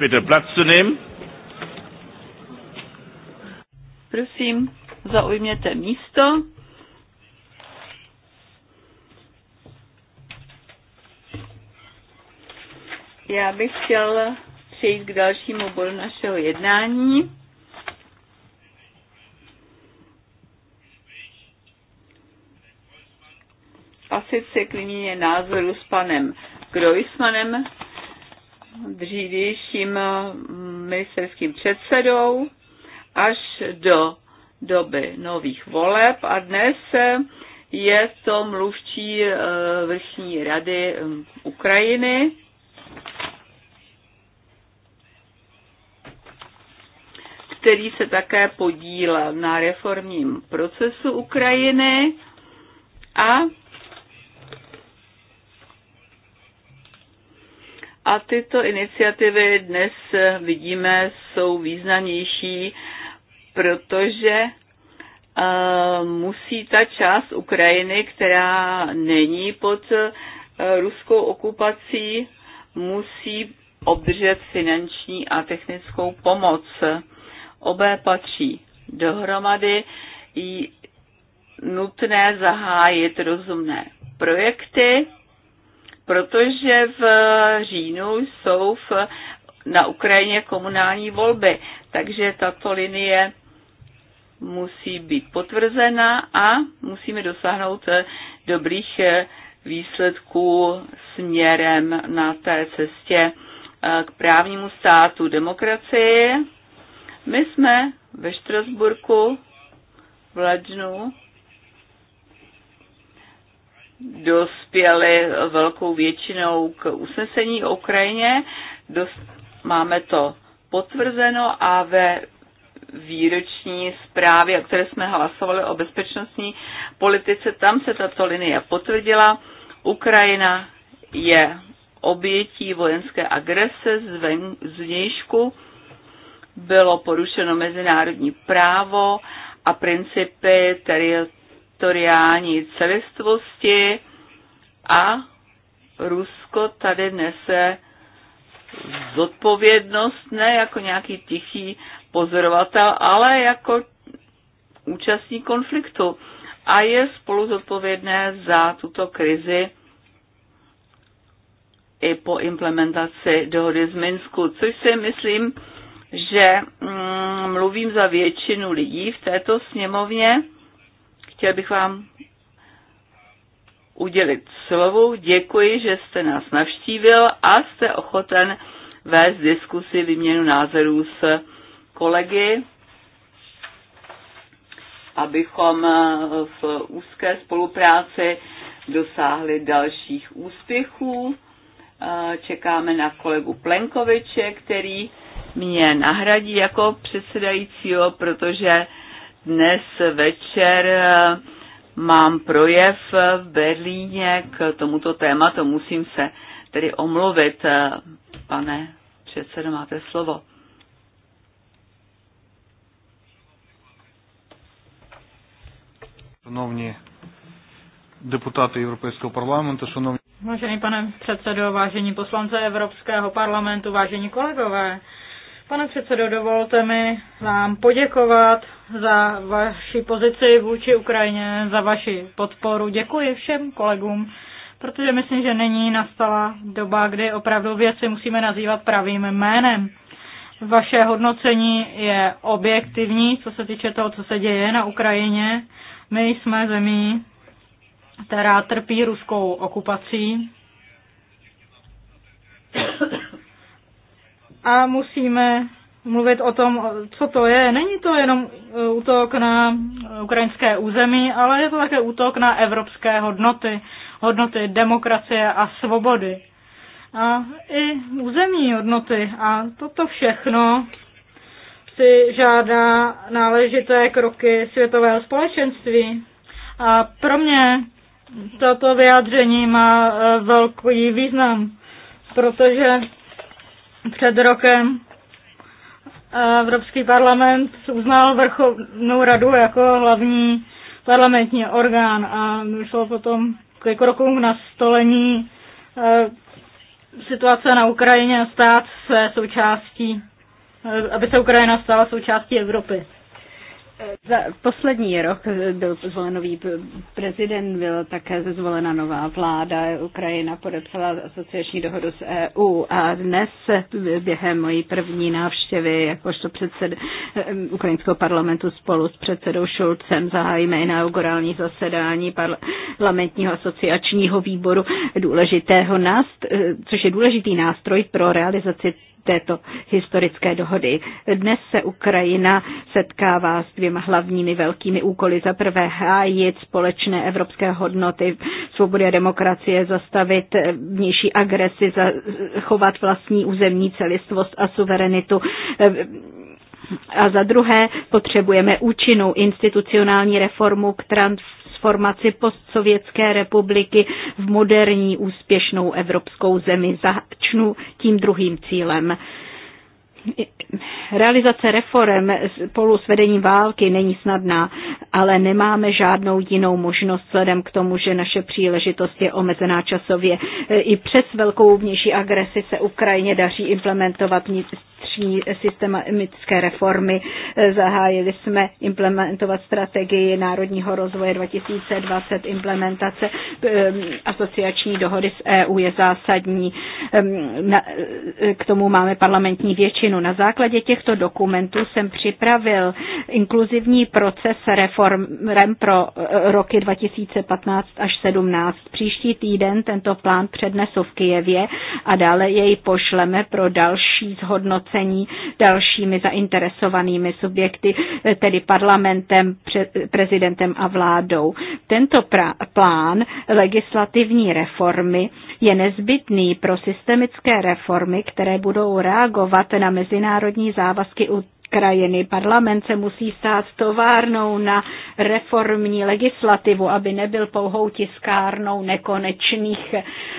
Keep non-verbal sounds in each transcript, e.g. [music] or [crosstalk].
bitte Platz zu nehmen. Prosím, zaujměte místo. Já bych chtěl přejít k dalšímu bodu našeho jednání. A sice k názoru s panem Groismanem, dřívějším eh, ministerským předsedou až do doby nových voleb a dnes eh, je to mluvčí eh, vrchní rady Ukrajiny. který se také podílel na reformním procesu Ukrajiny a A tyto iniciativy dnes eh, vidíme jsou významnější, protože eh, musí ta část Ukrajiny, která není pod eh, ruskou okupací, musí obdržet finanční a technickou pomoc. Obé patří dohromady nutné zahájit rozumné projekty protože v říjnu jsou v, na Ukrajině komunální volby, takže tato linie musí být potvrzena a musíme dosáhnout eh, dobrých eh, výsledků směrem na té cestě eh, k právnímu státu demokracii. My jsme ve Štrasburku v lednu dospěli velkou většinou k usnesení o Ukrajině. Dost, máme to potvrzeno a ve výroční zprávě, o které jsme hlasovali o bezpečnostní politice, tam se tato linie potvrdila. Ukrajina je obětí vojenské agrese zven, zvnějšku, bylo porušeno mezinárodní právo a principy teri, teritoriální celistvosti a Rusko tady nese zodpovědnost ne jako nějaký tichý pozorovatel, ale jako účastník konfliktu a je spolu zodpovědné za tuto krizi i po implementaci dohody z Minsku, což si myslím, že mm, mluvím za většinu lidí v této sněmovně, Chtěl bych vám udělit slovo. Děkuji, že jste nás navštívil a jste ochoten vést diskusi, vyměnu názorů s kolegy, abychom v úzké spolupráci dosáhli dalších úspěchů. Čekáme na kolegu Plenkoviče, který mě nahradí jako předsedajícího, protože dnes večer eh, mám projev v Berlíně k tomuto tématu. Musím se tedy omluvit. Eh, pane předsedo, máte slovo. Šanovní deputáty Evropského parlamentu, šanovní... Vážený pane předsedo, vážení poslance Evropského parlamentu, vážení kolegové, Pane předsedo, dovolte mi vám poděkovat za vaši pozici vůči Ukrajině, za vaši podporu. Děkuji všem kolegům, protože myslím, že není nastala doba, kdy opravdu věci musíme nazývat pravým jménem. Vaše hodnocení je objektivní, co se týče toho, co se děje na Ukrajině. My jsme zemí, která trpí ruskou okupací a musíme mluvit o tom, co to je. Není to jenom e, útok na e, ukrajinské území, ale je to také útok na evropské hodnoty, hodnoty demokracie a svobody. A i územní hodnoty a toto všechno si žádá náležité kroky světového společenství. A pro mě toto vyjádření má e, velký význam, protože před rokem eh, Evropský parlament uznal vrchovnou radu jako hlavní parlamentní orgán a došlo potom k krokům na stolení eh, situace na Ukrajině stát se součástí, eh, aby se Ukrajina stala součástí Evropy. Za poslední rok eh, byl zvolen nový prezident, byla také zvolena nová vláda, Ukrajina podepsala asociační dohodu s EU a dnes během mojí první návštěvy jakožto předsed eh, ukrajinského parlamentu spolu s předsedou Šulcem zahájíme inaugurální zasedání parlamentního asociačního výboru důležitého nást, eh, což je důležitý nástroj pro realizaci této historické dohody. Dnes se Ukrajina setkává s dvěma hlavními velkými úkoly. Za prvé hájit společné evropské hodnoty, svobody a demokracie, zastavit vnější agresi, zachovat vlastní územní celistvost a suverenitu a za druhé potřebujeme účinnou institucionální reformu k transformaci postsovětské republiky v moderní úspěšnou evropskou zemi. Začnu tím druhým cílem. Realizace reform spolu s vedením války není snadná, ale nemáme žádnou jinou možnost vzhledem k tomu, že naše příležitost je omezená časově. I přes velkou vnější agresi se Ukrajině daří implementovat akční emické reformy. E, zahájili jsme implementovat strategii národního rozvoje 2020. Implementace e, asociační dohody s EU je zásadní. E, k tomu máme parlamentní většinu. Na základě těchto dokumentů jsem připravil inkluzivní proces reform pro roky 2015 až 2017. Příští týden tento plán přednesu v Kijevě a dále jej pošleme pro další zhodnocení jednání dalšími zainteresovanými subjekty, tedy parlamentem, prezidentem a vládou. Tento plán legislativní reformy je nezbytný pro systemické reformy, které budou reagovat na mezinárodní závazky krajiny. Parlament se musí stát továrnou na reformní legislativu, aby nebyl pouhou tiskárnou nekonečných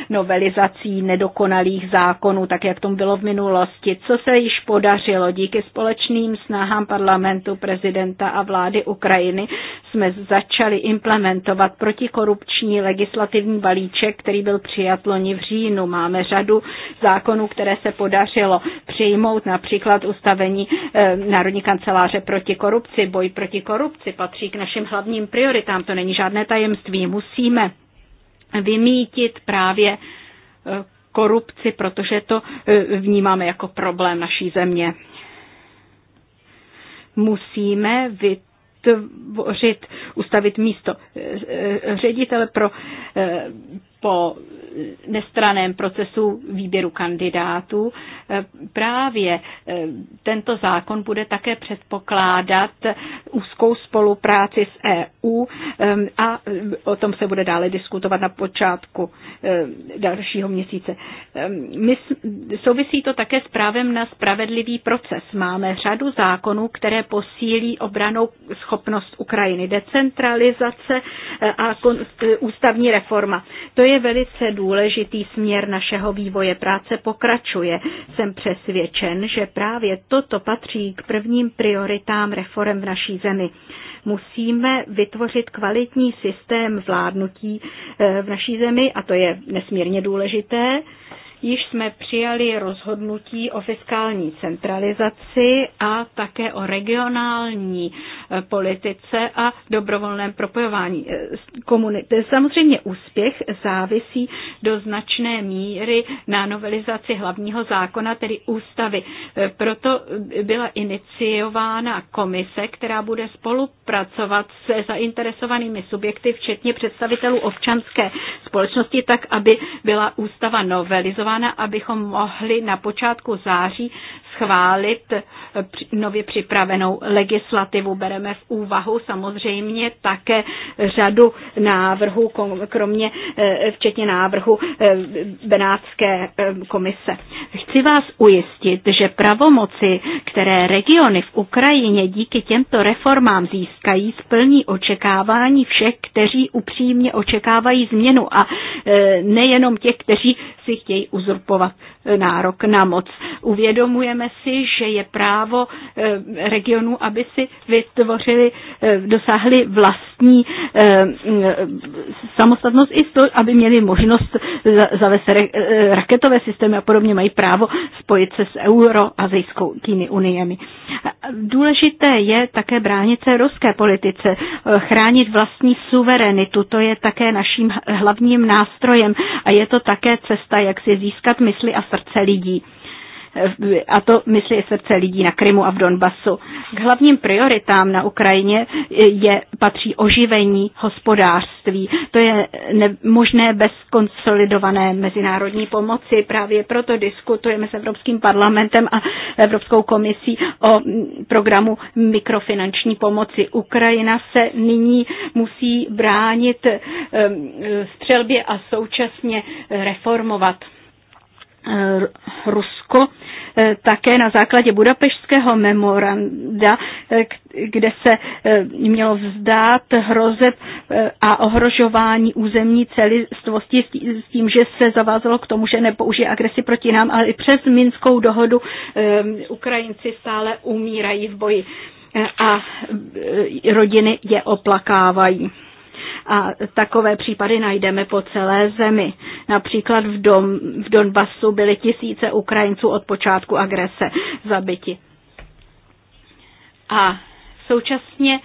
novelizací nedokonalých zákonů, tak jak tomu bylo v minulosti. Co se již podařilo díky společným snahám parlamentu, prezidenta a vlády Ukrajiny, jsme začali implementovat protikorupční legislativní balíček, který byl přijat loni v říjnu. Máme řadu zákonů, které se podařilo přijmout, například ustavení eh, Národní kanceláře proti korupci. Boj proti korupci patří k našim hlavním prioritám, to není žádné tajemství. Musíme vymítit právě e, korupci, protože to e, vnímáme jako problém naší země. Musíme vytvořit, ustavit místo e, ředitele pro po nestraném procesu výběru kandidátů. E, právě e, tento zákon bude také předpokládat úzkou spolupráci s EU a e, o tom se bude dále diskutovat na počátku dalšího měsíce. My, souvisí to také s právem na spravedlivý proces. Máme řadu zákonů, které posílí obranou schopnost Ukrajiny, decentralizace a ústavní reforma. To je velice důležité důležitý směr našeho vývoje práce pokračuje. Jsem přesvědčen, že právě toto patří k prvním prioritám reform v naší zemi. Musíme vytvořit kvalitní systém vládnutí eh, v naší zemi a to je nesmírně důležité již jsme přijali rozhodnutí o fiskální centralizaci a také o regionální e, politice a dobrovolném propojování e, komunity. Samozřejmě úspěch závisí do značné míry na novelizaci hlavního zákona, tedy ústavy. E, proto byla iniciována komise, která bude spolupracovat se zainteresovanými subjekty, včetně představitelů občanské společnosti, tak, aby byla ústava novelizována plánována, abychom mohli na počátku září schválit nově připravenou legislativu. Bereme v úvahu samozřejmě také řadu návrhů, kromě eh, včetně návrhu eh, Benátské eh, komise. Chci vás ujistit, že pravomoci, které regiony v Ukrajině díky těmto reformám získají, splní očekávání všech, kteří upřímně očekávají změnu a nejenom těch, kteří si chtějí uzurpovat nárok na moc. Uvědomujeme si, že je právo eh, regionu, aby si vytvořili, eh, dosáhli vlastní eh, mm, samostatnost i to, aby měli možnost zavést raketové systémy a podobně, mají právo spojit se s a zejskoutými uniemi. Důležité je také bránit se ruské politice, chránit vlastní suverenitu, to je také naším hlavním nástrojem a je to také cesta, jak si získat mysli a srdce lidí a to myslí i srdce lidí na Krymu a v Donbasu. K hlavním prioritám na Ukrajině je, patří oživení hospodářství. To je ne, možné bez konsolidované mezinárodní pomoci. Právě proto diskutujeme s Evropským parlamentem a Evropskou komisí o programu mikrofinanční pomoci. Ukrajina se nyní musí bránit eh, střelbě a současně reformovat. Eh, Rusko eh, také na základě budapešského memoranda, eh, kde se mělo vzdát hrozeb a ohrožování územní celistvosti s tím, že se zavázalo k tomu, že nepoužije agresi proti nám, ale i přes Minskou dohodu Ukrajinci stále umírají v boji a rodiny je oplakávají. A takové případy najdeme po celé zemi. Například v, Dom, v Donbasu byly tisíce Ukrajinců od počátku agrese zabiti. A současně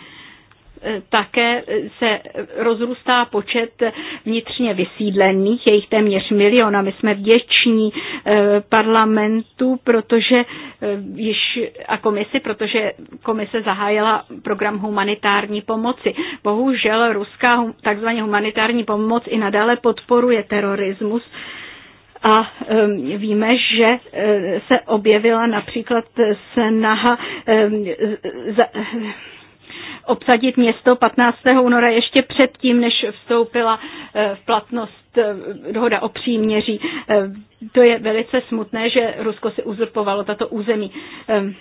také se rozrůstá počet vnitřně vysídlených, je jich téměř milion a my jsme vděční eh, parlamentu, protože eh, již a komisi, protože komise zahájila program humanitární pomoci. Bohužel ruská takzvaně humanitární pomoc i nadále podporuje terorismus a eh, víme, že se objevila například snaha obsadit město 15. února ještě předtím, než vstoupila eh, v platnost eh, dohoda o příměří. Eh, to je velice smutné, že Rusko si uzurpovalo tato území. Ehm,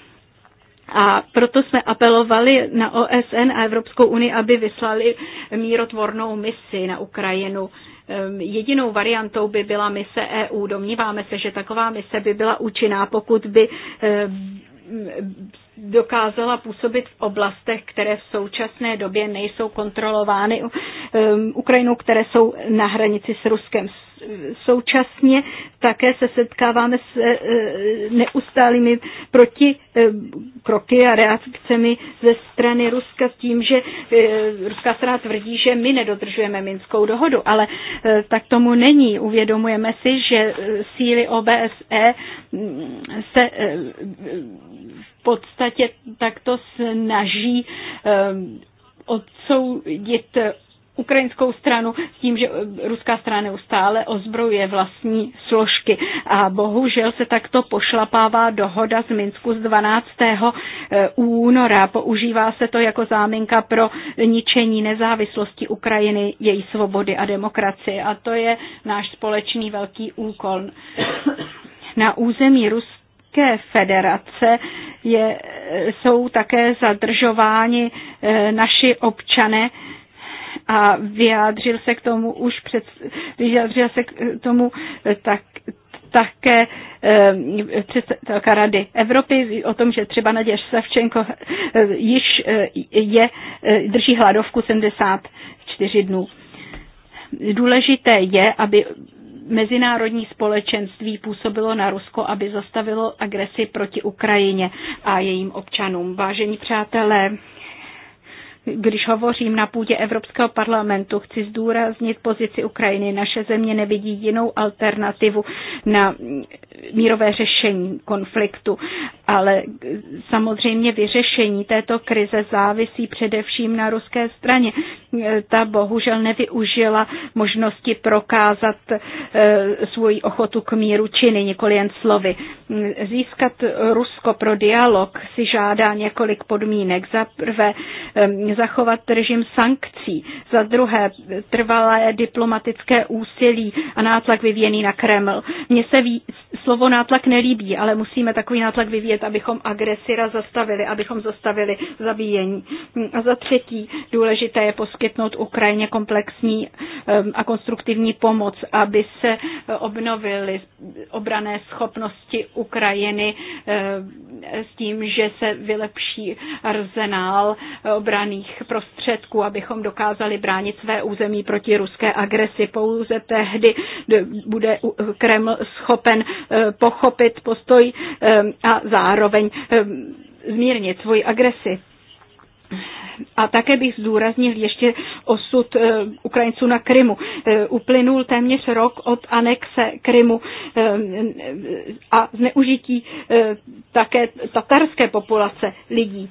a proto jsme apelovali na OSN a Evropskou unii, aby vyslali mírotvornou misi na Ukrajinu. Ehm, jedinou variantou by byla mise EU. Domníváme se, že taková mise by byla účinná, pokud by ehm, dokázala působit v oblastech, které v současné době nejsou kontrolovány um, Ukrajinou, které jsou na hranici s Ruskem současně také se setkáváme s eh, eh, neustálými proti eh, kroky a reakcemi ze strany Ruska s tím, že ruská strana tvrdí, že my nedodržujeme Minskou dohodu, ale tak tomu není. Uvědomujeme si, že síly OBSE mm, se v podstatě takto snaží odsoudit ukrajinskou stranu s tím, že ruská strana neustále ozbrojuje vlastní složky. A bohužel se takto pošlapává dohoda z Minsku z 12. Eh, února. Používá se to jako záminka pro ničení nezávislosti Ukrajiny, její svobody a demokracie. A to je náš společný velký úkol. Na území Ruské federace je, eh, jsou také zadržováni eh, naši občané a vyjádřil se k tomu už před, vyjádřil se k tomu eh, tak, také eh, předsedatelka Rady Evropy o tom, že třeba Naděž Savčenko eh, již je, drží hladovku 74 dnů. Důležité je, aby mezinárodní společenství působilo na Rusko, aby zastavilo agresi proti Ukrajině a jejím občanům. Vážení přátelé, když hovořím na půdě Evropského parlamentu, chci zdůraznit pozici Ukrajiny. Naše země nevidí jinou alternativu na mírové řešení konfliktu, ale samozřejmě vyřešení této krize závisí především na ruské straně. Ta bohužel nevyužila možnosti prokázat eh, svoji ochotu k míru činy, nikoli jen slovy. Získat Rusko pro dialog si žádá několik podmínek. Za prvé zachovat režim sankcí, za druhé trvalé diplomatické úsilí a nátlak vyvíjený na Kreml. Mně se ví, slovo nátlak nelíbí, ale musíme takový nátlak vyvíjet, abychom agresira zastavili, abychom zastavili zabíjení. A za třetí důležité je poskytnout Ukrajině komplexní a konstruktivní pomoc, aby se obnovily obrané schopnosti Ukrajiny s tím, že se vylepší arzenál obraný obraných prostředků, abychom dokázali bránit své území proti ruské agresi. Pouze tehdy bude Kreml schopen eh, pochopit postoj eh, a zároveň eh, zmírnit svoji agresi. A také bych zdůraznil ještě osud Ukrajinců na Krymu. Uplynul téměř rok od anexe Krymu a zneužití také tatarské populace lidí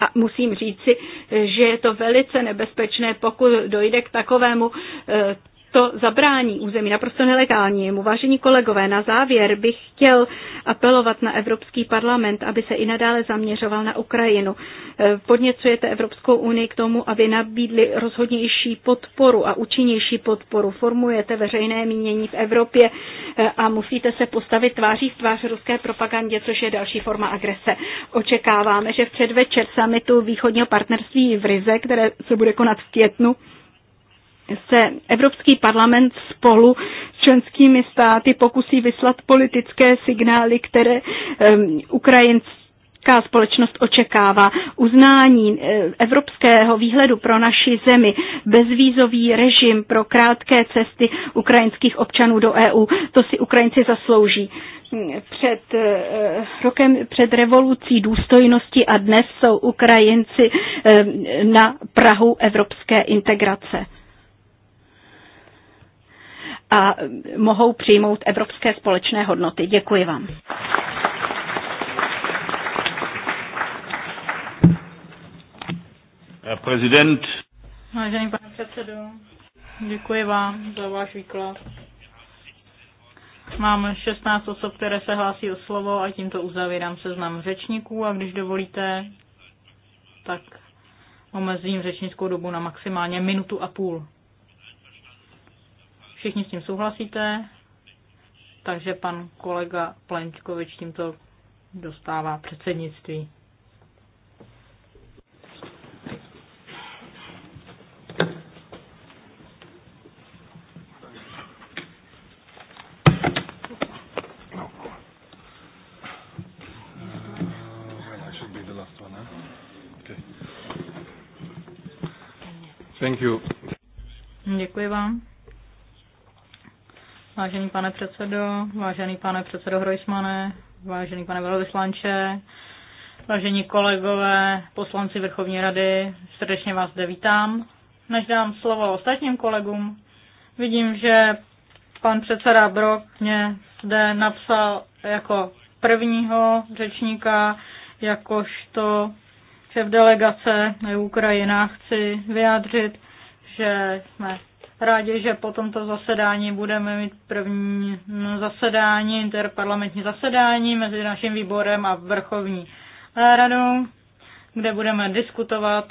a musím říci, že je to velice nebezpečné, pokud dojde k takovému eh, to zabrání území naprosto nelegálnímu. Vážení kolegové, na závěr bych chtěl apelovat na Evropský parlament, aby se i nadále zaměřoval na Ukrajinu. E, podněcujete Evropskou unii k tomu, aby nabídli rozhodnější podporu a účinnější podporu. Formujete veřejné mínění v Evropě e, a musíte se postavit tváří v tvář ruské propagandě, což je další forma agrese. Očekáváme, že v předvečer samitu východního partnerství v Rize, které se bude konat v květnu, se Evropský parlament spolu s členskými státy pokusí vyslat politické signály, které um, Ukrajinci společnost očekává uznání eh, evropského výhledu pro naši zemi, bezvízový režim pro krátké cesty ukrajinských občanů do EU. To si Ukrajinci zaslouží. Před eh, rokem před revolucí důstojnosti a dnes jsou Ukrajinci na Prahu evropské integrace a mohou přijmout evropské společné hodnoty. Děkuji vám. Prezident. Vážený pane předsedo, děkuji vám za váš výklad. Mám 16 osob, které se hlásí o slovo a tímto uzavírám seznam řečníků a když dovolíte, tak omezím řečnickou dobu na maximálně minutu a půl. Všichni s tím souhlasíte, takže pan kolega Plenčkovič tímto dostává předsednictví. Thank you. Děkuji vám. Vážený pane předsedo, vážený pane předsedo Hrojsmane, vážený pane velvyslanče, vážení kolegové, poslanci Vrchovní rady, srdečně vás zde vítám. Než dám slovo ostatním kolegům, vidím, že pan předseda Brok mě zde napsal jako prvního řečníka, jakožto v delegace Ukrajina. Chci vyjádřit, že jsme rádi, že po tomto zasedání budeme mít první mm, zasedání, interparlamentní zasedání mezi naším výborem a vrchovní radou, kde budeme diskutovat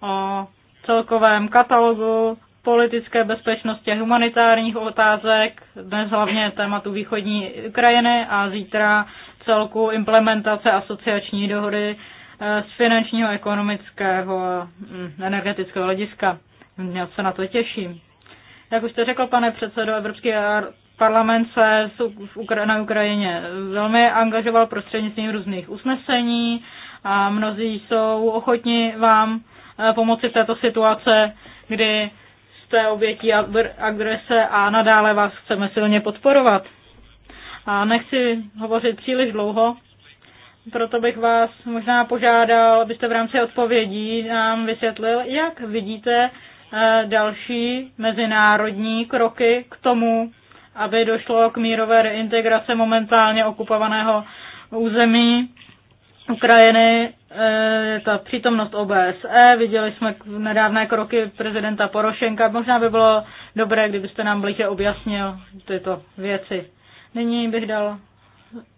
o celkovém katalogu politické bezpečnosti a humanitárních otázek, dnes hlavně tématu východní Ukrajiny a zítra celku implementace asociační dohody eh, z finančního, ekonomického a mm, energetického hlediska. Já se na to těším. Jak už jste řekl, pane předsedo, Evropský parlament se na Ukrajině velmi angažoval prostřednictvím různých usnesení a mnozí jsou ochotni vám eh, pomoci v této situace, kdy jste obětí agrese a nadále vás chceme silně podporovat. A nechci hovořit příliš dlouho, proto bych vás možná požádal, abyste v rámci odpovědí nám vysvětlil, jak vidíte Eh, další mezinárodní kroky k tomu, aby došlo k mírové reintegrace momentálně okupovaného území Ukrajiny, eh, ta přítomnost OBSE, viděli jsme nedávné kroky prezidenta Porošenka, možná by bylo dobré, kdybyste nám blíže objasnil tyto věci. Nyní bych dal,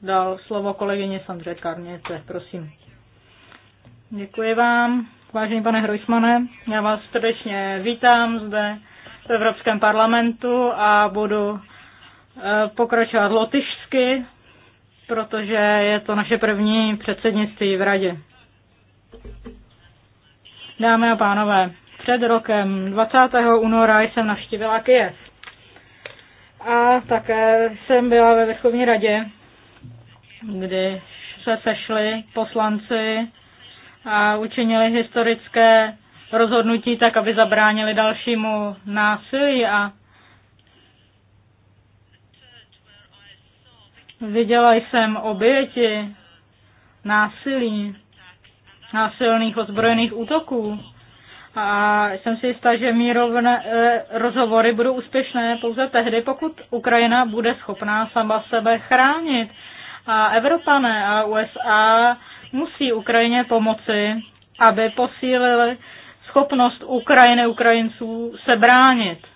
dal slovo kolegyně Sandře Karněce, prosím. Děkuji vám. Vážený pane Hrojsmane, já vás srdečně vítám zde v Evropském parlamentu a budu eh, pokračovat lotyšsky, protože je to naše první předsednictví v Radě. Dámy a pánové, před rokem 20. února jsem navštívila Kiev A také jsem byla ve Vrchovní radě, kdy se sešli poslanci a učinili historické rozhodnutí tak, aby zabránili dalšímu násilí a viděla jsem oběti násilí, násilných ozbrojených útoků a jsem si jistá, že mírové eh, rozhovory budou úspěšné pouze tehdy, pokud Ukrajina bude schopná sama sebe chránit. A Evropané a USA musí Ukrajině pomoci, aby posílili schopnost Ukrajiny, Ukrajinců se bránit.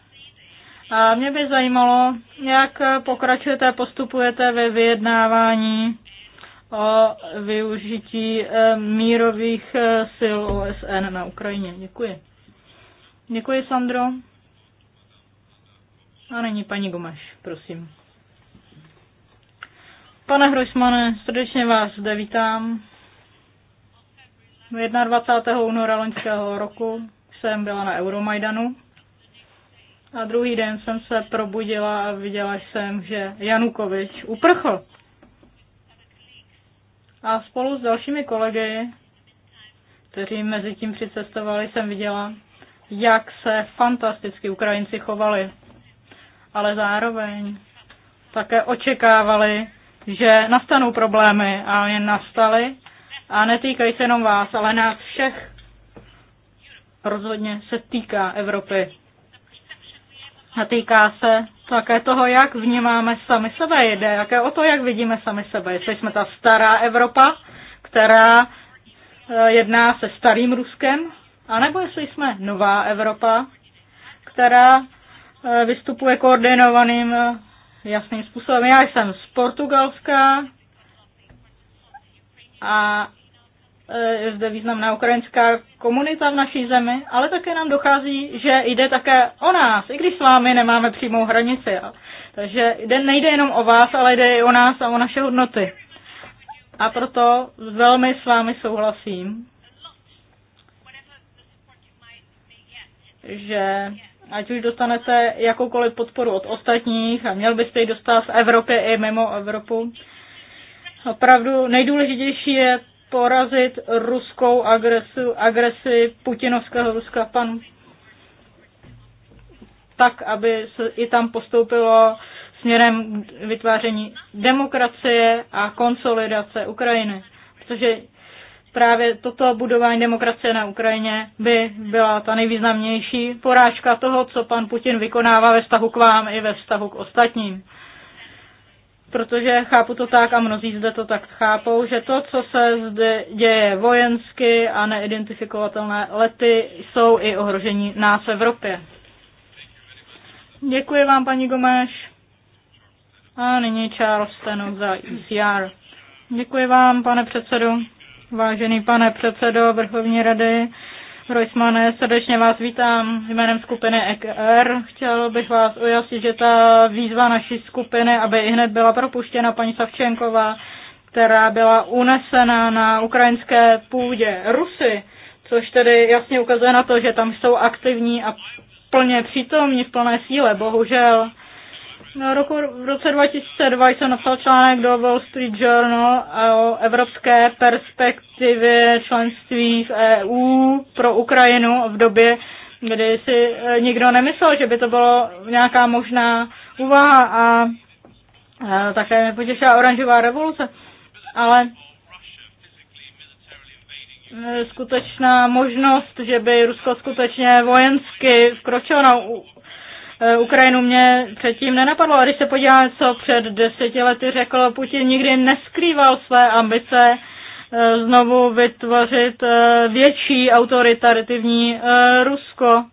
A mě by zajímalo, jak pokračujete a postupujete ve vyjednávání o využití eh, mírových eh, sil OSN na Ukrajině. Děkuji. Děkuji, Sandro. A není paní Gomeš, prosím. Pane Hrojsmane, srdečně vás zde vítám. 21. No, února loňského roku jsem byla na Euromajdanu a druhý den jsem se probudila a viděla jsem, že Janukovič uprchl. A spolu s dalšími kolegy, kteří mezi tím přicestovali, jsem viděla, jak se fantasticky Ukrajinci chovali. Ale zároveň také očekávali, že nastanou problémy a jen nastaly a netýkají se jenom vás, ale nás všech. Rozhodně se týká Evropy. A týká se také toho, jak vnímáme sami sebe. Jde Také o to, jak vidíme sami sebe. Jestli jsme ta stará Evropa, která eh, jedná se starým Ruskem, anebo jestli jsme nová Evropa, která eh, vystupuje koordinovaným eh, jasným způsobem. Já jsem z Portugalska, a e, je zde významná ukrajinská komunita v naší zemi, ale také nám dochází, že jde také o nás, i když s vámi nemáme přímou hranici. Takže jde, nejde jenom o vás, ale jde i o nás a o naše hodnoty. A proto velmi s vámi souhlasím, že ať už dostanete jakoukoliv podporu od ostatních a měl byste ji dostat v Evropě i mimo Evropu, Opravdu nejdůležitější je porazit ruskou agresu, agresi putinovského Ruska, pan tak, aby se i tam postoupilo směrem vytváření demokracie a konsolidace Ukrajiny. Protože právě toto budování demokracie na Ukrajině by byla ta nejvýznamnější porážka toho, co pan Putin vykonává ve vztahu k vám i ve vztahu k ostatním protože chápu to tak a mnozí zde to tak chápou, že to, co se zde děje vojensky a neidentifikovatelné lety, jsou i ohrožení nás v Evropě. Děkuji vám, paní Gomeš. A nyní Charles Tenu za ECR. Děkuji vám, pane předsedu. Vážený pane předsedo Vrchovní rady, Rojsmane, srdečně vás vítám jménem skupiny EKR. Chtěl bych vás ujasnit, že ta výzva naší skupiny, aby i hned byla propuštěna paní Savčenková, která byla unesena na ukrajinské půdě Rusy, což tedy jasně ukazuje na to, že tam jsou aktivní a plně přítomní v plné síle. Bohužel No, roku, v roce 2002 jsem napsal článek do Wall Street Journal o evropské perspektivě členství v EU pro Ukrajinu v době, kdy si eh, nikdo nemyslel, že by to bylo nějaká možná úvaha a eh, také mě potěšila oranžová revoluce. Ale eh, skutečná možnost, že by Rusko skutečně vojensky vkročilo na E, Ukrajinu mě předtím nenapadlo. A když se podíváme, co před deseti lety řekl Putin, nikdy neskrýval své ambice e, znovu vytvořit e, větší autoritativní Rusko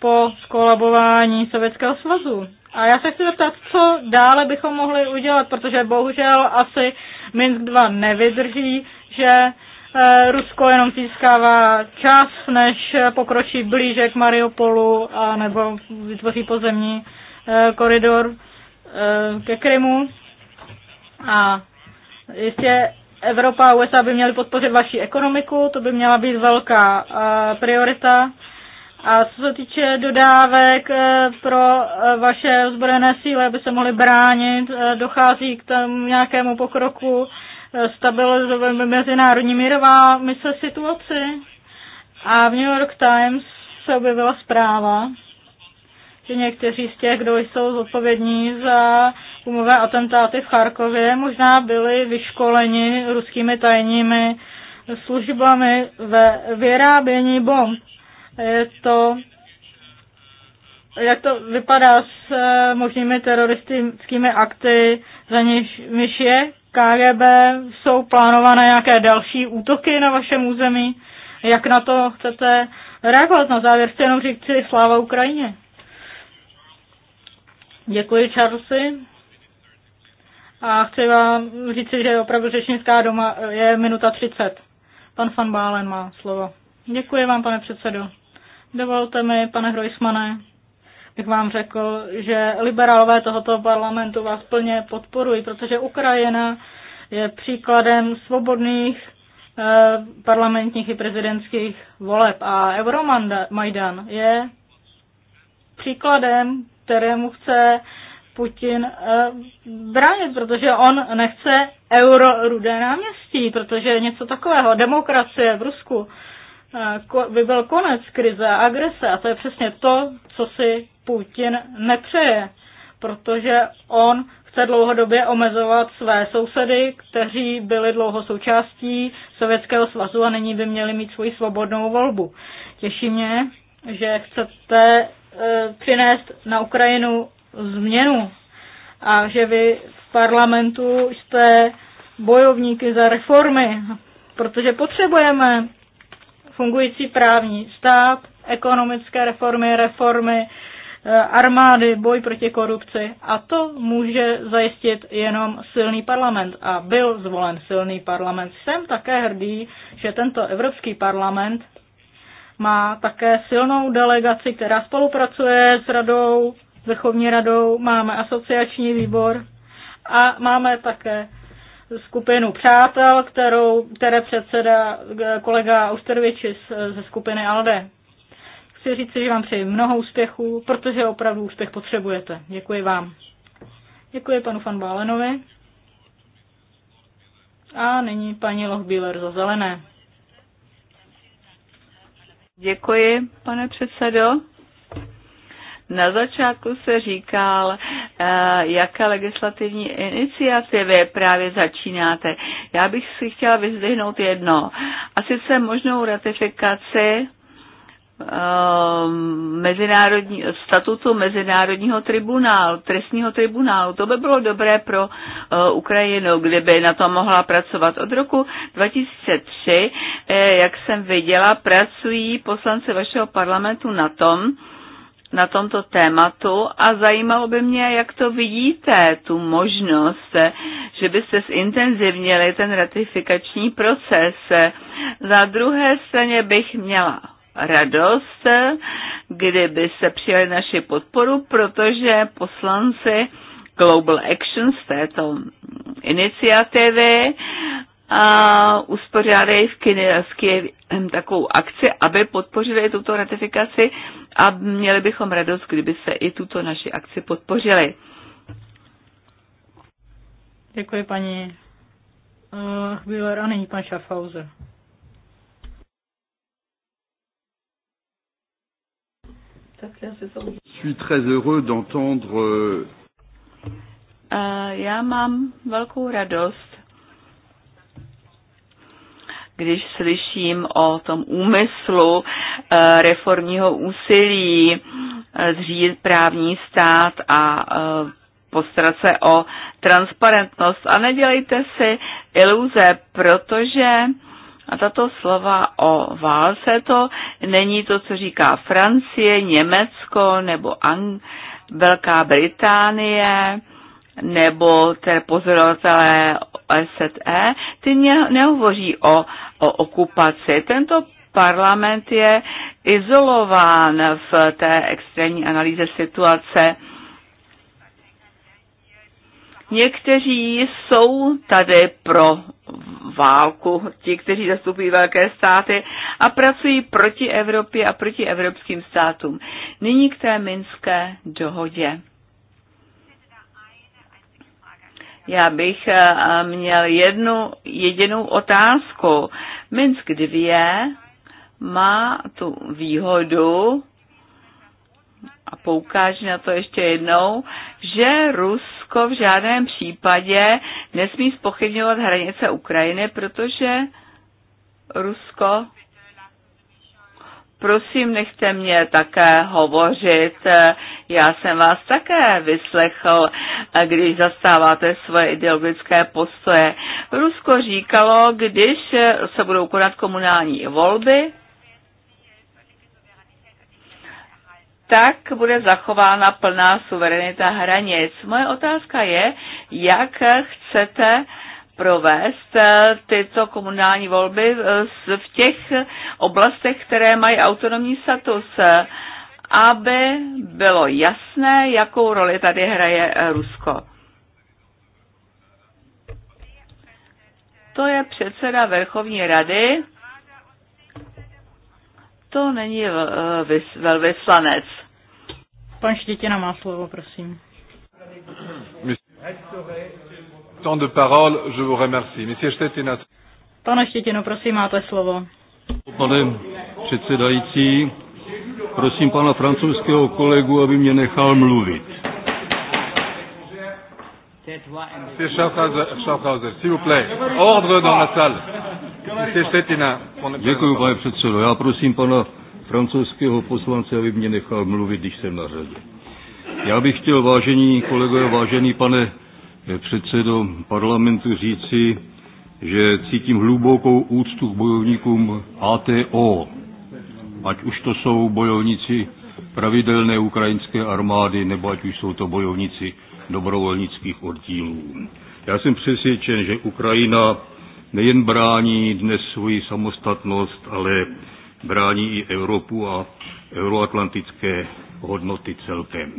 po skolabování Sovětského svazu. A já se chci zeptat, co dále bychom mohli udělat, protože bohužel asi Minsk 2 nevydrží, že Eh, Rusko jenom získává čas, než pokročí blíže k Mariupolu a nebo vytvoří pozemní eh, koridor eh, ke Krymu. A jistě Evropa a USA by měly podpořit vaši ekonomiku, to by měla být velká priorita. A co se týče dodávek pro vaše ozbrojené síly, aby se mohly bránit, dochází k tomu nějakému pokroku stabilizovat mezinárodní mírová mise situaci. A v New York Times se objevila zpráva, že někteří z těch, kdo jsou zodpovědní za umové atentáty v Charkově, možná byli vyškoleni ruskými tajními službami ve vyrábění bomb. Je to, jak to vypadá s možnými teroristickými akty, za něž je KGB, jsou plánované nějaké další útoky na vašem území? Jak na to chcete reagovat? Na závěr chci jenom říct si sláva Ukrajině. Děkuji, Charlesy. A chci vám říct, že opravdu řečnická doma eh, je minuta 30. Pan Van Bálen má slovo. Děkuji vám, pane předsedo. Dovolte mi, pane Hrojsmane, jak vám řekl, že liberálové tohoto parlamentu vás plně podporují, protože Ukrajina je příkladem svobodných eh, parlamentních i prezidentských voleb a Euromajdan je příkladem, kterému chce Putin eh, bránit, protože on nechce euro rudé náměstí, protože něco takového, demokracie v Rusku, by byl konec krize a agrese. A to je přesně to, co si Putin nepřeje, protože on chce dlouhodobě omezovat své sousedy, kteří byli dlouho součástí Sovětského svazu a nyní by měli mít svoji svobodnou volbu. Těší mě, že chcete e, přinést na Ukrajinu změnu a že vy v parlamentu jste bojovníky za reformy, protože potřebujeme fungující právní stát, ekonomické reformy, reformy eh, armády, boj proti korupci a to může zajistit jenom silný parlament a byl zvolen silný parlament. Jsem také hrdý, že tento Evropský parlament má také silnou delegaci, která spolupracuje s radou, vrchovní radou, máme asociační výbor a máme také skupinu přátel, kterou, které předseda kolega Austervičis ze skupiny ALDE. Chci říct, že vám přeji mnoho úspěchů, protože opravdu úspěch potřebujete. Děkuji vám. Děkuji panu Van Bálenovi. A nyní paní Lochbíler za zelené. Děkuji, pane předsedo. Na začátku se říkal, eh, jaké legislativní iniciativy právě začínáte. Já bych si chtěla vyzdvihnout jedno. A sice možnou ratifikaci ehm, mezinárodní, statutu Mezinárodního tribunálu, trestního tribunálu. To by bylo dobré pro eh, Ukrajinu, kdyby na to mohla pracovat. Od roku 2003, eh, jak jsem viděla, pracují poslanci vašeho parlamentu na tom, na tomto tématu a zajímalo by mě, jak to vidíte, tu možnost, že byste zintenzivnili ten ratifikační proces. Na druhé straně bych měla radost, kdyby se přijali naši podporu, protože poslanci Global Action z této iniciativy a uspořádají v, Ky- v takovou akci, aby podpořili tuto ratifikaci a měli bychom radost, kdyby se i tuto naši akci podpořili. Děkuji paní uh, a nyní pan Schaffhauser. Euh, eh, já mám velkou radost když slyším o tom úmyslu eh, reformního úsilí eh, zřídit právní stát a eh, postarat se o transparentnost. A nedělejte si iluze, protože a tato slova o válce to není to, co říká Francie, Německo nebo Ang- Velká Británie nebo té pozorovatelé SZE, ty nehovoří o, o okupaci. Tento parlament je izolován v té extrémní analýze situace. Někteří jsou tady pro válku, ti, kteří zastupují velké státy a pracují proti Evropě a proti evropským státům. Nyní k té minské dohodě. Já bych eh, měl jednu jedinou otázku. Minsk 2 má tu výhodu, a poukáž na to ještě jednou, že Rusko v žádném případě nesmí spochybňovat hranice Ukrajiny, protože Rusko Prosím, nechte mě také hovořit. Já jsem vás také vyslechl, když zastáváte svoje ideologické postoje. Rusko říkalo, když se budou konat komunální volby, tak bude zachována plná suverenita hranic. Moje otázka je, jak chcete uh, provést eh, tyto komunální volby eh, v těch oblastech, které mají autonomní status, eh, aby bylo jasné, jakou roli tady hraje Rusko. To je předseda Vrchovní rady. To není velvyslanec. Pan Štětina má slovo, prosím temps de parole, je vous remercie. Monsieur Štětina. Pane Štětino, prosím, máte slovo. Pane předsedající, prosím pana francouzského kolegu, aby mě nechal mluvit. Monsieur Schaffhauser, Schaffhauser s'il vous plaît, ordre dans la salle. Monsieur Štětina. Děkuji, pane předsedo. Já prosím pana francouzského poslance, aby mě nechal mluvit, když jsem na řadě. Já bych chtěl, vážení kolegové, vážený pane předsedo parlamentu říci, že cítím hlubokou úctu k bojovníkům ATO, ať už to jsou bojovníci pravidelné ukrajinské armády, nebo ať už jsou to bojovníci dobrovolnických oddílů. Já jsem přesvědčen, že Ukrajina nejen brání dnes svoji samostatnost, ale brání i Evropu a euroatlantické hodnoty celkem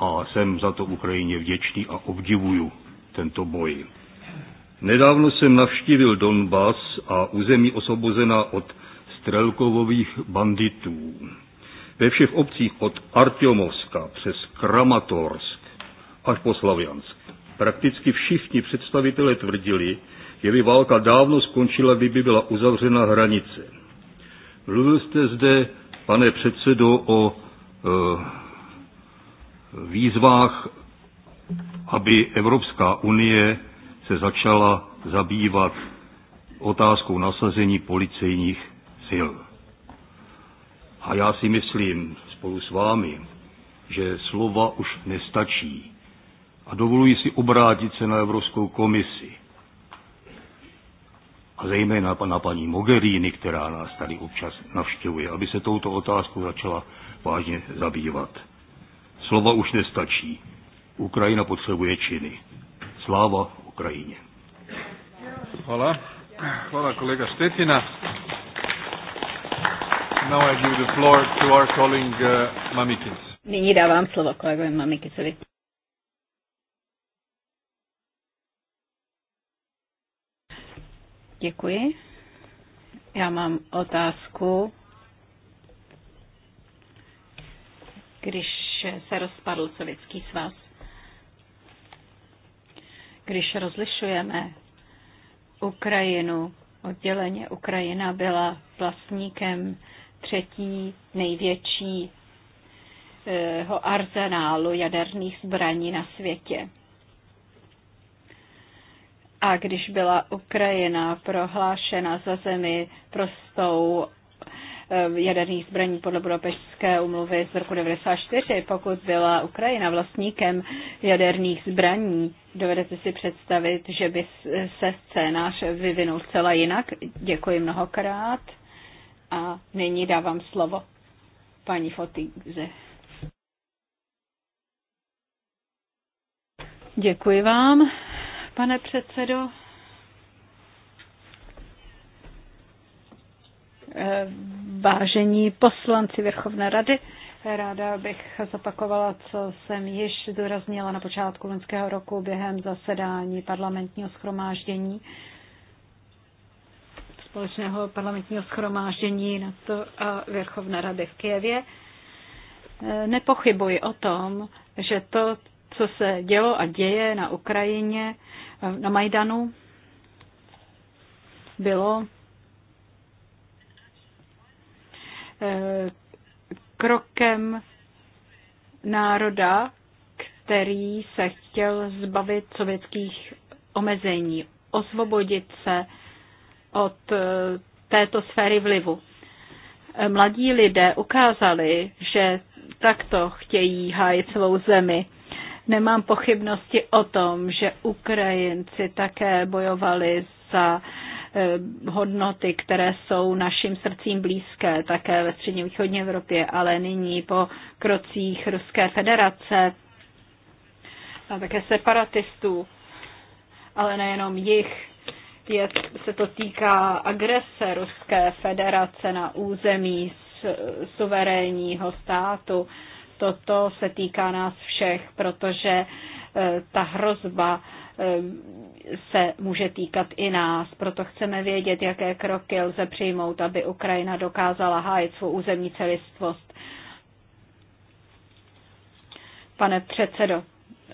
a jsem za to Ukrajině vděčný a obdivuju tento boj. Nedávno jsem navštívil Donbas a území osvobozená od strelkovových banditů. Ve všech obcích od Artyomovska přes Kramatorsk až po Slaviansk. Prakticky všichni představitelé tvrdili, že by válka dávno skončila, kdyby byla uzavřena hranice. Mluvil jste zde, pane předsedo, o e, výzvách, aby Evropská unie se začala zabývat otázkou nasazení policejních sil. A já si myslím spolu s vámi, že slova už nestačí. A dovoluji si obrátit se na Evropskou komisi. A zejména na paní Mogherini, která nás tady občas navštěvuje, aby se touto otázkou začala vážně zabývat. Slova už nestačí. Ukrajina potřebuje činy. Sláva Ukrajině. Hvala. Hvala kolega Štetina. Now I give the floor to our colleague uh, Mamikins. Nyní dávám slovo kolegovi Mamikicovi. Děkuji. Já mám otázku. Když když se rozpadl Sovětský svaz. Když rozlišujeme Ukrajinu, odděleně Ukrajina byla vlastníkem třetí největšího eh, arzenálu jaderných zbraní na světě. A když byla Ukrajina prohlášena za zemi prostou Eh, jaderných zbraní podle Budapešské umluvy z roku 1994, pokud byla Ukrajina vlastníkem jaderných zbraní, dovedete si představit, že by se scénář vyvinul celá jinak? Děkuji mnohokrát a nyní dávám slovo paní Fotigze. Děkuji vám, pane předsedo. Vážení poslanci Vrchovné rady, ráda bych zopakovala, co jsem již zdůraznila na počátku loňského roku během zasedání parlamentního schromáždění společného parlamentního schromáždění na to a Vrchovné rady v Kijevě. Nepochybuji o tom, že to, co se dělo a děje na Ukrajině, na Majdanu, bylo krokem národa, který se chtěl zbavit sovětských omezení, osvobodit se od eh, této sféry vlivu. Eh, mladí lidé ukázali, že takto chtějí hájit svou zemi. Nemám pochybnosti o tom, že Ukrajinci také bojovali za Eh, hodnoty, které jsou našim srdcím blízké, také ve střední východní Evropě, ale nyní po krocích Ruské federace a také separatistů, ale nejenom jich, je, se to týká agrese Ruské federace na území suverénního státu. Toto se týká nás všech, protože eh, ta hrozba Ehm, se může týkat i nás. Proto chceme vědět, jaké kroky lze přijmout, aby Ukrajina dokázala hájit svou územní celistvost. Pane předsedo,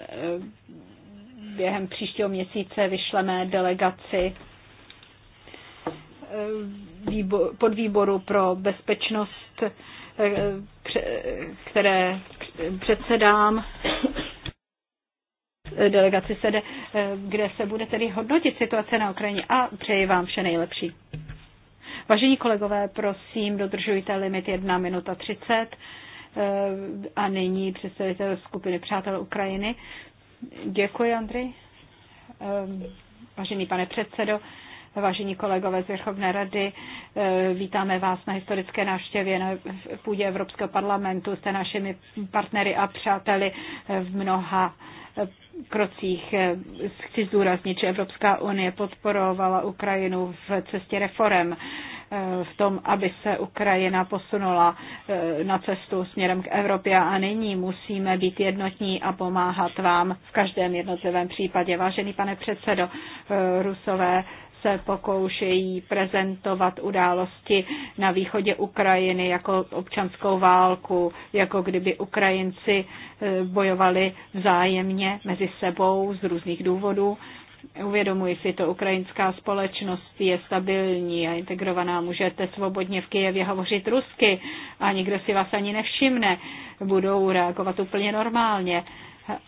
ehm, během příštího měsíce vyšleme delegaci ehm, podvýboru pro bezpečnost, které předsedám delegaci SEDE, eh, kde se bude tedy hodnotit situace na Ukrajině a přeji vám vše nejlepší. Vážení kolegové, prosím, dodržujte limit 1 minuta 30 eh, a nyní představitel skupiny Přátel Ukrajiny. Děkuji, Andrej. Eh, vážený pane předsedo, vážení kolegové z Věrchovné rady, vítáme vás na historické návštěvě na půdě Evropského parlamentu. Jste našimi partnery a přáteli v mnoha krocích. Chci zdůraznit, že Evropská unie podporovala Ukrajinu v cestě reform v tom, aby se Ukrajina posunula eh, na cestu směrem k Evropě a nyní musíme být jednotní a pomáhat vám v každém jednotlivém případě. Vážený pane předsedo, eh, Rusové se pokoušejí prezentovat události na východě Ukrajiny jako občanskou válku, jako kdyby Ukrajinci eh, bojovali vzájemně mezi sebou z různých důvodů. Uvědomuji si to, ukrajinská společnost je stabilní a integrovaná. Můžete svobodně v Kijevě hovořit rusky a nikdo si vás ani nevšimne. Budou reagovat úplně normálně.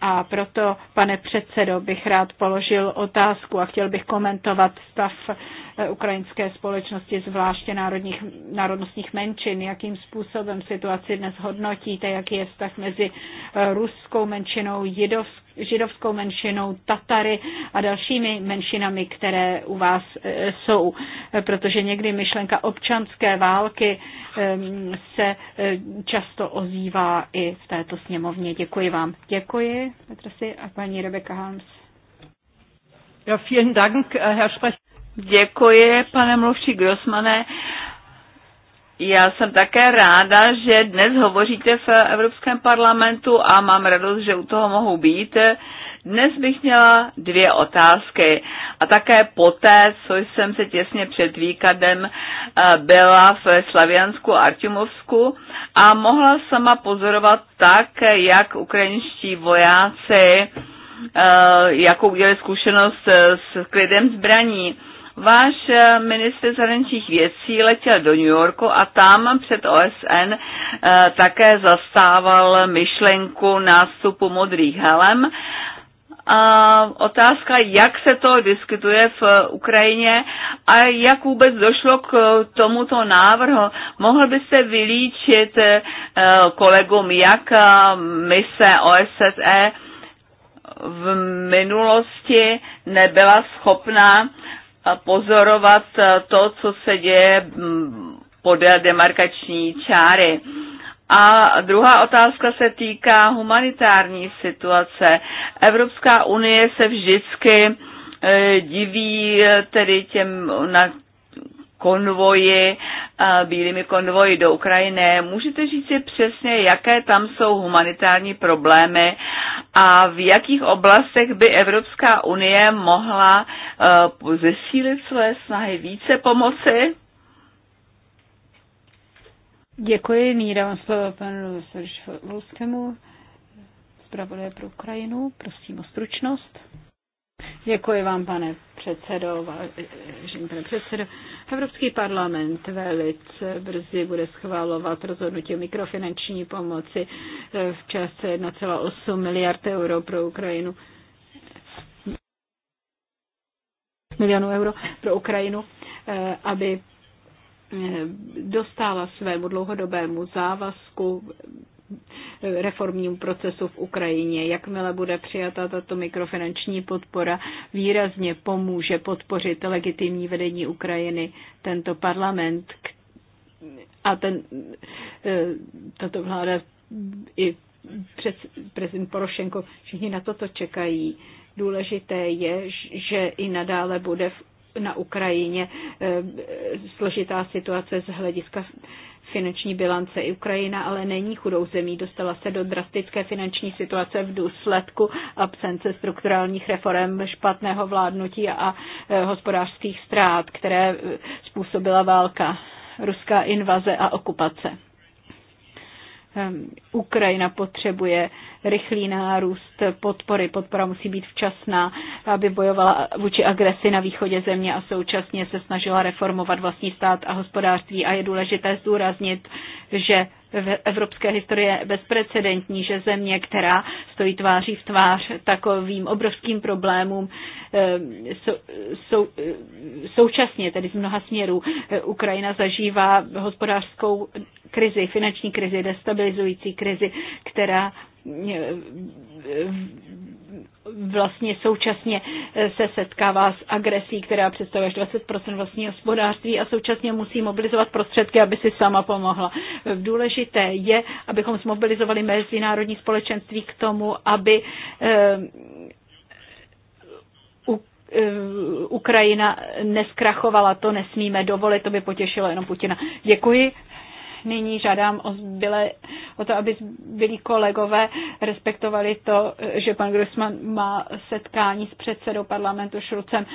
A proto, pane předsedo, bych rád položil otázku a chtěl bych komentovat stav Eh, ukrajinské společnosti, zvláště národních, národnostních menšin, jakým způsobem situaci dnes hodnotíte, jaký je vztah mezi eh, ruskou menšinou, židovskou menšinou, Tatary a dalšími menšinami, které u vás eh, jsou. Protože někdy myšlenka občanské války ehm, se často ozývá i v této sněmovně. Děkuji vám. Děkuji, Petrasi a paní Rebeka Hans. Ja, vielen Dank, Herr Sprecher. Děkuji, pane mluvčí Grossmane. Já jsem také ráda, že dnes hovoříte v Evropském parlamentu a mám radost, že u toho mohu být. Dnes bych měla dvě otázky a také poté, co jsem se těsně před víkendem eh, byla v Slaviansku a Artumovsku a mohla sama pozorovat tak, jak ukrajinští vojáci eh, jakou udělali zkušenost s klidem zbraní. Váš eh, minister zahraničních věcí letěl do New Yorku a tam před OSN eh, také zastával myšlenku nástupu modrých helem. A otázka, jak se to diskutuje v Ukrajině a jak vůbec došlo k tomuto návrhu. Mohl byste vylíčit eh, kolegům, jak mise OSSE v minulosti nebyla schopná pozorovat eh, to, co se děje mm, podél demarkační čáry. A druhá otázka se týká humanitární situace. Evropská unie se vždycky eh, diví eh, tedy těm, na konvoji, bílými konvoji do Ukrajiny. Můžete říct si přesně, jaké tam jsou humanitární problémy a v jakých oblastech by Evropská unie mohla eh, zesílit své snahy více pomoci? Děkuji, nyní dávám slovo panu Volskému, zpravodaje pro Ukrajinu. Prosím o stručnost. Děkuji vám, pane předsedo, vážený pane předsedo. Evropský parlament velice brzy bude schválovat rozhodnutí o mikrofinanční pomoci v částce 1,8 miliard euro pro Ukrajinu. milionů euro pro Ukrajinu, eh, aby eh, dostala svému dlouhodobému závazku reformnímu procesu v Ukrajině. Jakmile bude přijata tato mikrofinanční podpora, výrazně pomůže podpořit legitimní vedení Ukrajiny tento parlament a ten, e, tato vláda i přes, prezident Porošenko, všichni na toto čekají. Důležité je, že i nadále bude v na Ukrajině e, složitá situace z hlediska finanční bilance. I Ukrajina ale není chudou zemí, dostala se do drastické finanční situace v důsledku absence strukturálních reform, špatného vládnutí a eh, hospodářských ztrát, které eh, způsobila válka, ruská invaze a okupace. Ehm, Ukrajina potřebuje rychlý nárůst podpory. Podpora musí být včasná, aby bojovala vůči agresi na východě země a současně se snažila reformovat vlastní stát a hospodářství. A je důležité zdůraznit, že v evropské historie bezprecedentní, že země, která stojí tváří v tvář takovým obrovským problémům, eh, sou, eh, současně tedy z mnoha směrů eh, Ukrajina zažívá hospodářskou krizi, finanční krizi, destabilizující krizi, která vlastně současně se setkává s agresí, která představuje až 20% vlastního hospodářství a současně musí mobilizovat prostředky, aby si sama pomohla. Důležité je, abychom zmobilizovali mezinárodní společenství k tomu, aby eh, eh, Ukrajina neskrachovala, to nesmíme dovolit, to by potěšilo jenom Putina. Děkuji nyní žádám o, zbyle, o to, aby byli kolegové respektovali to, že pan Grossman má setkání s předsedou parlamentu Šrucem,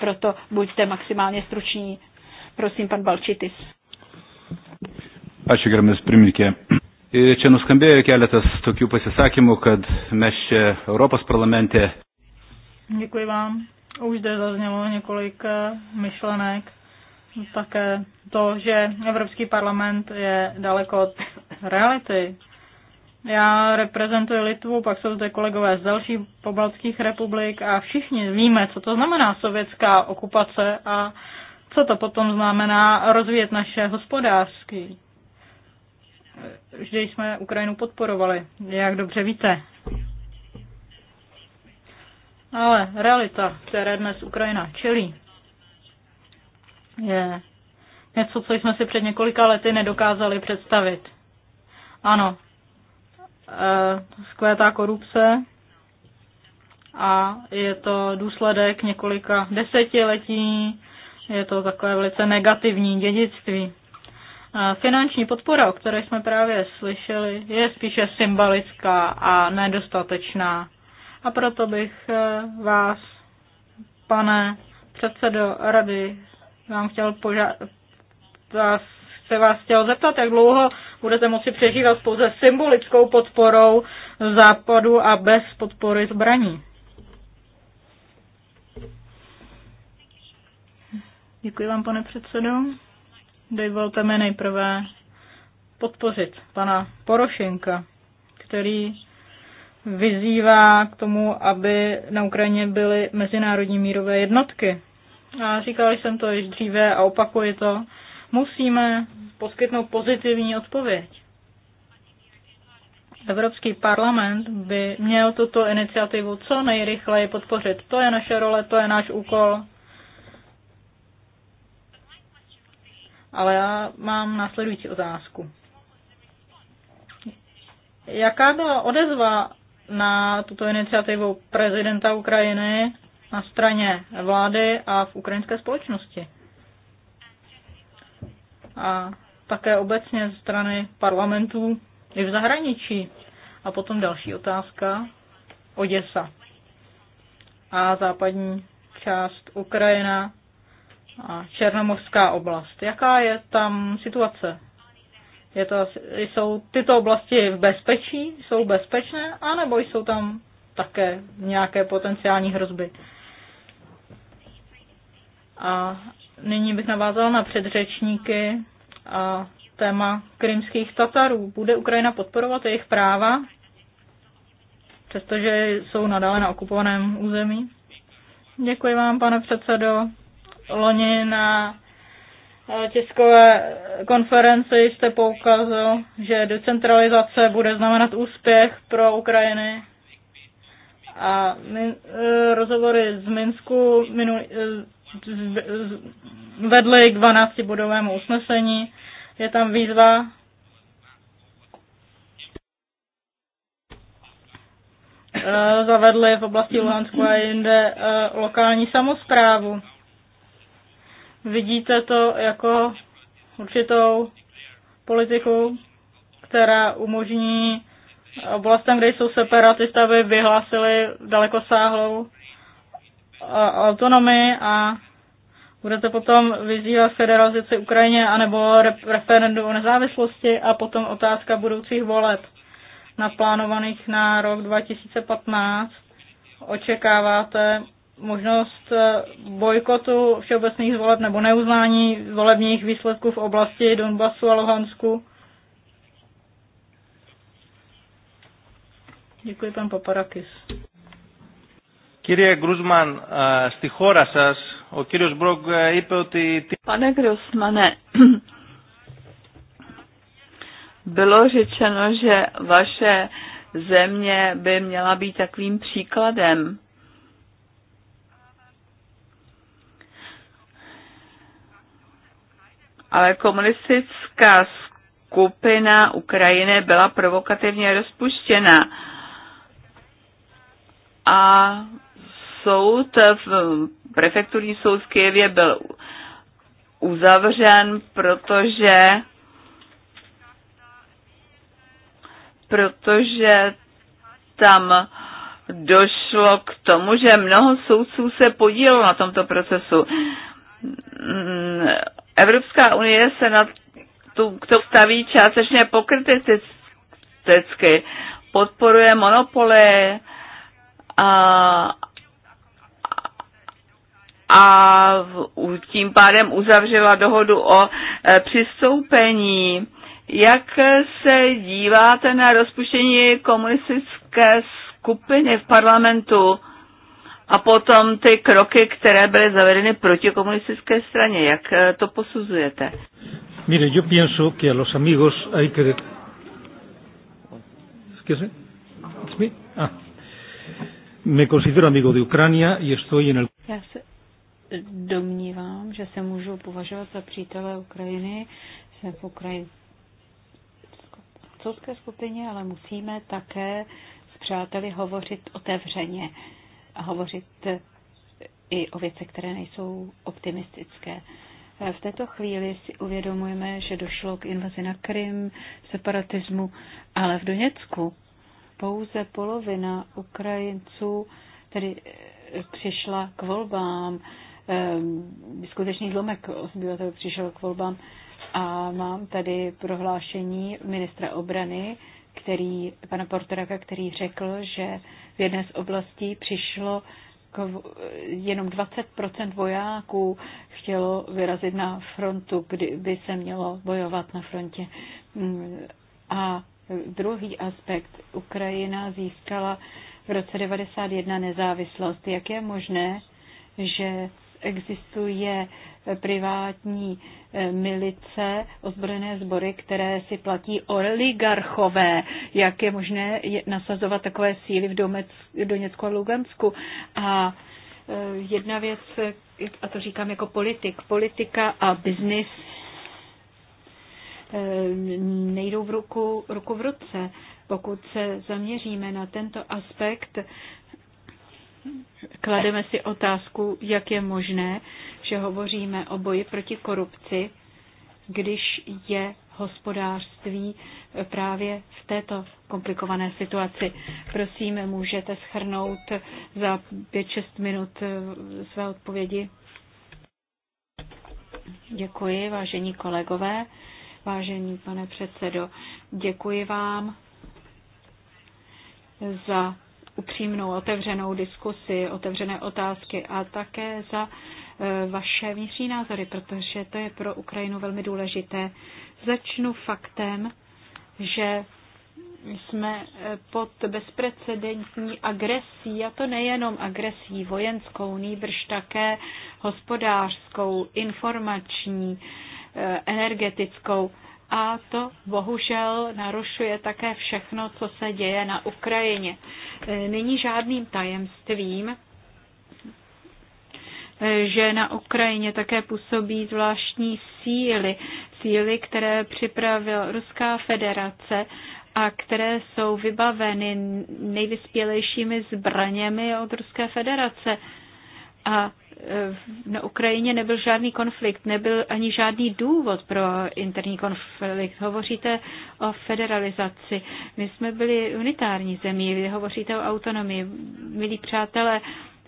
proto buďte maximálně struční. Prosím, pan Balčitis. Ačiū, gerbiamas pirmininkė. E, čia nuskambėjo keletas tokių pasisakymų, kad mes čia Europos parlamente. Děkuji vám. Už zde zaznělo několik eh, myšlenek také to, že Evropský parlament je daleko od reality. Já reprezentuji Litvu, pak jsou zde kolegové z dalších pobaltských republik a všichni víme, co to znamená sovětská okupace a co to potom znamená rozvíjet naše hospodářský. Vždy jsme Ukrajinu podporovali, jak dobře víte. Ale realita, které dnes Ukrajina čelí, je něco, co jsme si před několika lety nedokázali představit. Ano, e, eh, skvětá korupce a je to důsledek několika desetiletí, je to takové velice negativní dědictví. Eh, finanční podpora, o které jsme právě slyšeli, je spíše symbolická a nedostatečná. A proto bych eh, vás, pane předsedo rady, vám chtěl požádat, se vás chtěl zeptat, jak dlouho budete moci přežívat pouze symbolickou podporou západu a bez podpory zbraní. Děkuji vám, pane předsedo. Dovolte mi nejprve podpořit pana Porošenka, který vyzývá k tomu, aby na Ukrajině byly mezinárodní mírové jednotky a říkala jsem to již dříve a opakuji to, musíme poskytnout pozitivní odpověď. Evropský parlament by měl tuto iniciativu co nejrychleji podpořit. To je naše role, to je náš úkol. Ale já mám následující otázku. Jaká byla odezva na tuto iniciativu prezidenta Ukrajiny na straně vlády a v ukrajinské společnosti. A také obecně ze strany parlamentů i v zahraničí. A potom další otázka. Oděsa a západní část Ukrajina a Černomorská oblast. Jaká je tam situace? Je to, jsou tyto oblasti v bezpečí, jsou bezpečné, A nebo jsou tam také nějaké potenciální hrozby? A nyní bych navázal na předřečníky a téma krymských Tatarů. Bude Ukrajina podporovat jejich práva, přestože jsou nadále na okupovaném území? Děkuji vám, pane předsedo. Loni na eh, tiskové konferenci jste poukazil, že decentralizace bude znamenat úspěch pro Ukrajiny. A min, eh, rozhovory z Minsku minulý, eh, vedly k 12-bodovému usnesení. Je tam výzva eh, zavedli v oblasti Luhansku a jinde eh, lokální samozprávu. Vidíte to jako určitou politiku, která umožní oblastem, kde jsou separatisty, aby vyhlásili dalekosáhlou autonomii a budete potom vyzývat federalizaci Ukrajině anebo referendum o nezávislosti a potom otázka budoucích voleb naplánovaných na rok 2015. Očekáváte možnost eh, bojkotu všeobecných voleb nebo neuznání volebních výsledků v oblasti Donbasu a Lohansku? Děkuji, pan Paparakis. Κύριε Γκρούσμαν, στη χώρα σας ο κύριος Μπρόγκ είπε ότι... Pane Grosmane, [clears throat] bylo řečeno, že vaše země by měla být takovým příkladem. Ale komunistická skupina Ukrajiny byla provokativně rozpuštěna a soud, v prefekturní soud v Kijevě byl uzavřen, protože protože tam došlo k tomu, že mnoho soudců se podílelo na tomto procesu. Mm, Evropská unie se na tu, k tomu staví částečně pokrytecky, podporuje monopoly a, a tím pádem uzavřela dohodu o e, přistoupení. Jak se díváte na rozpuštění komunistické skupiny v parlamentu a potom ty kroky, které byly zavedeny proti komunistické straně? Jak e, to posuzujete? Mire, yo pienso que a los amigos hay que... ¿Es me. Ah. Me considero amigo de Ucrania y estoy en el... Já domnívám, že se můžu považovat za přítele Ukrajiny, jsem v ukrajinské skupině, ale musíme také s přáteli hovořit otevřeně a hovořit i o věcech, které nejsou optimistické. V této chvíli si uvědomujeme, že došlo k invazi na Krym, separatismu, ale v Doněcku pouze polovina Ukrajinců tedy eh, přišla k volbám. Ehm, skutečný zlomek obyvatel přišel k volbám. A mám tady prohlášení ministra obrany, který, pana Portoraka, který řekl, že v jedné z oblastí přišlo k, jenom 20% vojáků chtělo vyrazit na frontu, kdyby se mělo bojovat na frontě. Mm, a druhý aspekt, Ukrajina získala v roce 1991 nezávislost. Jak je možné, že Existuje privátní eh, milice, ozbrojené sbory, které si platí oligarchové. Jak je možné nasazovat takové síly v Doněcku a Lugansku? A eh, jedna věc, a to říkám jako politik, politika a biznis eh, nejdou v ruku, ruku v ruce. Pokud se zaměříme na tento aspekt, klademe si otázku, jak je možné, že hovoříme o boji proti korupci, když je hospodářství právě v této komplikované situaci. Prosím, můžete schrnout za 5-6 minut eh, své odpovědi. Děkuji, vážení kolegové, vážení pane předsedo, děkuji vám za upřímnou, otevřenou diskusi, otevřené otázky a také za e, vaše vnitřní názory, protože to je pro Ukrajinu velmi důležité. Začnu faktem, že jsme e, pod bezprecedentní agresí, a to nejenom agresí vojenskou, nýbrž také hospodářskou, informační, e, energetickou a to bohužel narušuje také všechno, co se děje na Ukrajině. E, není žádným tajemstvím, e, že na Ukrajině také působí zvláštní síly, síly, které připravila Ruská federace a které jsou vybaveny nejvyspělejšími zbraněmi od Ruské federace. A Eh, na Ukrajině nebyl žádný konflikt, nebyl ani žádný důvod pro interní konflikt. Hovoříte o federalizaci. My jsme byli unitární zemí, vy hovoříte o autonomii. Milí přátelé,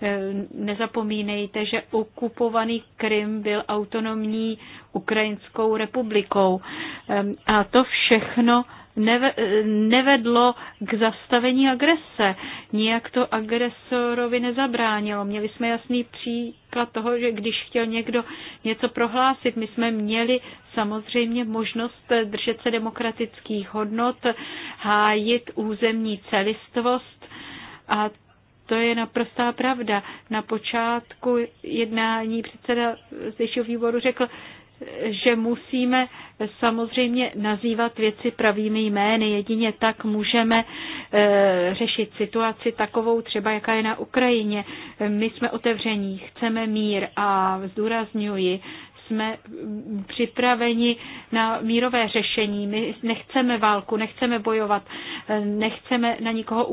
eh, nezapomínejte, že okupovaný Krym byl autonomní ukrajinskou republikou. A to všechno nevedlo k zastavení agrese. Nijak to agresorovi nezabránilo. Měli jsme jasný příklad toho, že když chtěl někdo něco prohlásit, my jsme měli samozřejmě možnost držet se demokratických hodnot, hájit územní celistvost a to je naprostá pravda. Na počátku jednání předseda zdejšího výboru řekl, že musíme samozřejmě nazývat věci pravými jmény. Jedině tak můžeme e, řešit situaci takovou třeba, jaká je na Ukrajině. My jsme otevření, chceme mír a zdůrazňuji, jsme připraveni na mírové řešení. My nechceme válku, nechceme bojovat, nechceme na nikoho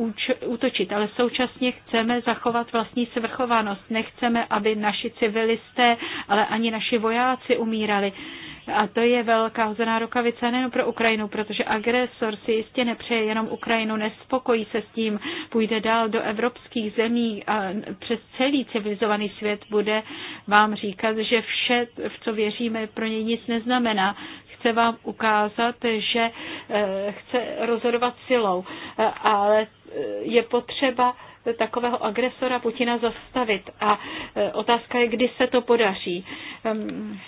útočit, ale současně chceme zachovat vlastní svrchovanost. Nechceme, aby naši civilisté, ale ani naši vojáci umírali. A to je velká hozená rukavice nejen pro Ukrajinu, protože agresor si jistě nepřeje jenom Ukrajinu, nespokojí se s tím, půjde dál do evropských zemí a přes celý civilizovaný svět bude vám říkat, že vše, v co věříme, pro něj nic neznamená chce vám ukázat, že eh, chce rozhodovat silou, eh, ale eh, je potřeba takového agresora Putina zastavit. A otázka je, kdy se to podaří. Ehm,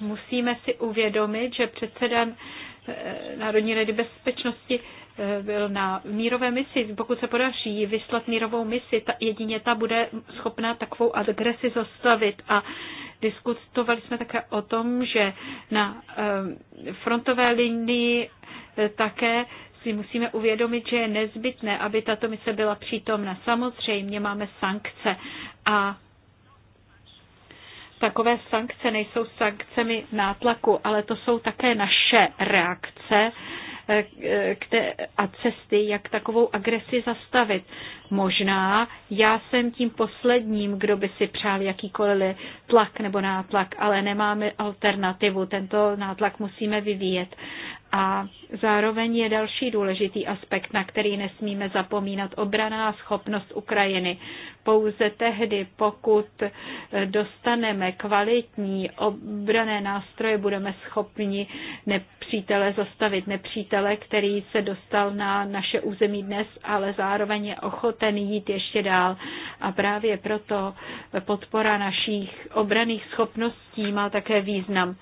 musíme si uvědomit, že předsedem eh, Národní rady bezpečnosti eh, byl na mírové misi. Pokud se podaří vyslat mírovou misi, ta, jedině ta bude schopná takovou agresi zastavit. A diskutovali jsme také o tom, že na eh, frontové linii také si musíme uvědomit, že je nezbytné, aby tato mise byla přítomna. Samozřejmě máme sankce a takové sankce nejsou sankcemi nátlaku, ale to jsou také naše reakce eh, eh, a cesty, jak takovou agresi zastavit možná. Já jsem tím posledním, kdo by si přál jakýkoliv tlak nebo nátlak, ale nemáme alternativu. Tento nátlak musíme vyvíjet. A zároveň je další důležitý aspekt, na který nesmíme zapomínat, obraná schopnost Ukrajiny. Pouze tehdy, pokud dostaneme kvalitní obrané nástroje, budeme schopni nepřítele zastavit. Nepřítele, který se dostal na naše území dnes, ale zároveň je ochot ochoten jít ještě dál. A právě proto podpora našich obraných schopností má také význam.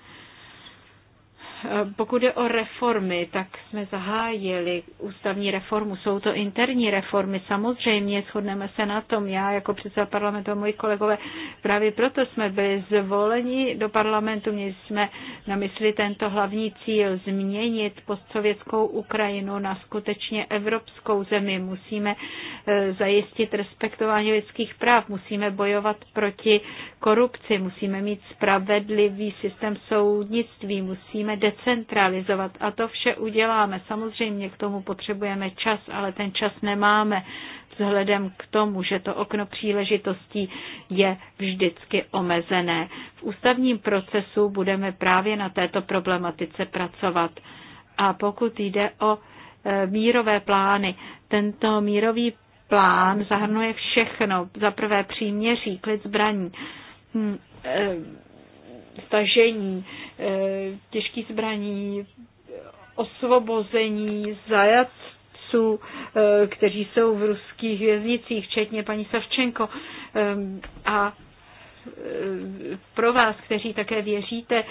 Pokud je o reformy, tak jsme zahájili ústavní reformu. Jsou to interní reformy, samozřejmě, shodneme se na tom. Já jako předseda parlamentu a moji kolegové právě proto jsme byli zvoleni do parlamentu. Měli jsme na mysli tento hlavní cíl změnit postsovětskou Ukrajinu na skutečně evropskou zemi. Musíme eh, zajistit respektování lidských práv, musíme bojovat proti korupci, musíme mít spravedlivý systém soudnictví, musíme decentralizovat a to vše uděláme. Samozřejmě k tomu potřebujeme čas, ale ten čas nemáme vzhledem k tomu, že to okno příležitostí je vždycky omezené. V ústavním procesu budeme právě na této problematice pracovat. A pokud jde o e, mírové plány, tento mírový plán zahrnuje všechno. Za prvé příměří, klid zbraní, Mm, eh, stažení eh, těžký zbraní, osvobození zajatců, eh, kteří jsou v ruských věznicích, včetně paní Savčenko. A Eh, pro vás, kteří také věříte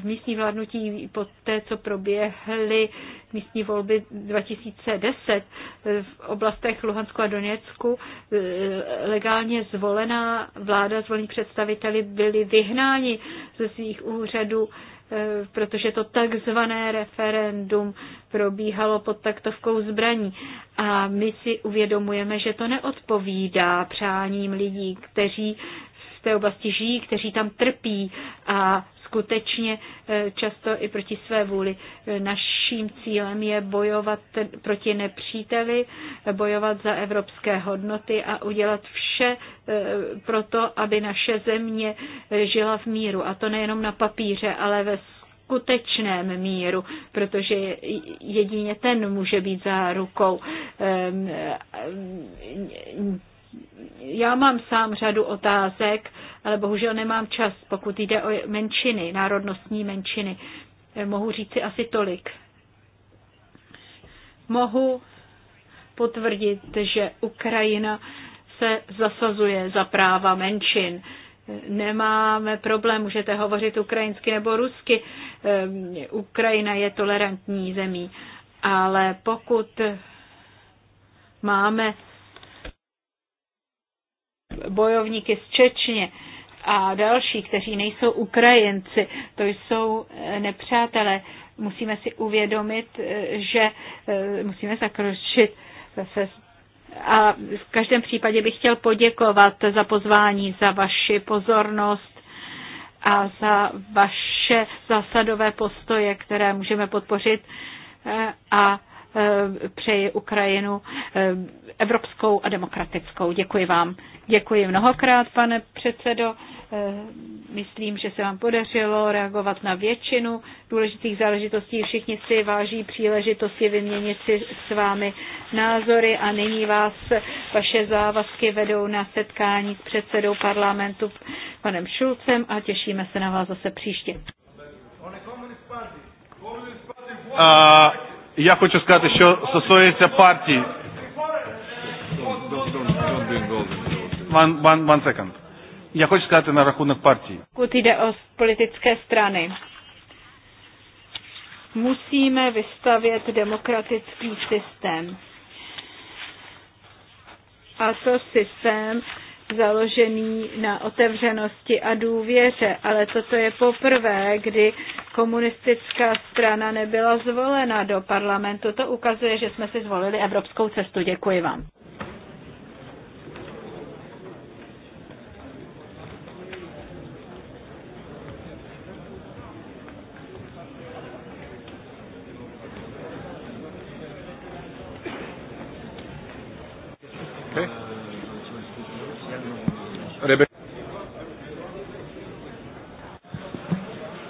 v místní vládnutí po té, co proběhly místní volby 2010 eh, v oblastech Luhansku a Doněcku, eh, legálně zvolená vláda, zvolení představiteli byli vyhnáni ze svých úřadů protože to takzvané referendum probíhalo pod taktovkou zbraní. A my si uvědomujeme, že to neodpovídá přáním lidí, kteří z té oblasti žijí, kteří tam trpí a skutečně eh, často i proti své vůli. Eh, naším cílem je bojovat proti nepříteli, eh, bojovat za evropské hodnoty a udělat vše pro to, aby naše země žila v míru. A to nejenom na papíře, ale ve skutečném míru, protože jedině ten může být za rukou. Ehm, ehm, já mám sám řadu otázek, ale bohužel nemám čas, pokud jde o menšiny, národnostní menšiny. Eh, mohu říci asi tolik. Mohu potvrdit, že Ukrajina se zasazuje za práva menšin. Nemáme problém, můžete hovořit ukrajinsky nebo rusky. Eh, Ukrajina je tolerantní zemí, ale pokud máme bojovníky z Čečně a další, kteří nejsou Ukrajinci, to jsou eh, nepřátelé. Musíme si uvědomit, eh, že eh, musíme zakročit zase a v každém případě bych chtěl poděkovat za pozvání, za vaši pozornost a za vaše zásadové postoje, které můžeme podpořit a Eh, přeji Ukrajinu eh, evropskou a demokratickou. Děkuji vám. Děkuji mnohokrát, pane předsedo. Eh, myslím, že se vám podařilo reagovat na většinu důležitých záležitostí. Všichni si váží příležitosti vyměnit si s vámi názory a nyní vás vaše závazky vedou na setkání s předsedou parlamentu panem Šulcem a těšíme se na vás zase příště. Uh, я хочу сказати, що стосується партії. One, one, one second. Я хочу сказати на рахунок партії. Pokud jde o politické strany, musíme vystavět demokratický systém. A to systém, založený na otevřenosti a důvěře, ale toto je poprvé, kdy komunistická strana nebyla zvolena do parlamentu. To ukazuje, že jsme si zvolili evropskou cestu. Děkuji vám.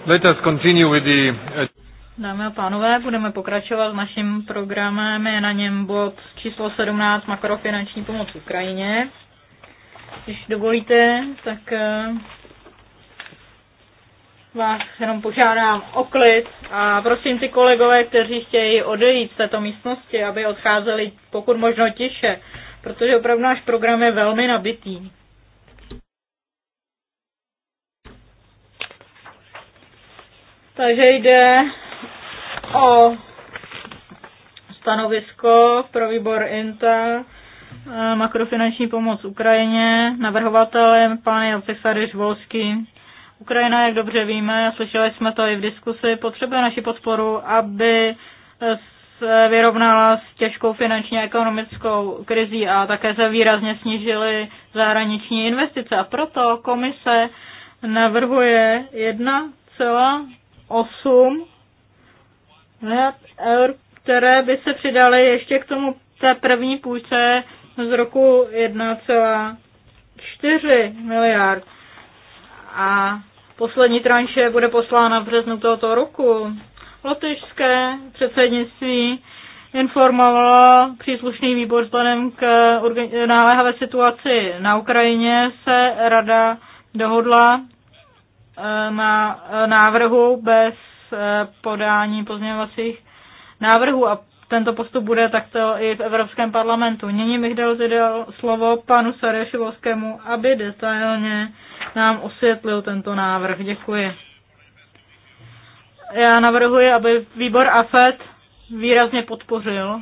Let us continue with the... Uh, Dámy a pánové, budeme pokračovat s naším programem. Je na něm bod číslo 17 makrofinanční pomoc Ukrajině. Když dovolíte, tak eh, vás jenom požádám o klid a prosím ty kolegové, kteří chtějí odejít z této místnosti, aby odcházeli pokud možno tiše, protože opravdu náš program je velmi nabitý. Takže jde o stanovisko pro výbor INTA eh, makrofinanční pomoc Ukrajině. Navrhovatelem pan Jacek Volský. Ukrajina, jak dobře víme, a slyšeli jsme to i v diskusi, potřebuje naši podporu, aby se vyrovnala s těžkou finanční a ekonomickou krizí a také se výrazně snížily zahraniční investice. A proto komise navrhuje 1,3 8 miliard eur, které by se přidaly ještě k tomu té první půjce z roku 1,4 miliard. A poslední tranše bude poslána v březnu tohoto roku. Lotyšské předsednictví informovalo příslušný výbor vzhledem k náléhavé situaci na Ukrajině, se rada dohodla na eh, návrhu bez eh, podání pozměňovacích návrhů a tento postup bude takto i v Evropském parlamentu. Nyní bych dal slovo panu Sarešovskému, aby detailně nám osvětlil tento návrh. Děkuji. Já navrhuji, aby výbor AFET výrazně podpořil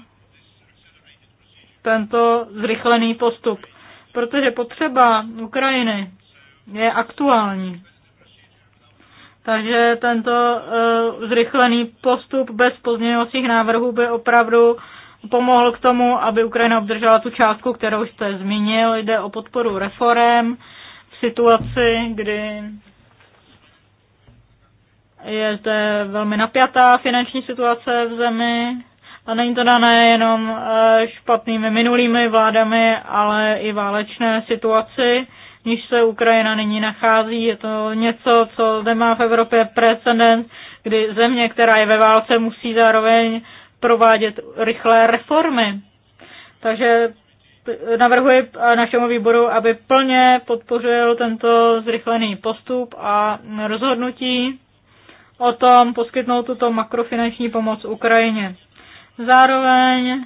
tento zrychlený postup, protože potřeba Ukrajiny je aktuální. Takže tento eh, zrychlený postup bez pozměňovacích návrhů by opravdu pomohl k tomu, aby Ukrajina obdržela tu částku, kterou jste zmínil. Jde o podporu reform v situaci, kdy je to velmi napjatá finanční situace v zemi a není to dané jenom eh, špatnými minulými vládami, ale i válečné situaci níž se Ukrajina nyní nachází. Je to něco, co zde má v Evropě precedent, kdy země, která je ve válce, musí zároveň provádět rychlé reformy. Takže navrhuji našemu výboru, aby plně podpořil tento zrychlený postup a rozhodnutí o tom poskytnout tuto makrofinanční pomoc Ukrajině. Zároveň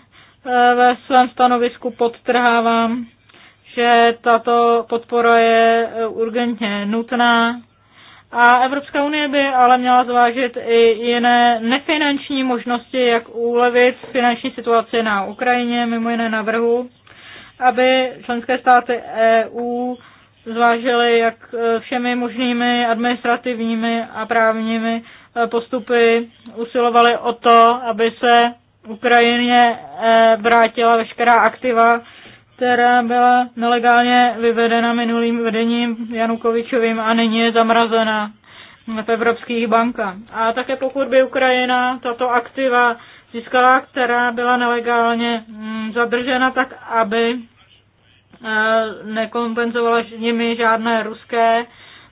eh, ve svém stanovisku podtrhávám že tato podpora je eh, urgentně nutná. A Evropská unie by ale měla zvážit i jiné nefinanční možnosti, jak ulevit finanční situaci na Ukrajině, mimo jiné navrhu, aby členské státy EU zvážily, jak eh, všemi možnými administrativními a právními eh, postupy usilovali o to, aby se Ukrajině vrátila veškerá aktiva, která byla nelegálně vyvedena minulým vedením Janukovičovým a nyní je zamrazena v evropských bankách. A také pokud by Ukrajina tato aktiva získala, která byla nelegálně mm, zadržena, tak aby e, nekompenzovala nimi žádné ruské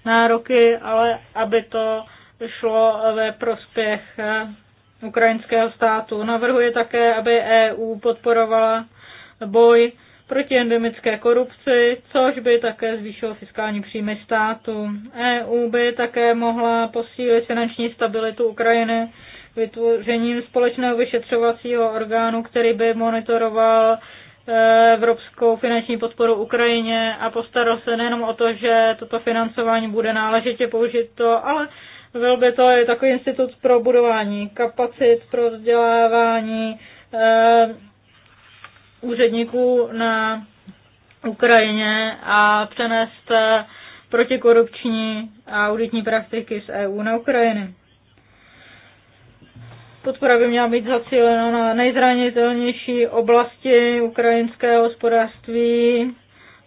nároky, ale aby to šlo ve prospěch e, ukrajinského státu. Navrhuje také, aby EU podporovala boj proti endemické korupci, což by také zvýšilo fiskální příjmy státu. EU by také mohla posílit finanční stabilitu Ukrajiny vytvořením společného vyšetřovacího orgánu, který by monitoroval e, evropskou finanční podporu Ukrajině a postaral se nejenom o to, že toto financování bude náležitě použito, ale byl by to i takový institut pro budování kapacit, pro vzdělávání, e, úředníků na Ukrajině a přenést eh, protikorupční a auditní praktiky z EU na Ukrajiny. Podpora by měla být zacílena na nejzranitelnější oblasti ukrajinského hospodářství,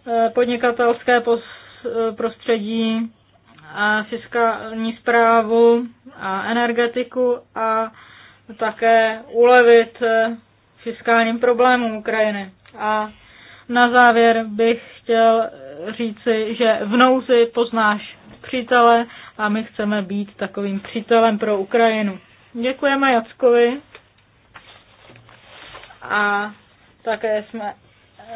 eh, podnikatelské eh, prostředí, a fiskální zprávu a energetiku a také ulevit fiskálním problémům Ukrajiny. A na závěr bych chtěl říci, že v nouzi poznáš přítele a my chceme být takovým přítelem pro Ukrajinu. Děkujeme Jackovi a také jsme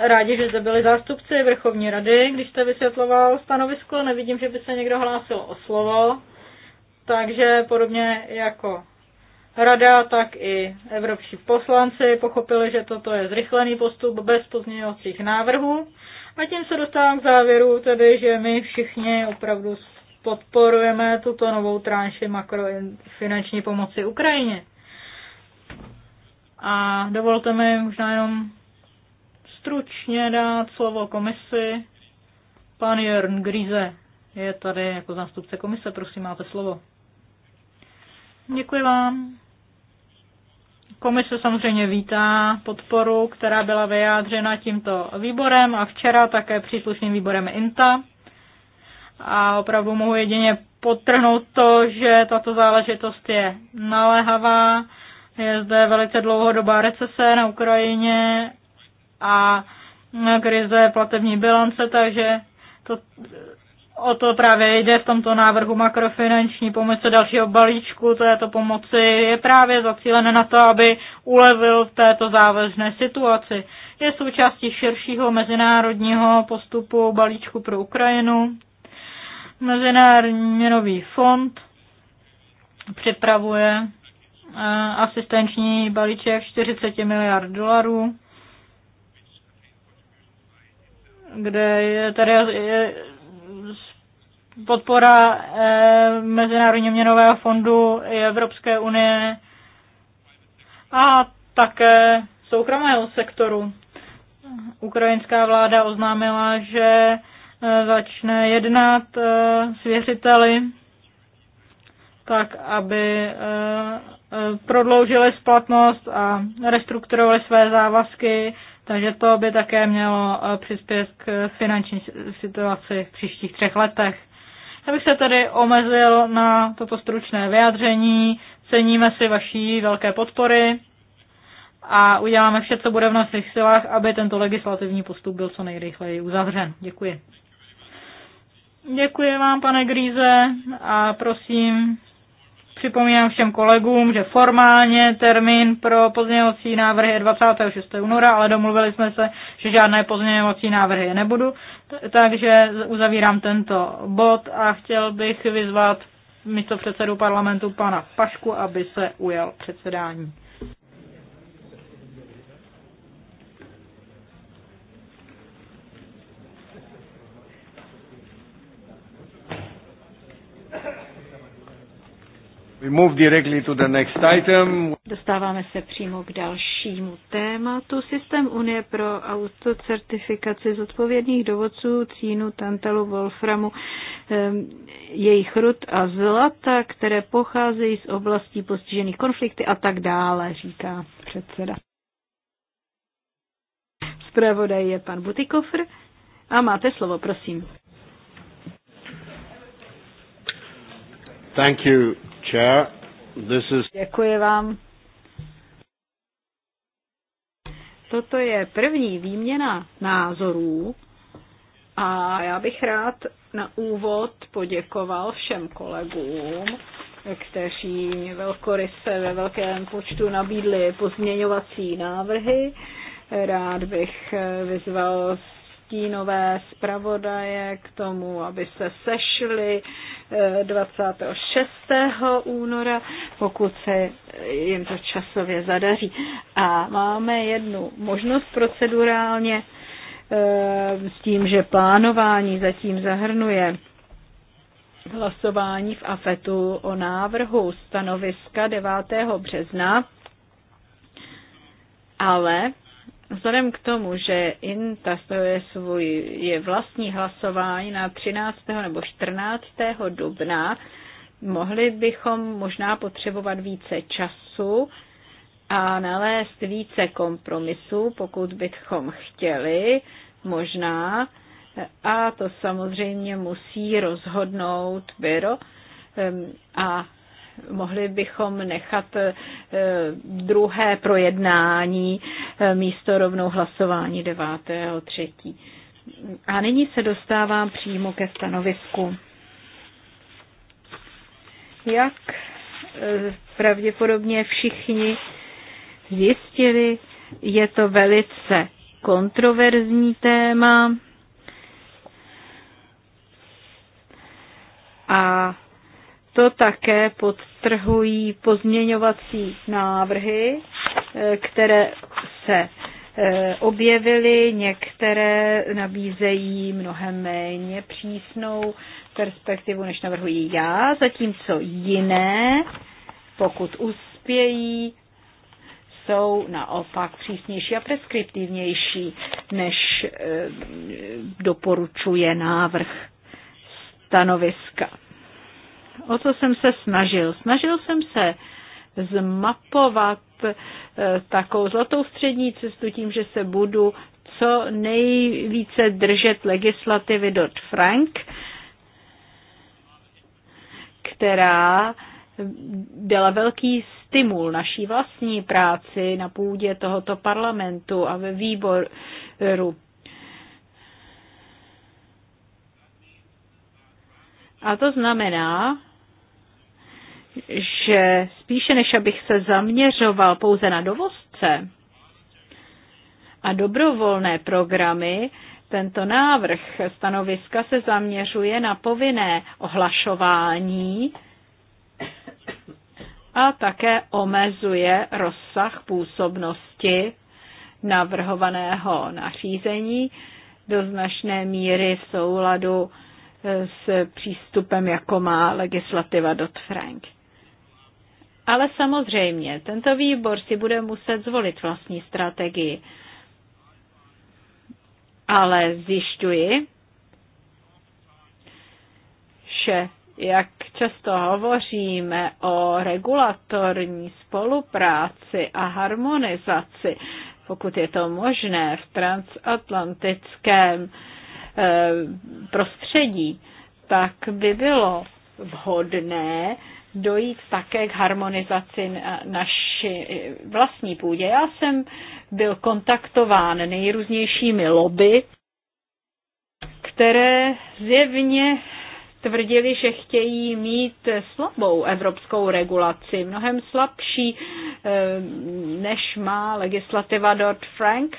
rádi, že zde byli zástupci Vrchovní rady, když jste vysvětloval stanovisko. Nevidím, že by se někdo hlásil o slovo. Takže podobně jako Rada, tak i evropští poslanci pochopili, že toto je zrychlený postup bez pozměňovacích návrhů. A tím se dostávám k závěru, tedy, že my všichni opravdu podporujeme tuto novou tránši makrofinanční pomoci Ukrajině. A dovolte mi možná jenom stručně dát slovo komisi. Pan Jörn Grize je tady jako zástupce komise, prosím, máte slovo. Děkuji vám. Komise samozřejmě vítá podporu, která byla vyjádřena tímto výborem a včera také příslušným výborem INTA. A opravdu mohu jedině potrhnout to, že tato záležitost je naléhavá. Je zde velice dlouhodobá recese na Ukrajině a krize platební bilance, takže to o to právě jde v tomto návrhu makrofinanční pomoci dalšího balíčku této pomoci je právě zacílené na to, aby ulevil v této závažné situaci. Je součástí širšího mezinárodního postupu balíčku pro Ukrajinu. Mezinárodní měnový fond připravuje eh, asistenční balíček 40 miliard dolarů, kde je tady je podpora eh, Mezinárodního měnového fondu i Evropské unie a také soukromého sektoru. Ukrajinská vláda oznámila, že eh, začne jednat eh, s věřiteli tak, aby prodloužili splatnost a restrukturovali své závazky, takže to by také mělo přispět k finanční situaci v příštích třech letech. Já bych se tedy omezil na toto stručné vyjádření. Ceníme si vaší velké podpory a uděláme vše, co bude v našich silách, aby tento legislativní postup byl co nejrychleji uzavřen. Děkuji. Děkuji vám, pane Gríze, a prosím, připomínám všem kolegům, že formálně termín pro pozměňovací návrhy je 26. února, ale domluvili jsme se, že žádné pozměňovací návrhy nebudu takže uzavírám tento bod a chtěl bych vyzvat místo předsedu parlamentu pana Pašku, aby se ujal předsedání. Dostáváme se přímo k dalšímu tématu. Systém Unie pro autocertifikaci zodpovědných dovodců cínu, tantalu, wolframu, ehm, jejich rud a zlata, které pocházejí z oblastí postižených konflikty a tak dále, říká předseda. Zpravodaj je pan Butikofr a máte slovo, prosím. Thank you, This is... Děkuji vám. Toto je první výměna názorů a já bych rád na úvod poděkoval všem kolegům, kteří mě velkoryse ve velkém počtu nabídli pozměňovací návrhy. Rád bych vyzval stínové zpravodaje k tomu, aby se sešli 26. února, pokud se jim to časově zadaří. A máme jednu možnost procedurálně eh, s tím, že plánování zatím zahrnuje hlasování v AFETu o návrhu stanoviska 9. března, ale Vzhledem k tomu, že INTA stojí svůj je vlastní hlasování na 13. nebo 14. dubna, mohli bychom možná potřebovat více času a nalézt více kompromisů, pokud bychom chtěli, možná. A to samozřejmě musí rozhodnout byro ehm, a mohli bychom nechat eh, druhé projednání eh, místo rovnou hlasování 9.3. A nyní se dostávám přímo ke stanovisku. Jak eh, pravděpodobně všichni zjistili, je to velice kontroverzní téma a to také podtrhují pozměňovací návrhy, eh, které se eh, objevily, některé nabízejí mnohem méně přísnou perspektivu, než navrhuji já, zatímco jiné, pokud uspějí, jsou naopak přísnější a preskriptivnější, než eh, doporučuje návrh stanoviska o co jsem se snažil? Snažil jsem se zmapovat eh, takovou zlatou střední cestu tím, že se budu co nejvíce držet legislativy dot frank která dala velký stimul naší vlastní práci na půdě tohoto parlamentu a ve výboru A to znamená, že spíše než abych se zaměřoval pouze na dovozce a dobrovolné programy, tento návrh stanoviska se zaměřuje na povinné ohlašování a také omezuje rozsah působnosti navrhovaného nařízení do značné míry v souladu s přístupem, jako má legislativa Dodd-Frank. Ale samozřejmě, tento výbor si bude muset zvolit vlastní strategii. Ale zjišťuji, že jak často hovoříme o regulatorní spolupráci a harmonizaci, pokud je to možné v transatlantickém Eh, prostředí, tak by bylo vhodné dojít také k harmonizaci naší naši vlastní půdě. Já jsem byl kontaktován nejrůznějšími lobby, které zjevně tvrdili, že chtějí mít slabou evropskou regulaci, mnohem slabší, eh, než má legislativa Dodd-Frank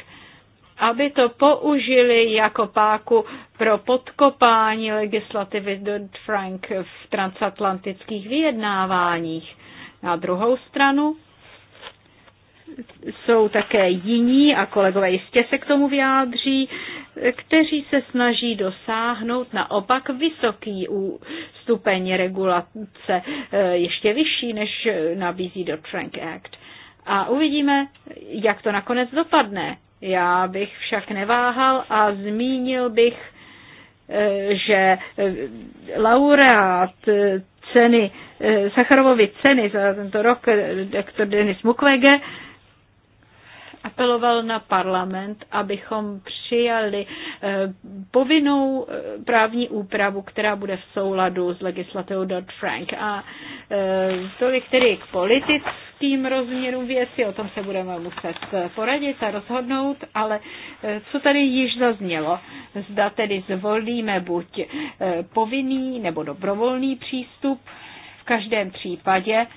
aby to použili jako páku pro podkopání legislativy Dodd-Frank v transatlantických vyjednáváních. Na druhou stranu jsou také jiní, a kolegové jistě se k tomu vyjádří, kteří se snaží dosáhnout naopak vysoký stupeň regulace, eh, ještě vyšší, než nabízí Dodd-Frank Act. A uvidíme, jak to nakonec dopadne. Já bych však neváhal a zmínil bych, eh, že eh, laureát eh, ceny, Sacharovovy ceny za tento rok, doktor Denis Mukwege, apeloval na parlament, abychom přijali eh, povinnou eh, právní úpravu, která bude v souladu s legislativou Dodd-Frank. A eh, tolik tedy k politickým rozměrům věci, o tom se budeme muset poradit a rozhodnout, ale co tady již zaznělo, zda tedy zvolíme buď povinný nebo dobrovolný přístup, v každém případě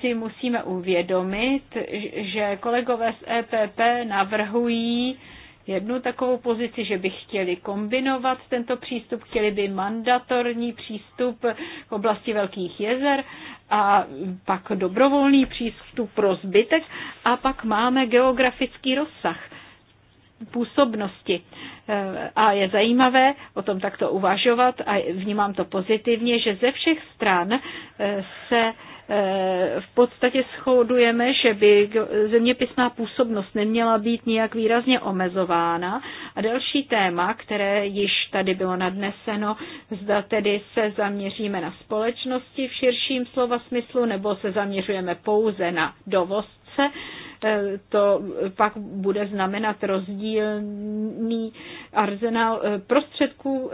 si musíme uvědomit, že kolegové z EPP navrhují jednu takovou pozici, že by chtěli kombinovat tento přístup, chtěli by mandatorní přístup k oblasti Velkých jezer a pak dobrovolný přístup pro zbytek a pak máme geografický rozsah působnosti. A je zajímavé o tom takto uvažovat a vnímám to pozitivně, že ze všech stran se Eh, v podstatě shodujeme, že by zeměpisná působnost neměla být nijak výrazně omezována. A další téma, které již tady bylo nadneseno, zda tedy se zaměříme na společnosti v širším slova smyslu, nebo se zaměřujeme pouze na dovozce, eh, to pak bude znamenat rozdílný arzenál eh, prostředků,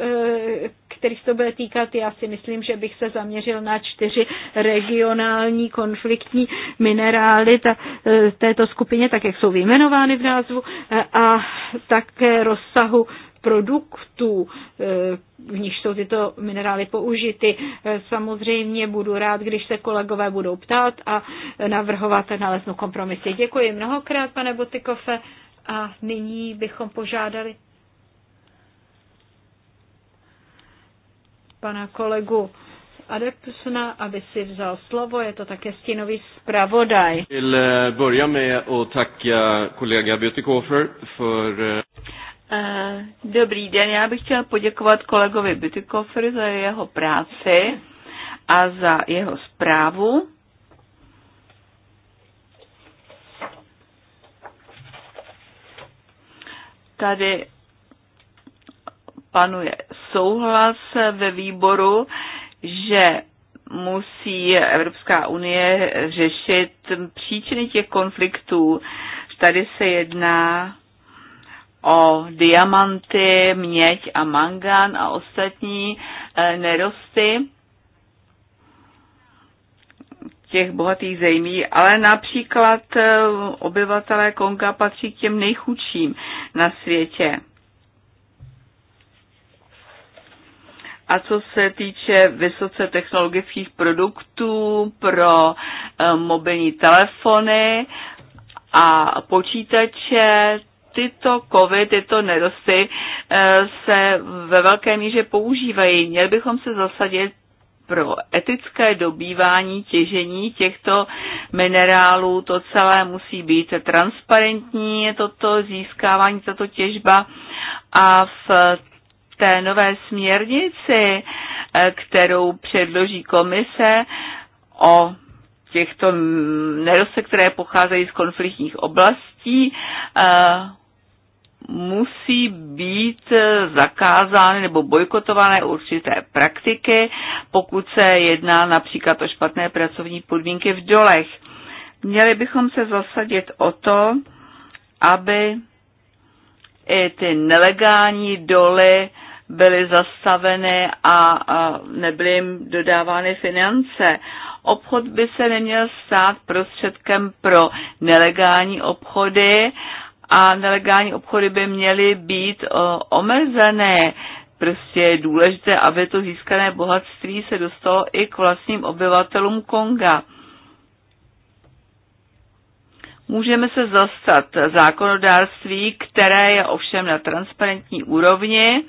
kterých se to bude týkat. Já si myslím, že bych se zaměřil na čtyři regionální konfliktní minerály ta, e, této skupině, tak jak jsou vyjmenovány v názvu, e, a také rozsahu produktů, e, v nich jsou tyto minerály použity. Samozřejmě budu rád, když se kolegové budou ptát a navrhovat naleznu kompromisy. Děkuji mnohokrát, pane Botikofe, a nyní bychom požádali pana kolegu Adepsna, aby si vzal slovo. Je to také stínový zpravodaj. Eh, eh, eh, dobrý den, já bych chtěl poděkovat kolegovi Bytykofer za jeho práci a za jeho zprávu. Tady panuje souhlas ve výboru, že musí Evropská unie řešit příčiny těch konfliktů. Tady se jedná o diamanty, měď a mangan a ostatní eh, nerosty těch bohatých zemí, ale například eh, obyvatelé Konga patří k těm nejchudším na světě. A co se týče vysoce technologických produktů pro eh, mobilní telefony a počítače, tyto kovy, tyto nerosty eh, se ve velké míře používají. Měli bychom se zasadit pro etické dobývání těžení těchto minerálů. To celé musí být transparentní, toto získávání, tato těžba a v té nové směrnici, eh, kterou předloží komise o těchto nerostech, které pocházejí z konfliktních oblastí, eh, musí být eh, zakázány nebo bojkotované určité praktiky, pokud se jedná například o špatné pracovní podmínky v dolech. Měli bychom se zasadit o to, aby i ty nelegální doly byly zastaveny a nebyly jim dodávány finance. Obchod by se neměl stát prostředkem pro nelegální obchody a nelegální obchody by měly být omezené. Prostě je důležité, aby to získané bohatství se dostalo i k vlastním obyvatelům Konga. Můžeme se zastat zákonodárství, které je ovšem na transparentní úrovni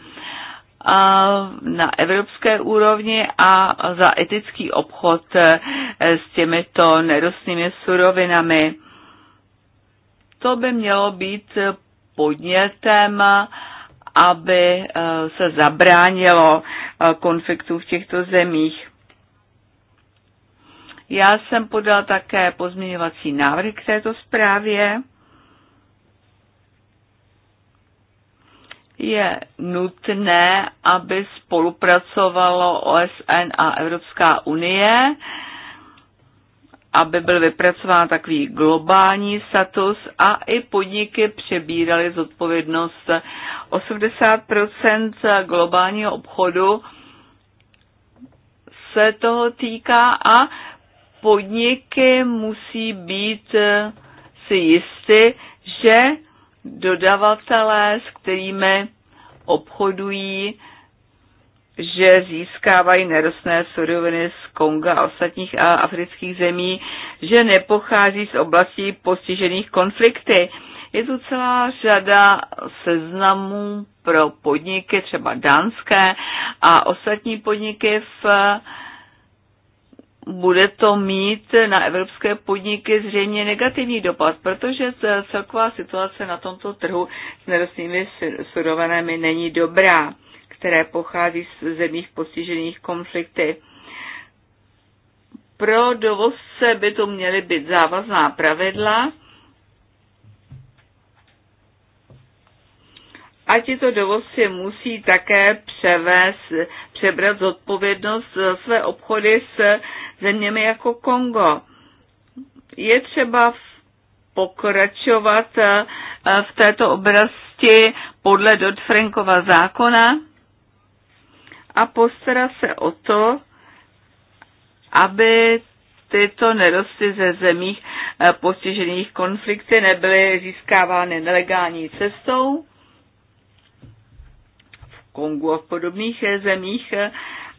na evropské úrovni a za etický obchod e, s těmito nerostnými surovinami. To by mělo být podnětem, aby e, se zabránilo e, konfliktů v těchto zemích. Já jsem podal také pozměňovací návrh k této zprávě. je nutné, aby spolupracovalo OSN a Evropská unie, aby byl vypracován takový globální status a i podniky přebíraly zodpovědnost. 80 globálního obchodu se toho týká a podniky musí být si jisty, že dodavatelé, s kterými obchodují, že získávají nerostné suroviny z Konga a ostatních afrických zemí, že nepochází z oblastí postižených konflikty. Je tu celá řada seznamů pro podniky, třeba dánské a ostatní podniky v bude to mít na evropské podniky zřejmě negativní dopad, protože celková situace na tomto trhu s nerostnými surovinami není dobrá, které pochází z zemích postižených konflikty. Pro dovozce by to měly být závazná pravidla, a tito dovozci musí také převést přebrat zodpovědnost za své obchody s zeměmi jako Kongo. Je třeba pokračovat eh, v této oblasti podle Dodd-Frankova zákona a postarat se o to, aby tyto nerosty ze zemích eh, postižených konflikty nebyly získávány nelegální cestou Kongu a v podobných eh, zemích, eh,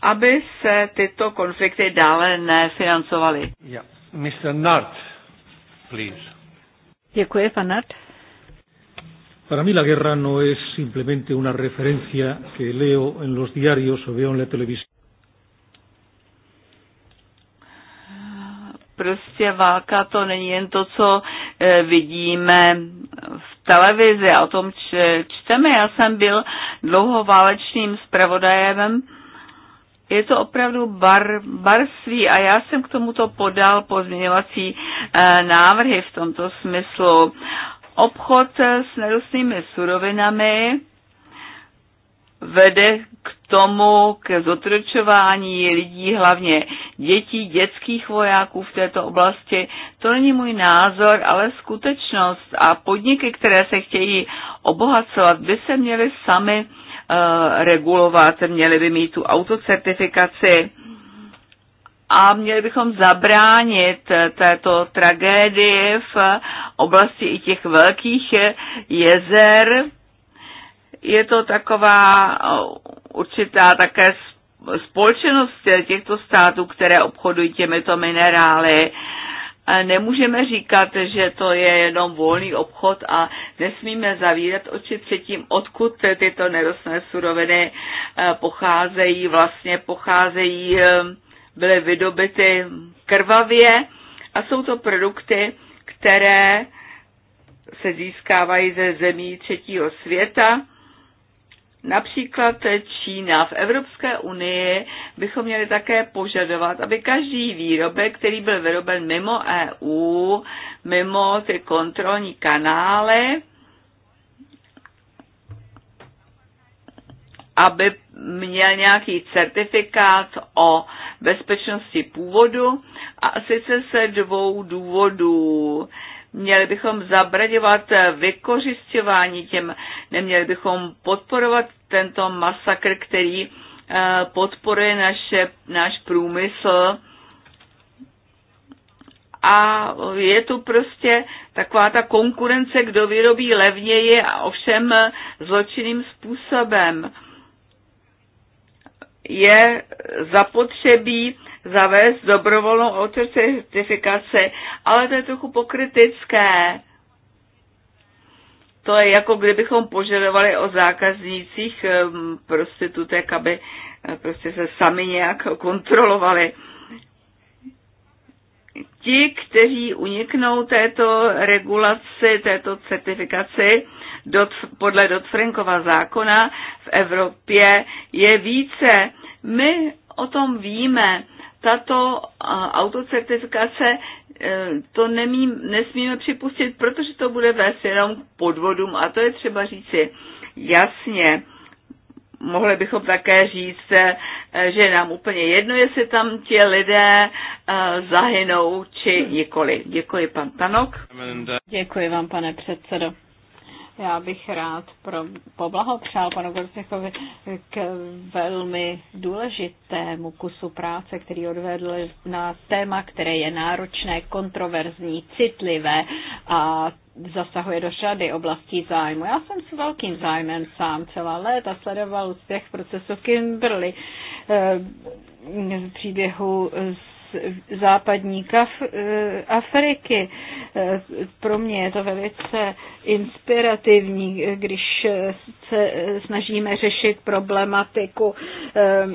aby se tyto konflikty dále nefinancovaly. Yeah. Mr. Nart, please. Děkuji, pan Nart. Para mí la guerra no es simplemente una referencia que leo en los diarios o veo en la televisión. Prostě válka to není jen to, co eh, vidíme v televizi a o tom čteme. Já jsem byl dlouho válečným zpravodajem. Je to opravdu bar, barství a já jsem k tomuto podal pozměňovací e, návrhy v tomto smyslu. Obchod s nerostnými surovinami vede k tomu, ke zotročování lidí, hlavně dětí, dětských vojáků v této oblasti. To není můj názor, ale skutečnost a podniky, které se chtějí obohacovat, by se měly sami uh, regulovat, měly by mít tu autocertifikaci a měli bychom zabránit eh, této tragédii v oblasti i těch velkých eh, jezer, je to taková určitá také společnost těchto států, které obchodují těmito minerály. Nemůžeme říkat, že to je jenom volný obchod a nesmíme zavírat oči před tím, odkud tyto nerostné suroviny e, pocházejí. Vlastně pocházejí, e, byly vydobyty krvavě a jsou to produkty, které se získávají ze zemí třetího světa Například Čína. V Evropské unii bychom měli také požadovat, aby každý výrobek, který byl vyroben mimo EU, mimo ty kontrolní kanály, aby měl nějaký certifikát o bezpečnosti původu a sice se dvou důvodů. Měli bychom zabraňovat vykořišťování těm, neměli bychom podporovat tento masakr, který eh, podporuje naše, náš průmysl. A je tu prostě taková ta konkurence, kdo vyrobí levněji a ovšem zločinným způsobem. Je zapotřebí zavést dobrovolnou autocertifikaci, ale to je trochu pokrytické. To je jako kdybychom požadovali o zákaznících ehm, prostitutek, aby eh, prostě se sami nějak kontrolovali. Ti, kteří uniknou této regulaci, této certifikaci, dot, podle Dodd-Frankova zákona v Evropě je více. My o tom víme, tato autocertifikace e, to nemí, nesmíme připustit, protože to bude vést jenom k podvodům a to je třeba říci jasně. Mohli bychom také říct, e, že nám úplně jedno, jestli tam ti lidé e, zahynou či nikoli. Děkuji, pan Tanok. Děkuji vám, pane předsedo. Já bych rád pro, poblahopřál panu Gorcechovi k velmi důležitému kusu práce, který odvedl na téma, které je náročné, kontroverzní, citlivé a zasahuje do řady oblastí zájmu. Já jsem s velkým zájmem sám celá léta sledoval úspěch procesu Kimberly eh, příběhu západní Kaf- eh, Afriky. Eh, pro mě je to velice inspirativní, když se snažíme řešit problematiku eh,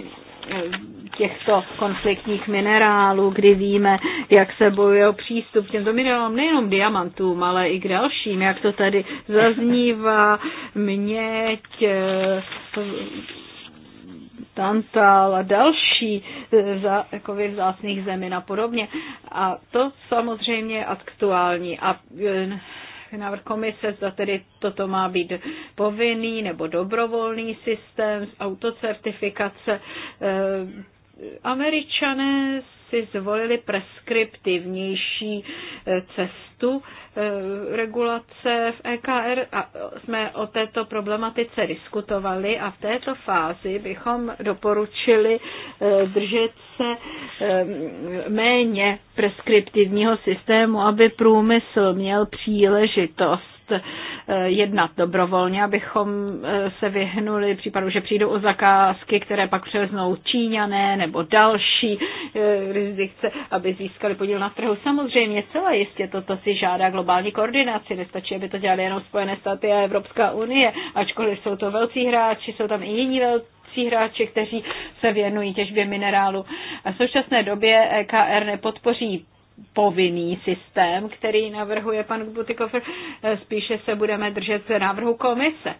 těchto konfliktních minerálů, kdy víme, jak se bojuje o přístup k těmto minerálům, nejenom diamantům, ale i k dalším, jak to tady zaznívá, měď, tantal a další e, za, jako vzácných zemin a podobně. A to samozřejmě je aktuální. A e, návrh komise, zda tedy toto má být povinný nebo dobrovolný systém autocertifikace. E, Američané si zvolili preskriptivnější eh, cestu eh, regulace v EKR a jsme o této problematice diskutovali a v této fázi bychom doporučili eh, držet se méně preskriptivního systému, aby průmysl měl příležitost Eh, jednat dobrovolně, abychom eh, se vyhnuli případu, že přijdou o zakázky, které pak přeznou Číňané nebo další jurisdikce, eh, aby získali podíl na trhu. Samozřejmě celá jistě toto si žádá globální koordinaci. Nestačí, aby to dělali jenom Spojené státy a Evropská unie, ačkoliv jsou to velcí hráči, jsou tam i jiní velcí hráči, kteří se věnují těžbě minerálu. A v současné době EKR nepodpoří povinný systém, který navrhuje pan Butikofer, spíše se budeme držet návrhu komise.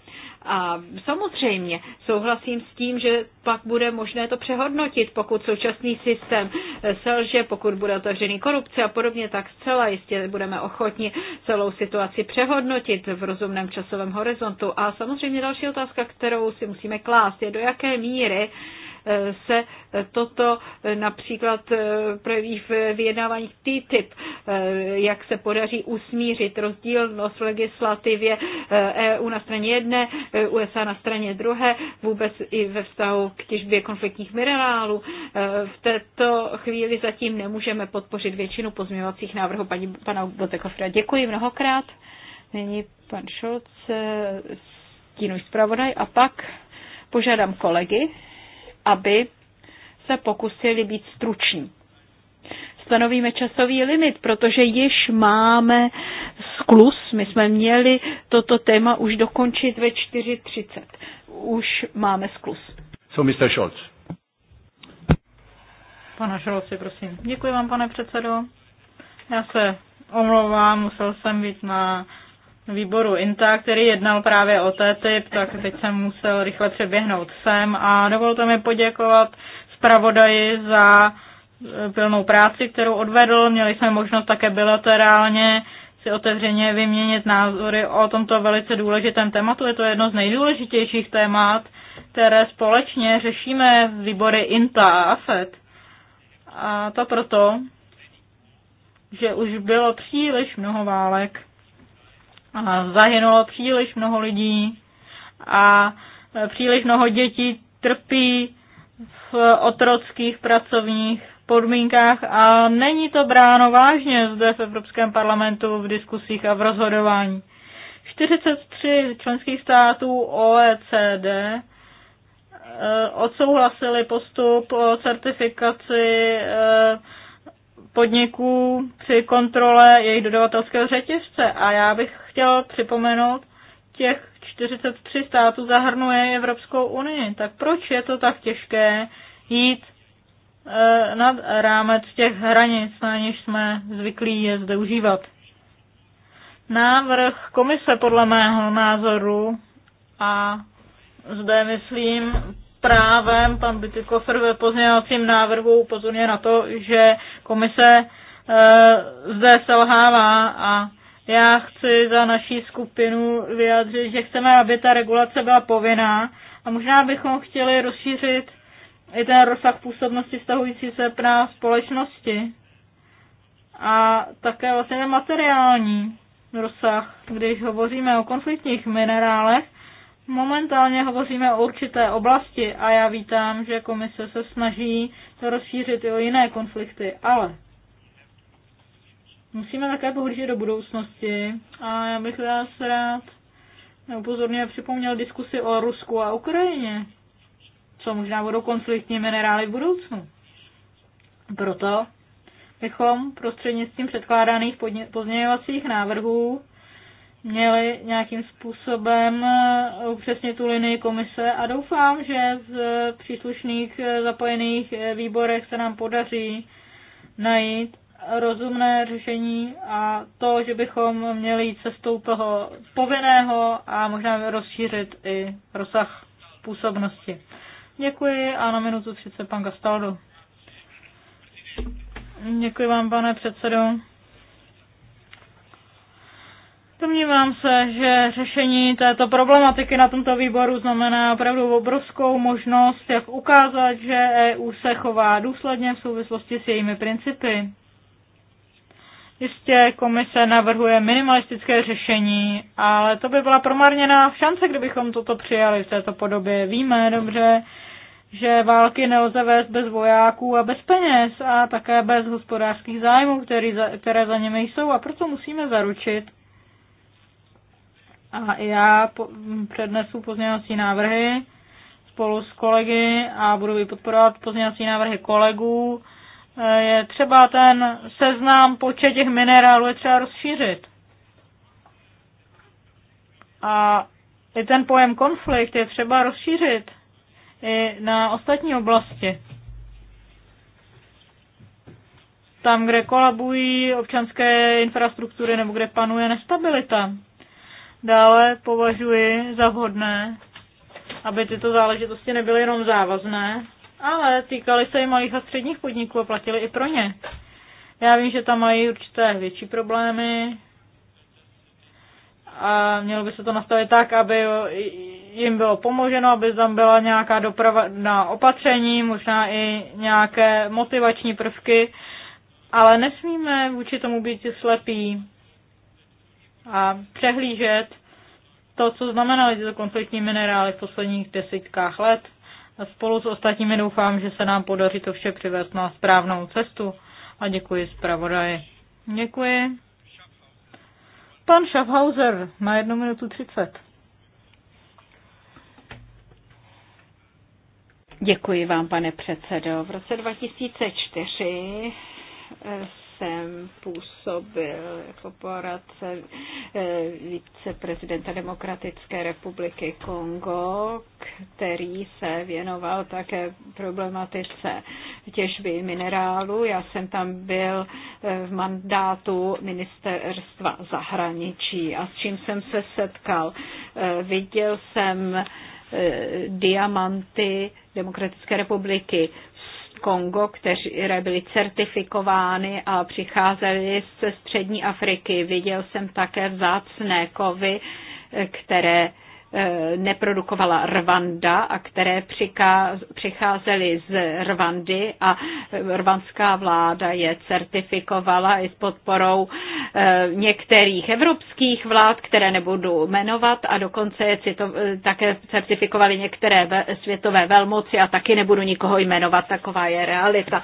A samozřejmě souhlasím s tím, že pak bude možné to přehodnotit, pokud současný systém selže, pokud bude otevřený korupce a podobně, tak zcela jistě budeme ochotni celou situaci přehodnotit v rozumném časovém horizontu. A samozřejmě další otázka, kterou si musíme klást, je do jaké míry uh, se toto například eh, projeví v vyjednávání TTIP, eh, jak se podaří usmířit rozdílnost v legislativě EU eh, e na straně jedné, USA na straně druhé, vůbec i ve vztahu k těžbě konfliktních minerálů. V této chvíli zatím nemůžeme podpořit většinu pozměňovacích návrhů paní, pana Botekofra. Děkuji mnohokrát. Nyní pan Šulc, stínuj zpravodaj a pak požádám kolegy, aby se pokusili být struční. Stanovíme časový limit, protože již máme sklus, my jsme měli toto téma už dokončit ve 4.30. Už máme sklus. Co Mr. Scholz? Pane Šolci, prosím. Děkuji vám, pane předsedo. Já se omlouvám, musel jsem být na výboru INTA, který jednal právě o TTIP, tak teď jsem musel rychle přeběhnout sem a dovolte mi poděkovat zpravodaji za e, pilnou práci, kterou odvedl. Měli jsme možnost také bilaterálně si otevřeně vyměnit názory o tomto velice důležitém tématu. Je to jedno z nejdůležitějších témat, které společně řešíme v výbory INTA a AFET. A to proto, že už bylo příliš mnoho válek a zahynulo příliš mnoho lidí a e, příliš mnoho dětí trpí v otrockých pracovních podmínkách a není to bráno vážně zde v Evropském parlamentu v diskusích a v rozhodování. 43 členských států OECD e, odsouhlasili postup o certifikaci e, podniků při kontrole jejich dodavatelského řetězce. A já bych chtěl připomenout, těch 43 států zahrnuje Evropskou unii. Tak proč je to tak těžké jít e, nad rámec těch hranic, na něž jsme zvyklí je zde užívat? Návrh komise podle mého názoru a zde myslím právem pan Bytykofer ve pozměňovacím návrhu upozorňuje na to, že komise eh, zde selhává a já chci za naší skupinu vyjádřit, že chceme, aby ta regulace byla povinná a možná bychom chtěli rozšířit i ten rozsah působnosti stahující se práv společnosti a také vlastně ten materiální rozsah, když hovoříme o konfliktních minerálech, Momentálně hovoříme o určité oblasti a já vítám, že komise se snaží to rozšířit i o jiné konflikty, ale musíme také pohlížet do budoucnosti a já bych vás rád neupozorně připomněl diskusy o Rusku a Ukrajině, co možná budou konfliktní minerály v budoucnu. Proto bychom prostřednictvím předkládaných pozměňovacích návrhů měli nějakým způsobem eh, přesně tu linii komise a doufám, že z příslušných eh, zapojených eh, výborech se nám podaří najít rozumné řešení a to, že bychom měli jít cestou toho povinného a možná rozšířit i rozsah působnosti. Děkuji a na minutu 30 pan Gastaldo. Děkuji vám, pane předsedo. Domnívám se, že řešení této problematiky na tomto výboru znamená opravdu obrovskou možnost, jak ukázat, že EU se chová důsledně v souvislosti s jejími principy. Jistě komise navrhuje minimalistické řešení, ale to by byla promarněná šance, kdybychom toto přijali v této podobě. Víme dobře, že války nelze vést bez vojáků a bez peněz a také bez hospodářských zájmů, za, které za nimi jsou a proto musíme zaručit, a já mm, přednesu pozměňovací návrhy spolu s kolegy a budu i podporovat pozměňovací návrhy kolegů. E, je třeba ten seznam počet těch minerálů je třeba rozšířit. A i ten pojem konflikt je třeba rozšířit i na ostatní oblasti. Tam, kde kolabují občanské infrastruktury nebo kde panuje nestabilita. Dále považuji za vhodné, aby tyto záležitosti nebyly jenom závazné, ale týkaly se i malých a středních podniků a platily i pro ně. Já vím, že tam mají určité větší problémy a mělo by se to nastavit tak, aby jim bylo pomoženo, aby tam byla nějaká doprava na opatření, možná i nějaké motivační prvky, ale nesmíme vůči tomu být slepí a přehlížet to, co znamenaly tyto konfliktní minerály v posledních desítkách let. A spolu s ostatními doufám, že se nám podaří to vše přivést na správnou cestu. A děkuji zpravodaji. Děkuji. Pan Schaffhauser na jednu minutu třicet. Děkuji vám, pane předsedo. V roce 2004 jsem působil jako poradce eh, viceprezidenta Demokratické republiky Kongo, který se věnoval také problematice těžby minerálu. Já jsem tam byl eh, v mandátu ministerstva zahraničí a s čím jsem se setkal. Eh, viděl jsem diamanty Demokratické republiky Kongo, které byly certifikovány a přicházely ze střední Afriky. Viděl jsem také vzácné kovy, které Eh, neprodukovala Rwanda a které přicházely z Rwandy a rwandská vláda je certifikovala i s podporou eh, některých evropských vlád, které nebudu jmenovat a dokonce je cito, eh, také certifikovali některé světové velmoci a taky nebudu nikoho jmenovat, taková je realita.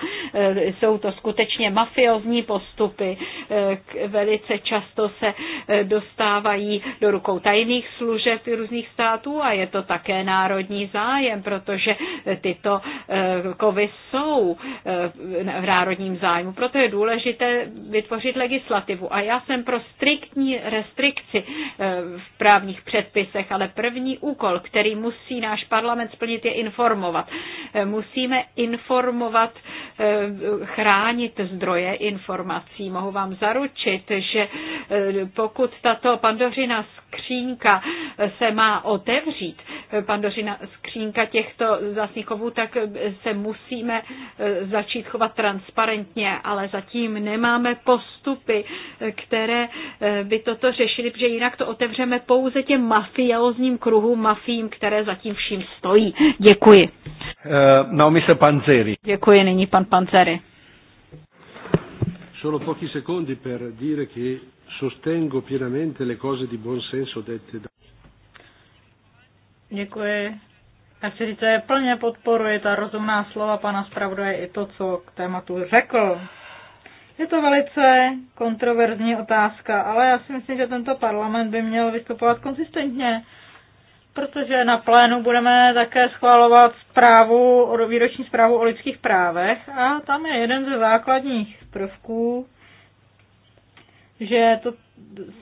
Jsou to skutečně mafiozní postupy, velice často se dostávají do rukou tajných služeb různých Spojených států a je to také národní zájem, protože tyto eh, kovy jsou eh, v národním zájmu. Proto je důležité vytvořit legislativu. A já jsem pro striktní restrikci eh, v právních předpisech, ale první úkol, který musí náš parlament splnit, je informovat. Musíme informovat, chránit zdroje informací. Mohu vám zaručit, že pokud tato pandořina skřínka se má otevřít, pandořina skřínka těchto zásníkovů, tak se musíme eh, začít chovat transparentně, ale zatím nemáme postupy, které eh, by toto řešily, protože jinak to otevřeme pouze těm mafiózním kruhům, mafím, které zatím vším stojí. Děkuji. Uh, eh, Naomi se Panzeri. Děkuji, nyní pan Panzeri. Solo pochi secondi per dire che Sostengo pienamente le cose di buon senso dette da... Děkuji. Já chci říct, že plně podporuje ta rozumná slova pana zpravodaje i to, co k tématu řekl. Je to velice kontroverzní otázka, ale já si myslím, že tento parlament by měl vystupovat konzistentně, protože na plénu budeme také schvalovat zprávu, výroční zprávu o lidských právech a tam je jeden ze základních prvků že to,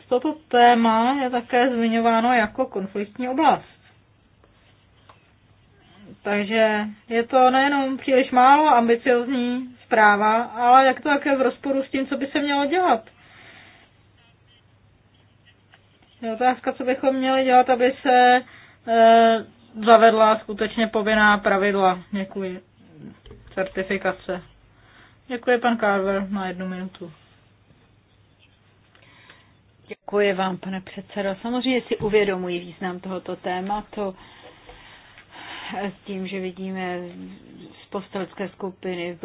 toto téma je také zmiňováno jako konfliktní oblast. Takže je to nejenom příliš málo ambiciozní zpráva, ale jak to také v rozporu s tím, co by se mělo dělat. Je otázka, co bychom měli dělat, aby se e, zavedla skutečně povinná pravidla. Děkuji. Certifikace. Děkuji, pan Carver, na jednu minutu. Děkuji vám, pane předsedo. Samozřejmě si uvědomuji význam tohoto tématu s tím, že vidíme postelecké skupiny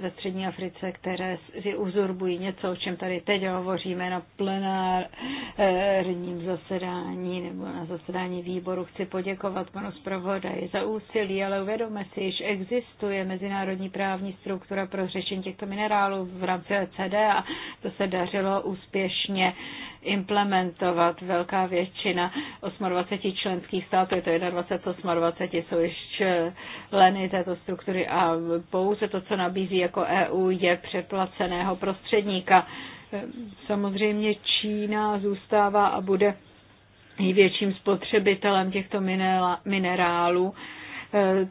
ve střední Africe, které si uzurbují něco, o čem tady teď hovoříme na plenárním zasedání nebo na zasedání výboru. Chci poděkovat panu zpravodaji za úsilí, ale uvědomme si, že existuje mezinárodní právní struktura pro řešení těchto minerálů v rámci OECD a to se dařilo úspěšně implementovat. Velká většina 28 členských států, je to 21, 28 jsou ještě členy této struktury a pouze to, co nabízí jako EU, je přeplaceného prostředníka. Samozřejmě Čína zůstává a bude největším spotřebitelem těchto minerálů Eh,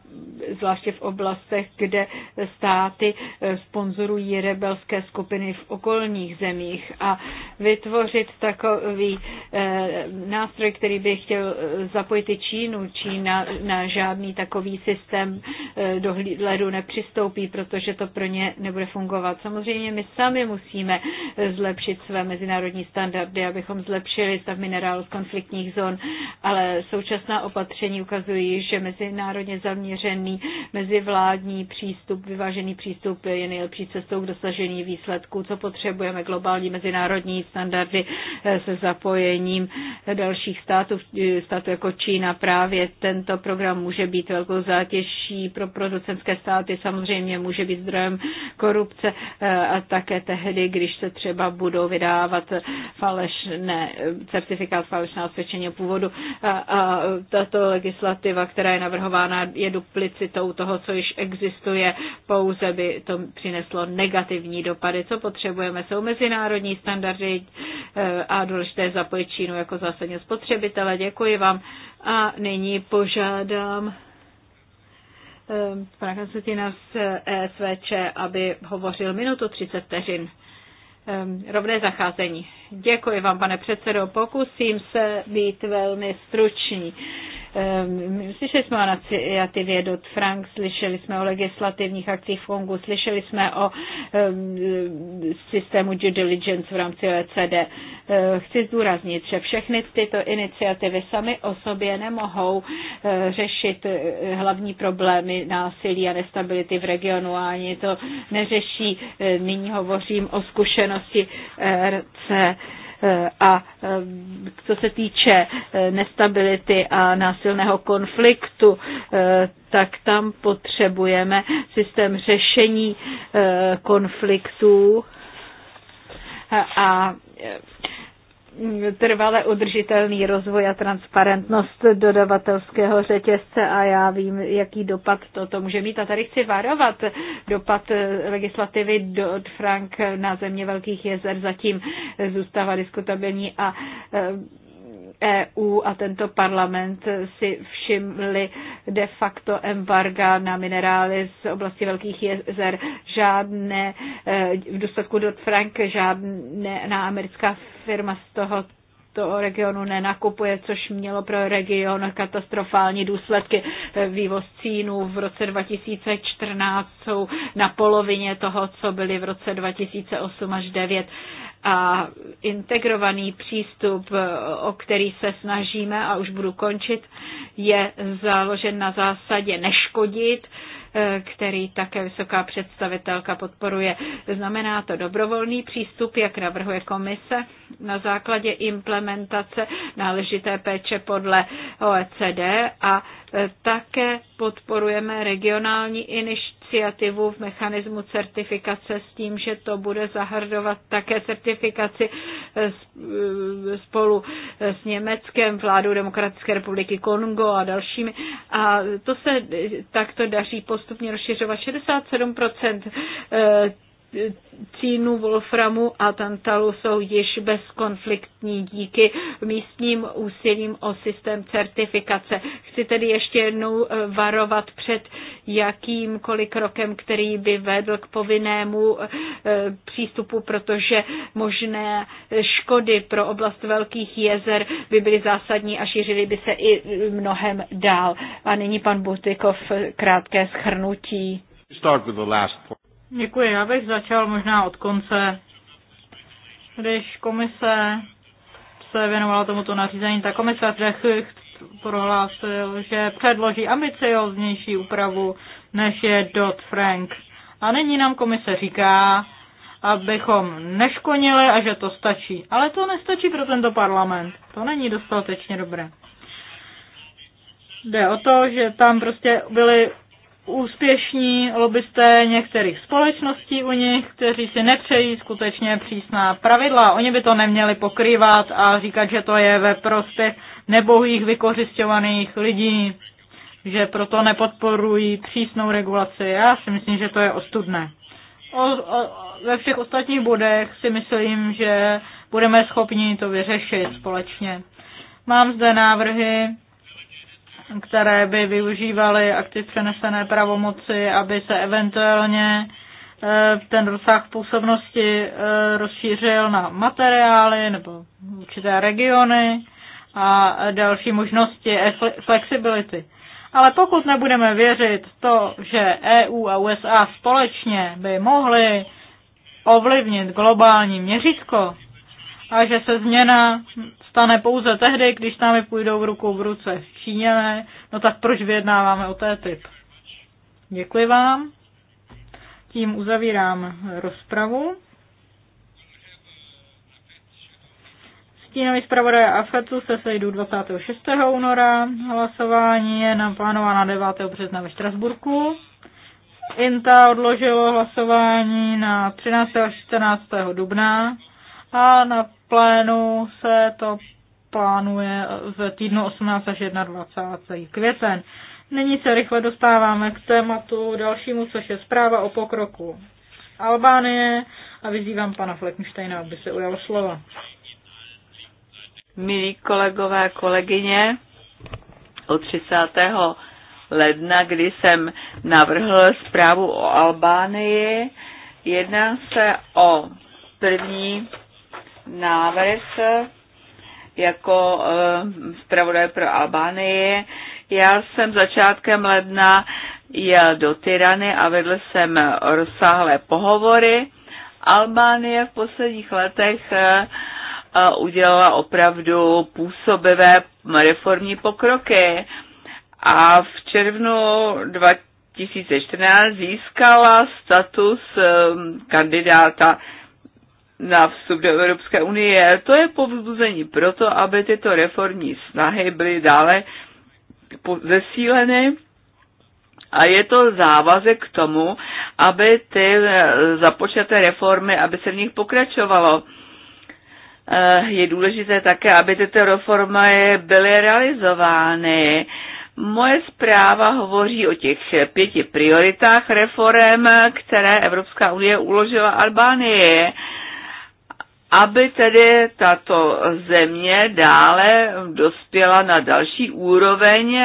zvláště v oblastech, kde státy eh, sponzorují rebelské skupiny v okolních zemích a vytvořit takový eh, nástroj, který by chtěl zapojit i Čínu. Čína na žádný takový systém dohledu nepřistoupí, protože to pro ně nebude fungovat. Samozřejmě my sami musíme zlepšit své mezinárodní standardy, abychom zlepšili stav minerálů z konfliktních zón, ale současná opatření ukazují, že mezinárodní hodně zaměřený mezivládní přístup, vyvážený přístup je nejlepší cestou k dosažení výsledků, co potřebujeme globální mezinárodní standardy eh, se zapojením dalších států, eh, států jako Čína. Právě tento program může být velkou zátěží pro producentské státy, samozřejmě může být zdrojem korupce eh, a také tehdy, když se třeba budou vydávat falešné, certifikát falešného osvědčení původu. A, a tato legislativa, která je navrhována je duplicitou toho, co již existuje, pouze by to přineslo negativní dopady. Co potřebujeme, jsou mezinárodní standardy eh, a důležité zapojit Čínu jako zásadně spotřebitele. Děkuji vám a nyní požádám eh, pana Kansutina z ESVČ, eh, aby hovořil minutu 30 vteřin rovné zacházení. Děkuji vám, pane předsedo. Pokusím se být velmi stručný. Ehm, slyšeli jsme o iniciativě Dot Frank, slyšeli jsme o legislativních akcích v Kongu, slyšeli jsme o ehm, systému due diligence v rámci OECD. Ehm, chci zdůraznit, že všechny tyto iniciativy sami o sobě nemohou řešit hlavní problémy násilí a nestability v regionu a ani to neřeší. Nyní hovořím o zkušenosti RC a e, co se týče e, nestability a násilného konfliktu, e, tak tam potřebujeme systém řešení konfliktů a trvale udržitelný rozvoj a transparentnost dodavatelského řetězce a já vím, jaký dopad to, to může mít. A tady chci varovat dopad legislativy od Frank na země velkých jezer zatím zůstává diskutabilní a EU a tento parlament si všimli de facto embarga na minerály z oblasti Velkých jezer. Žádné, e, v důsledku Dodd-Frank žádná americká firma z toho tohoto regionu nenakupuje, což mělo pro region katastrofální důsledky. Vývoz cínů v roce 2014 jsou na polovině toho, co byly v roce 2008 až 2009 a integrovaný přístup, o který se snažíme, a už budu končit, je založen na zásadě neškodit, E, který také vysoká představitelka podporuje. Znamená to dobrovolný přístup, jak navrhuje komise, na základě implementace náležité péče podle OECD a e, také podporujeme regionální iniš iniciativu v mechanismu certifikace s tím, že to bude zahrdovat také certifikaci spolu s Německem, vládou Demokratické republiky Kongo a dalšími. A to se takto daří postupně rozšiřovat. 67% cínu, wolframu a tantalu jsou již bezkonfliktní díky místním úsilím o systém certifikace. Chci tedy ještě jednou eh, varovat před jakýmkoliv krokem, který by vedl k povinnému eh, přístupu, protože možné škody pro oblast velkých jezer by byly zásadní a šířily by se i mnohem dál. A nyní pan Butikov eh, krátké schrnutí. Start with the last point. Děkuji, já bych začal možná od konce. Když komise se věnovala tomuto nařízení, tak komise Dechicht prohlásil, že předloží ambicioznější úpravu, než je Dot frank A nyní nám komise říká, abychom neškonili a že to stačí. Ale to nestačí pro tento parlament. To není dostatečně dobré. Jde o to, že tam prostě byly úspěšní lobbysté některých společností u nich, kteří si nepřejí skutečně přísná pravidla. Oni by to neměli pokrývat a říkat, že to je ve prospěch nebohých vykořišťovaných lidí, že proto nepodporují přísnou regulaci. Já si myslím, že to je ostudné. O, o, ve všech ostatních bodech si myslím, že budeme schopni to vyřešit společně. Mám zde návrhy které by využívaly aktiv přenesené pravomoci, aby se eventuálně eh, ten rozsah působnosti eh, rozšířil na materiály nebo určité regiony a další možnosti flexibility. Ale pokud nebudeme věřit to, že EU a USA společně by mohly ovlivnit globální měřítko a že se změna stane pouze tehdy, když s námi půjdou v ruku v ruce Číňané, no tak proč vyjednáváme o té typ? Děkuji vám. Tím uzavírám rozpravu. Stínový zpravodaj AFETu se sejdu 26. února. Hlasování je naplánováno 9. března ve Štrasburku. INTA odložilo hlasování na 13. a 14. dubna a na plénu se to plánuje v týdnu 18 až 21. květen. Nyní se rychle dostáváme k tématu dalšímu, což je zpráva o pokroku Albánie a vyzývám pana Fleckensteina, aby se ujal slova. Milí kolegové, kolegyně, od 30. ledna, kdy jsem navrhl zprávu o Albánii, jedná se o první návrh jako eh, zpravodaj pro Albánii. Já jsem začátkem ledna jel do Tyrany a vedl jsem rozsáhlé pohovory. Albánie v posledních letech eh, eh, udělala opravdu působivé reformní pokroky a v červnu 2014 získala status kandidáta na vstup do Evropské unie. To je povzbuzení proto, aby tyto reformní snahy byly dále zesíleny a je to závazek k tomu, aby ty eh, započaté reformy, aby se v nich pokračovalo. Eh, je důležité také, aby tyto reformy byly realizovány. Moje zpráva hovoří o těch pěti prioritách reform, které Evropská unie uložila Albánii aby tedy tato země dále dospěla na další úroveň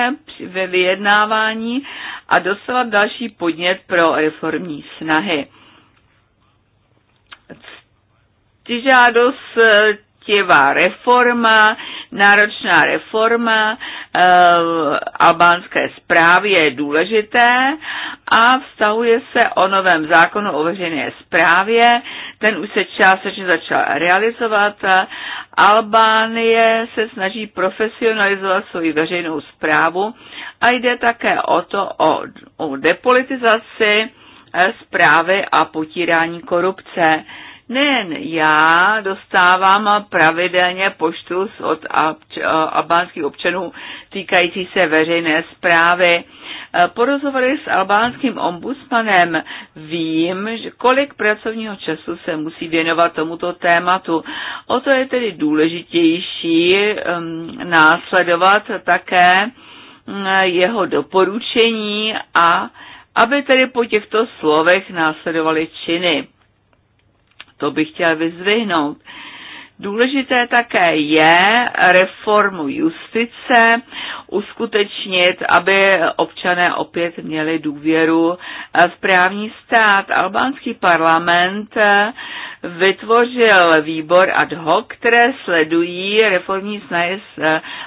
ve vyjednávání a dostala další podnět pro reformní snahy. Ti žádost bolestivá reforma, náročná reforma e, albánské zprávy je důležité a vztahuje se o novém zákonu o veřejné zprávě. Ten už se částečně začal realizovat. Albánie se snaží profesionalizovat svoji veřejnou zprávu a jde také o to, o, o depolitizaci zprávy eh, a potírání korupce. Nejen já dostávám pravidelně poštu od eh, albánských občanů týkající se veřejné zprávy. Eh, po rozhovoru s albánským ombudsmanem vím, kolik pracovního času se musí věnovat tomuto tématu. O to je tedy důležitější ehm, následovat také mm, jeho doporučení a aby tedy po těchto slovech následovaly činy. To bych chtěla vyzvihnout. Důležité také je reformu justice uskutečnit, aby občané opět měli důvěru v právní stát. Albánský parlament vytvořil výbor ad hoc, které sledují reformní snahy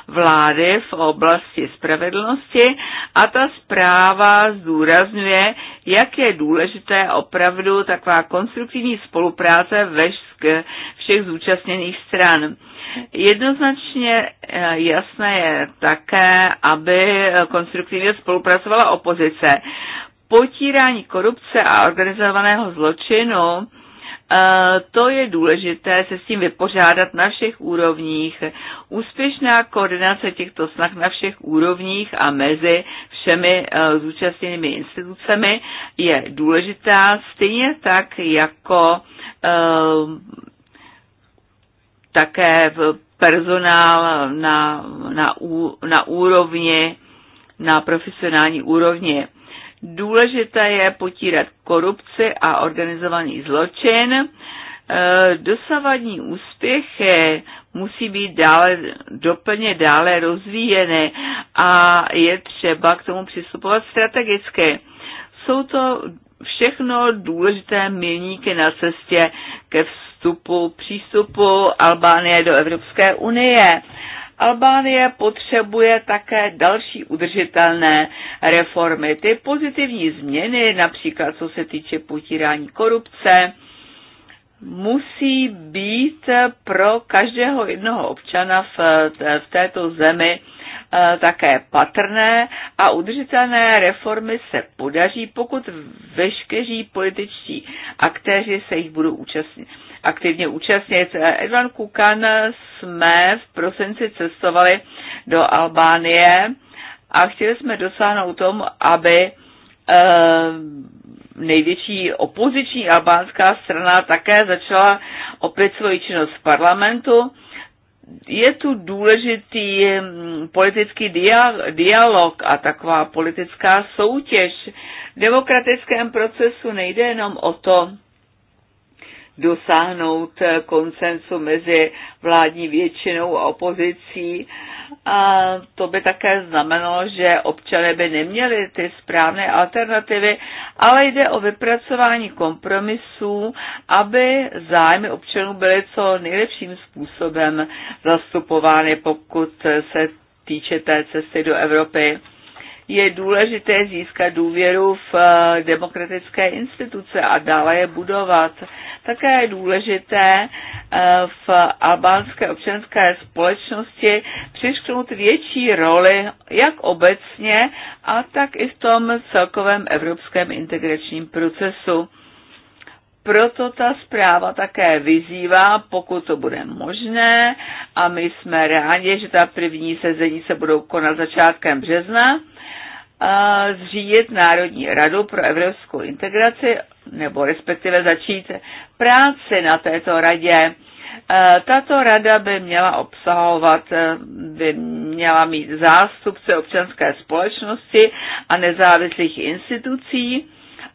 vlády v oblasti spravedlnosti a ta zpráva zdůrazňuje, jak je důležité opravdu taková konstruktivní spolupráce ve všech zúčastněných stran. Jednoznačně eh, jasné je také, aby konstruktivně spolupracovala opozice. Potírání korupce a organizovaného zločinu eh, to je důležité se s tím vypořádat na všech úrovních. Úspěšná koordinace těchto snah na všech úrovních a mezi všemi eh, zúčastněnými institucemi je důležitá, stejně tak jako také v personál na, na, ú, na úrovni, na profesionální úrovni. Důležité je potírat korupci a organizovaný zločin. E, dosavadní úspěchy musí být dále, doplně dále rozvíjeny a je třeba k tomu přistupovat strategicky. Jsou to všechno důležité milníky na cestě ke vstupu, přístupu Albánie do Evropské unie. Albánie potřebuje také další udržitelné reformy. Ty pozitivní změny, například co se týče potírání korupce, musí být pro každého jednoho občana v, v této zemi eh, také patrné a udržitelné reformy se podaří, pokud veškeří političtí aktéři se jich budou účastnit aktivně účastnit. Ivan eh, Kukan jsme v prosinci cestovali do Albánie a chtěli jsme dosáhnout tomu, aby eh, největší opoziční albánská strana také začala opět svoji činnost v parlamentu. Je tu důležitý hm, politický dialog a taková politická soutěž. V demokratickém procesu nejde jenom o to, dosáhnout eh, konsensu mezi vládní většinou a opozicí. A to by také znamenalo, že občané by neměli ty správné alternativy, ale jde o vypracování kompromisů, aby zájmy občanů byly co nejlepším způsobem zastupovány, pokud se týče té cesty do Evropy je důležité získat důvěru v eh, demokratické instituce a dále je budovat. Také je důležité eh, v albánské občanské společnosti přišknout větší roli jak obecně, a tak i v tom celkovém evropském integračním procesu. Proto ta zpráva také vyzývá, pokud to bude možné, a my jsme rádi, že ta první sezení se budou konat začátkem března, a zřídit Národní radu pro evropskou integraci, nebo respektive začít práci na této radě. E, tato rada by měla obsahovat, e, by měla mít zástupce občanské společnosti a nezávislých institucí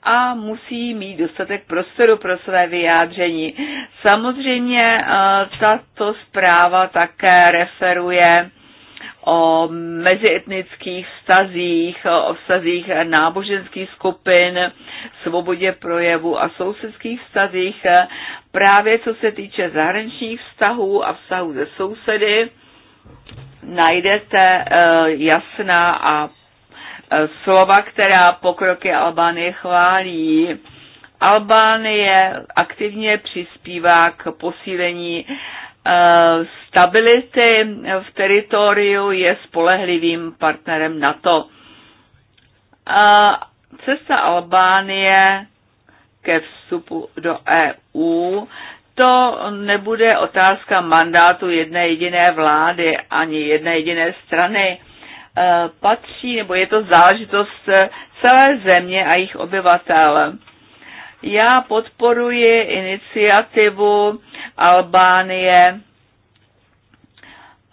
a musí mít dostatek prostoru pro své vyjádření. Samozřejmě e, tato zpráva také referuje o mezietnických vztazích, o vztazích náboženských skupin, svobodě projevu a sousedských vztazích, právě co se týče zahraničních vztahů a vztahů ze sousedy, najdete eh, jasná a eh, slova, která pokroky Albánie chválí. Albánie aktivně přispívá k posílení Eh, stability v teritoriu je spolehlivým partnerem NATO. Eh, cesta Albánie ke vstupu do EU to nebude otázka mandátu jedné jediné vlády ani jedné jediné strany. Eh, patří, nebo je to záležitost celé země a jejich obyvatel. Já podporuji iniciativu Albánie,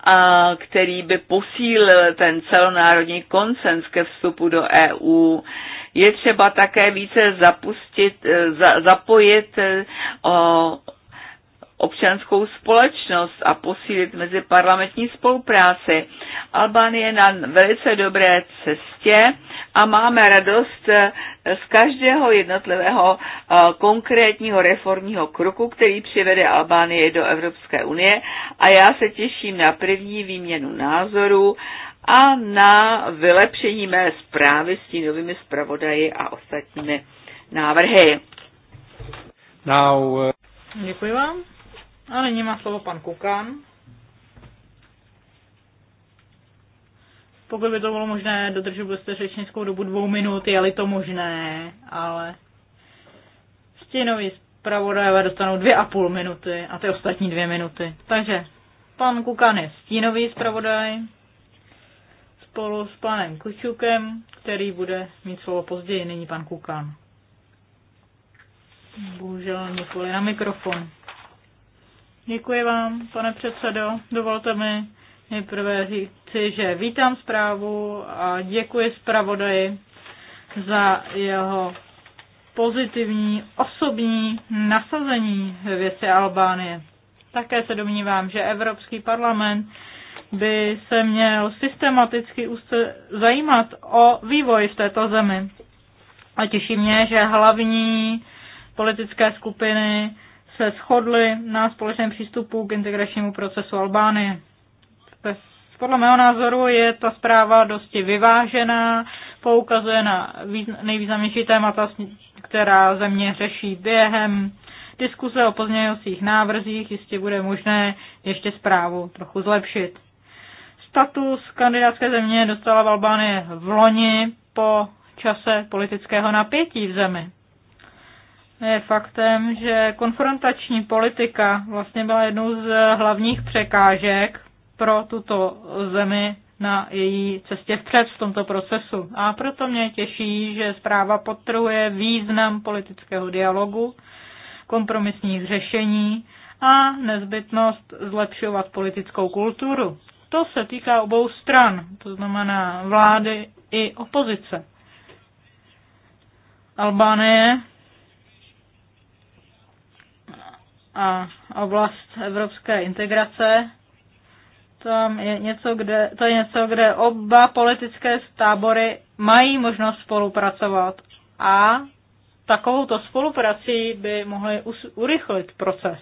a který by posílil ten celonárodní konsens ke vstupu do EU. Je třeba také více zapustit, e, za, zapojit e, o, občanskou společnost a posílit mezi parlamentní spolupráci. Albánie je na velice dobré cestě a máme radost eh, z každého jednotlivého eh, konkrétního reformního kroku, který přivede Albánie do Evropské unie a já se těším na první výměnu názorů a na vylepšení mé zprávy s tím novými zpravodaji a ostatními návrhy. Now, uh... Děkuji vám. A nyní má slovo pan Kukan. Pokud by to bylo možné, dodržu byste řečnickou dobu dvou minut, je-li to možné, ale stěnový zpravodajové dostanou dvě a půl minuty a ty ostatní dvě minuty. Takže pan Kukan je stínový zpravodaj spolu s panem Kučukem, který bude mít slovo později, nyní pan Kukan. Bohužel nikoli na mikrofon. Děkuji vám, pane předsedo. Dovolte mi nejprve říci, že vítám zprávu a děkuji zpravodaji za jeho pozitivní osobní nasazení ve věci Albánie. Také se domnívám, že Evropský parlament by se měl systematicky zajímat o vývoj v této zemi. A těší mě, že hlavní politické skupiny se shodli na společném přístupu k integračnímu procesu Albánie. Podle mého názoru je ta zpráva dosti vyvážená, poukazuje na nejvýznamnější témata, která země řeší během diskuse o pozměňovacích návrzích. Jistě bude možné ještě zprávu trochu zlepšit. Status kandidátské země dostala v Albánie v loni po čase politického napětí v zemi je faktem, že konfrontační politika vlastně byla jednou z hlavních překážek pro tuto zemi na její cestě vpřed v tomto procesu. A proto mě těší, že zpráva potrhuje význam politického dialogu, kompromisních řešení a nezbytnost zlepšovat politickou kulturu. To se týká obou stran, to znamená vlády i opozice. Albánie a oblast evropské integrace. Tam je něco, kde, to je něco, kde oba politické tábory mají možnost spolupracovat a takovouto spoluprací by mohly urychlit proces.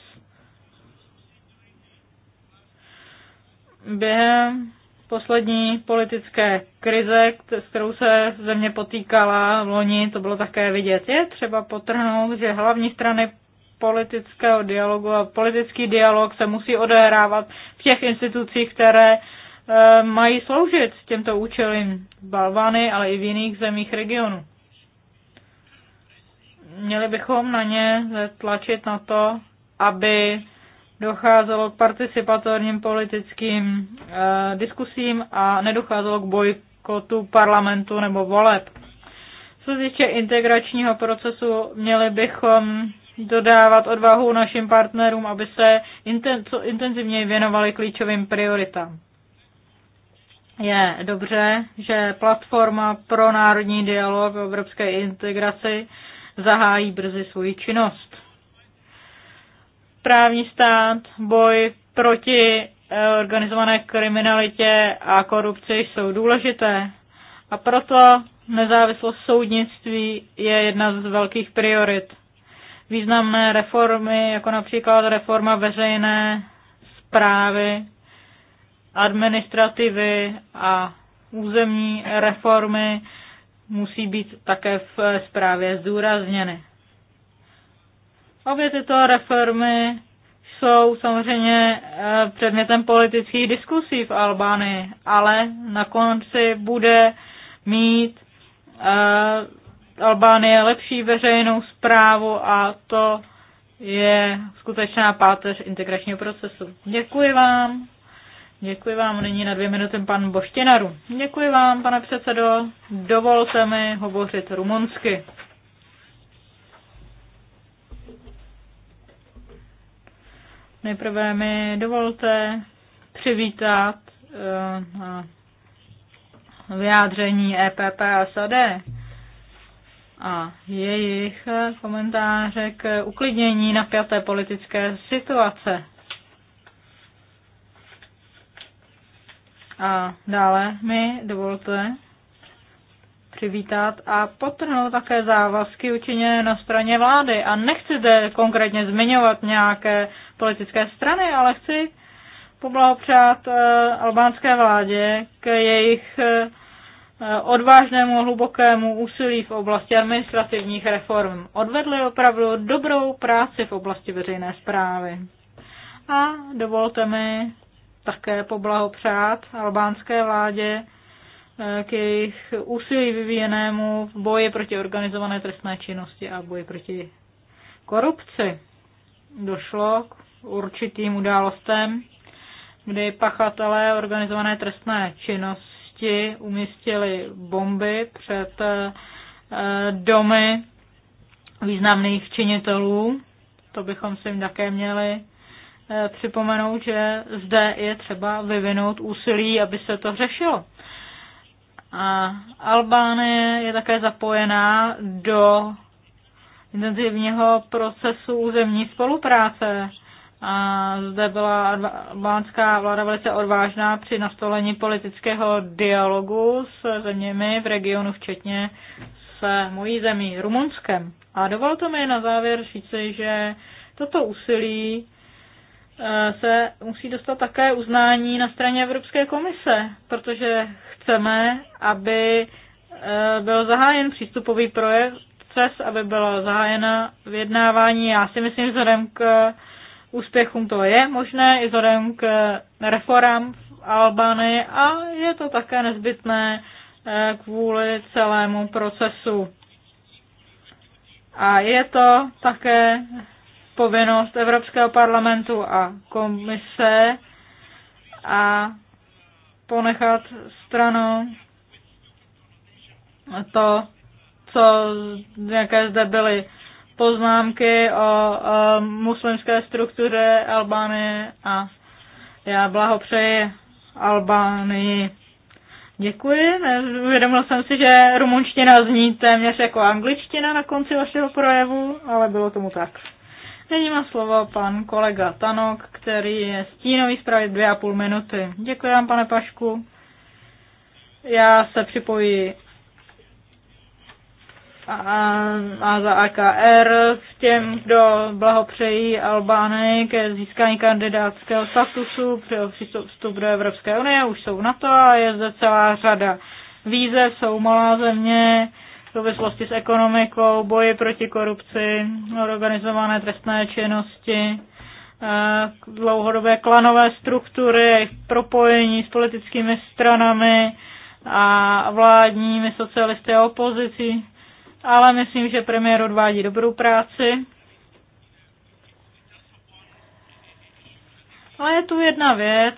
Během poslední politické krize, s kterou se země potýkala v loni, to bylo také vidět. Je třeba potrhnout, že hlavní strany politického dialogu a politický dialog se musí odehrávat v těch institucích, které eh, mají sloužit těmto účelům v Balvány, ale i v jiných zemích regionu. Měli bychom na ně tlačit na to, aby docházelo k participatorním politickým e, diskusím a nedocházelo k bojkotu parlamentu nebo voleb. Co se týče integračního procesu, měli bychom dodávat odvahu našim partnerům, aby se inten, co intenzivněji věnovali klíčovým prioritám. Je dobře, že platforma pro národní dialog v evropské integraci zahájí brzy svoji činnost. Právní stát, boj proti eh, organizované kriminalitě a korupci jsou důležité a proto nezávislost soudnictví je jedna z velkých priorit významné reformy, jako například reforma veřejné zprávy, administrativy a územní reformy musí být také v zprávě zdůrazněny. Obě tyto reformy jsou samozřejmě eh, předmětem politických diskusí v Albánii, ale na konci bude mít eh, Albánie lepší veřejnou zprávu a to je skutečná páteř integračního procesu. Děkuji vám. Děkuji vám. Nyní na dvě minuty pan Boštěnaru. Děkuji vám, pane předsedo. Dovolte mi hovořit rumunsky. Nejprve mi dovolte přivítat uh, vyjádření EPP a SAD a jejich komentáře k uklidnění napjaté politické situace. A dále mi dovolte přivítat a potrhnout také závazky učiněné na straně vlády. A nechci zde konkrétně zmiňovat nějaké politické strany, ale chci poblahopřát eh, albánské vládě k jejich eh, Eh, odvážnému hlubokému úsilí v oblasti administrativních reform. Odvedli opravdu dobrou práci v oblasti veřejné zprávy. A dovolte mi také poblahopřát albánské vládě eh, k jejich úsilí vyvíjenému v boji proti organizované trestné činnosti a boji proti korupci. Došlo k určitým událostem, kdy pachatelé organizované trestné činnosti teroristi umístili bomby před eh, domy významných činitelů. To bychom si jim také měli eh, připomenout, že zde je třeba vyvinout úsilí, aby se to řešilo. A Albánie je také zapojená do intenzivního procesu územní spolupráce a zde byla albánská vláda velice odvážná při nastolení politického dialogu s zeměmi v regionu, včetně s mojí zemí, Rumunskem. A dovolte mi na závěr říci, že toto úsilí e, se musí dostat také uznání na straně Evropské komise, protože chceme, aby e, byl zahájen přístupový proces, aby bylo zahájena vyjednávání. Já si myslím, vzhledem k úspěchům to je možné i vzhledem k reformám v Albany a je to také nezbytné eh, kvůli celému procesu. A je to také povinnost Evropského parlamentu a komise a ponechat stranou to, co, jaké zde byly poznámky o muslimské struktuře Albánie a já blahopřeji Albánii. Děkuji. Uvědomil jsem si, že rumunština zní téměř jako angličtina na konci vašeho projevu, ale bylo tomu tak. Nyní má slovo pan kolega Tanok, který je stínový zpravit dvě a půl minuty. Děkuji vám, pane Pašku. Já se připojí a za AKR s těm, kdo blahopřejí Albány ke získání kandidátského statusu pro přístup do Evropské unie, už jsou na to a je zde celá řada výzev, jsou malá země, v souvislosti s ekonomikou, boji proti korupci, organizované trestné činnosti, dlouhodobé klanové struktury, jejich propojení s politickými stranami a vládními socialisty a opozicí ale myslím, že premiér odvádí dobrou práci. Ale je tu jedna věc,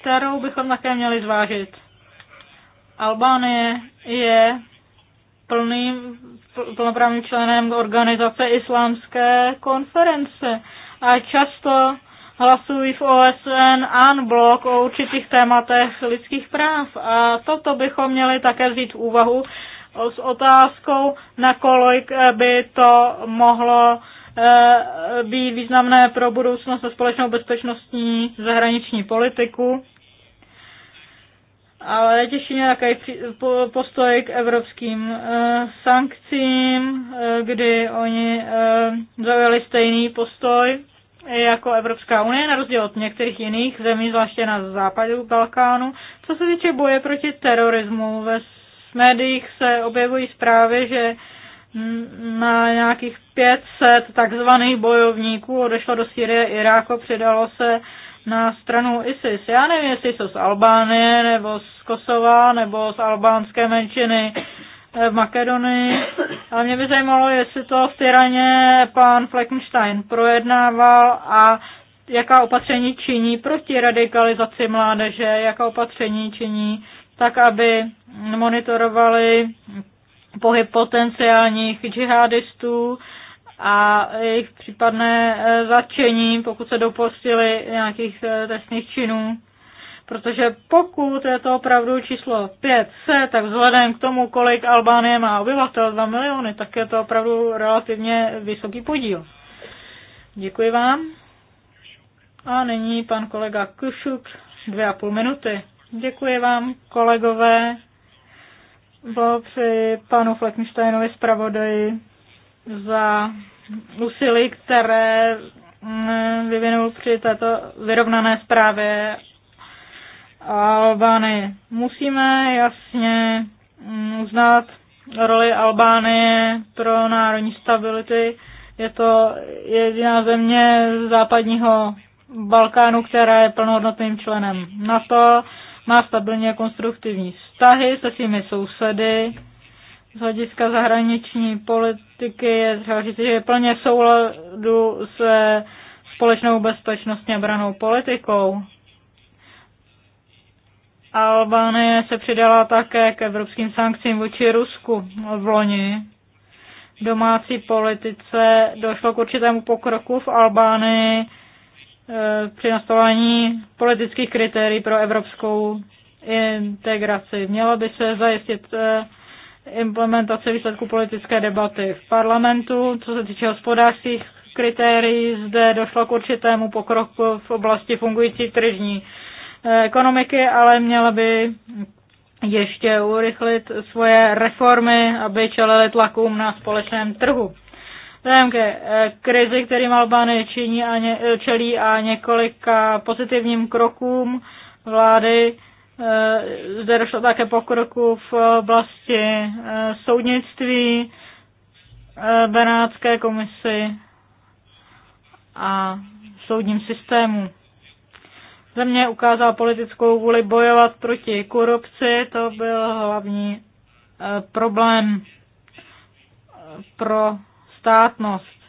kterou bychom také měli zvážit. Albánie je plným, plnoprávným členem organizace Islámské konference a často hlasují v OSN an blok o určitých tématech lidských práv. A toto bychom měli také vzít v úvahu s otázkou, nakolik eh, by to mohlo eh, být významné pro budoucnost a společnou bezpečnostní zahraniční politiku. Ale těší mě také postoj k evropským eh, sankcím, kdy oni zaujali stejný postoj jako Evropská unie, na rozdíl od některých jiných zemí, zvláště na západu Balkánu, co se týče boje proti terorismu ve v médiích se objevují zprávy, že na nějakých 500 takzvaných bojovníků odešlo do Syrie, Iráku, přidalo se na stranu ISIS. Já nevím, jestli jsou z Albánie, nebo z Kosova, nebo z albánské menšiny v Makedonii. Ale mě by zajímalo, jestli to v Tyraně pan Fleckenstein projednával a jaká opatření činí proti radikalizaci mládeže, jaká opatření činí tak aby monitorovali pohyb potenciálních džihadistů a jejich případné eh, zatčení, pokud se dopustili nějakých eh, trestných činů. Protože pokud je to opravdu číslo 500, tak vzhledem k tomu, kolik Albánie má obyvatel, 2 miliony, tak je to opravdu relativně vysoký podíl. Děkuji vám. A nyní pan kolega Kušuk, dvě a půl minuty. Děkuji vám, kolegové. Blahopřeji panu Fleckensteinovi zpravodaji za úsilí, které mm, vyvinul při této vyrovnané zprávě Albány. Musíme jasně mm, uznat roli Albánie pro národní stability. Je to jediná země západního Balkánu, která je plnohodnotným členem NATO má stabilně konstruktivní vztahy se svými sousedy. Z hlediska zahraniční politiky je třeba říct, že je plně souladu se společnou bezpečnostně branou politikou. Albánie se přidala také k evropským sankcím vůči Rusku v loni. V domácí politice došlo k určitému pokroku v Albánii Eh, při nastavování politických kritérií pro evropskou integraci. Mělo by se zajistit eh, implementace výsledků politické debaty v parlamentu. Co se týče hospodářských kritérií, zde došlo k určitému pokroku v oblasti fungující tržní eh, ekonomiky, ale měla by ještě urychlit svoje reformy, aby čelili tlakům na společném trhu. Vzhledem ke eh, krizi, který Albány činí a ně, eh, čelí a několika pozitivním krokům vlády, eh, zde došlo také pokroku v oblasti soudnictví, Benátské komisy a soudním systému. Země ukázala politickou vůli bojovat proti korupci, to byl hlavní problém pro státnost.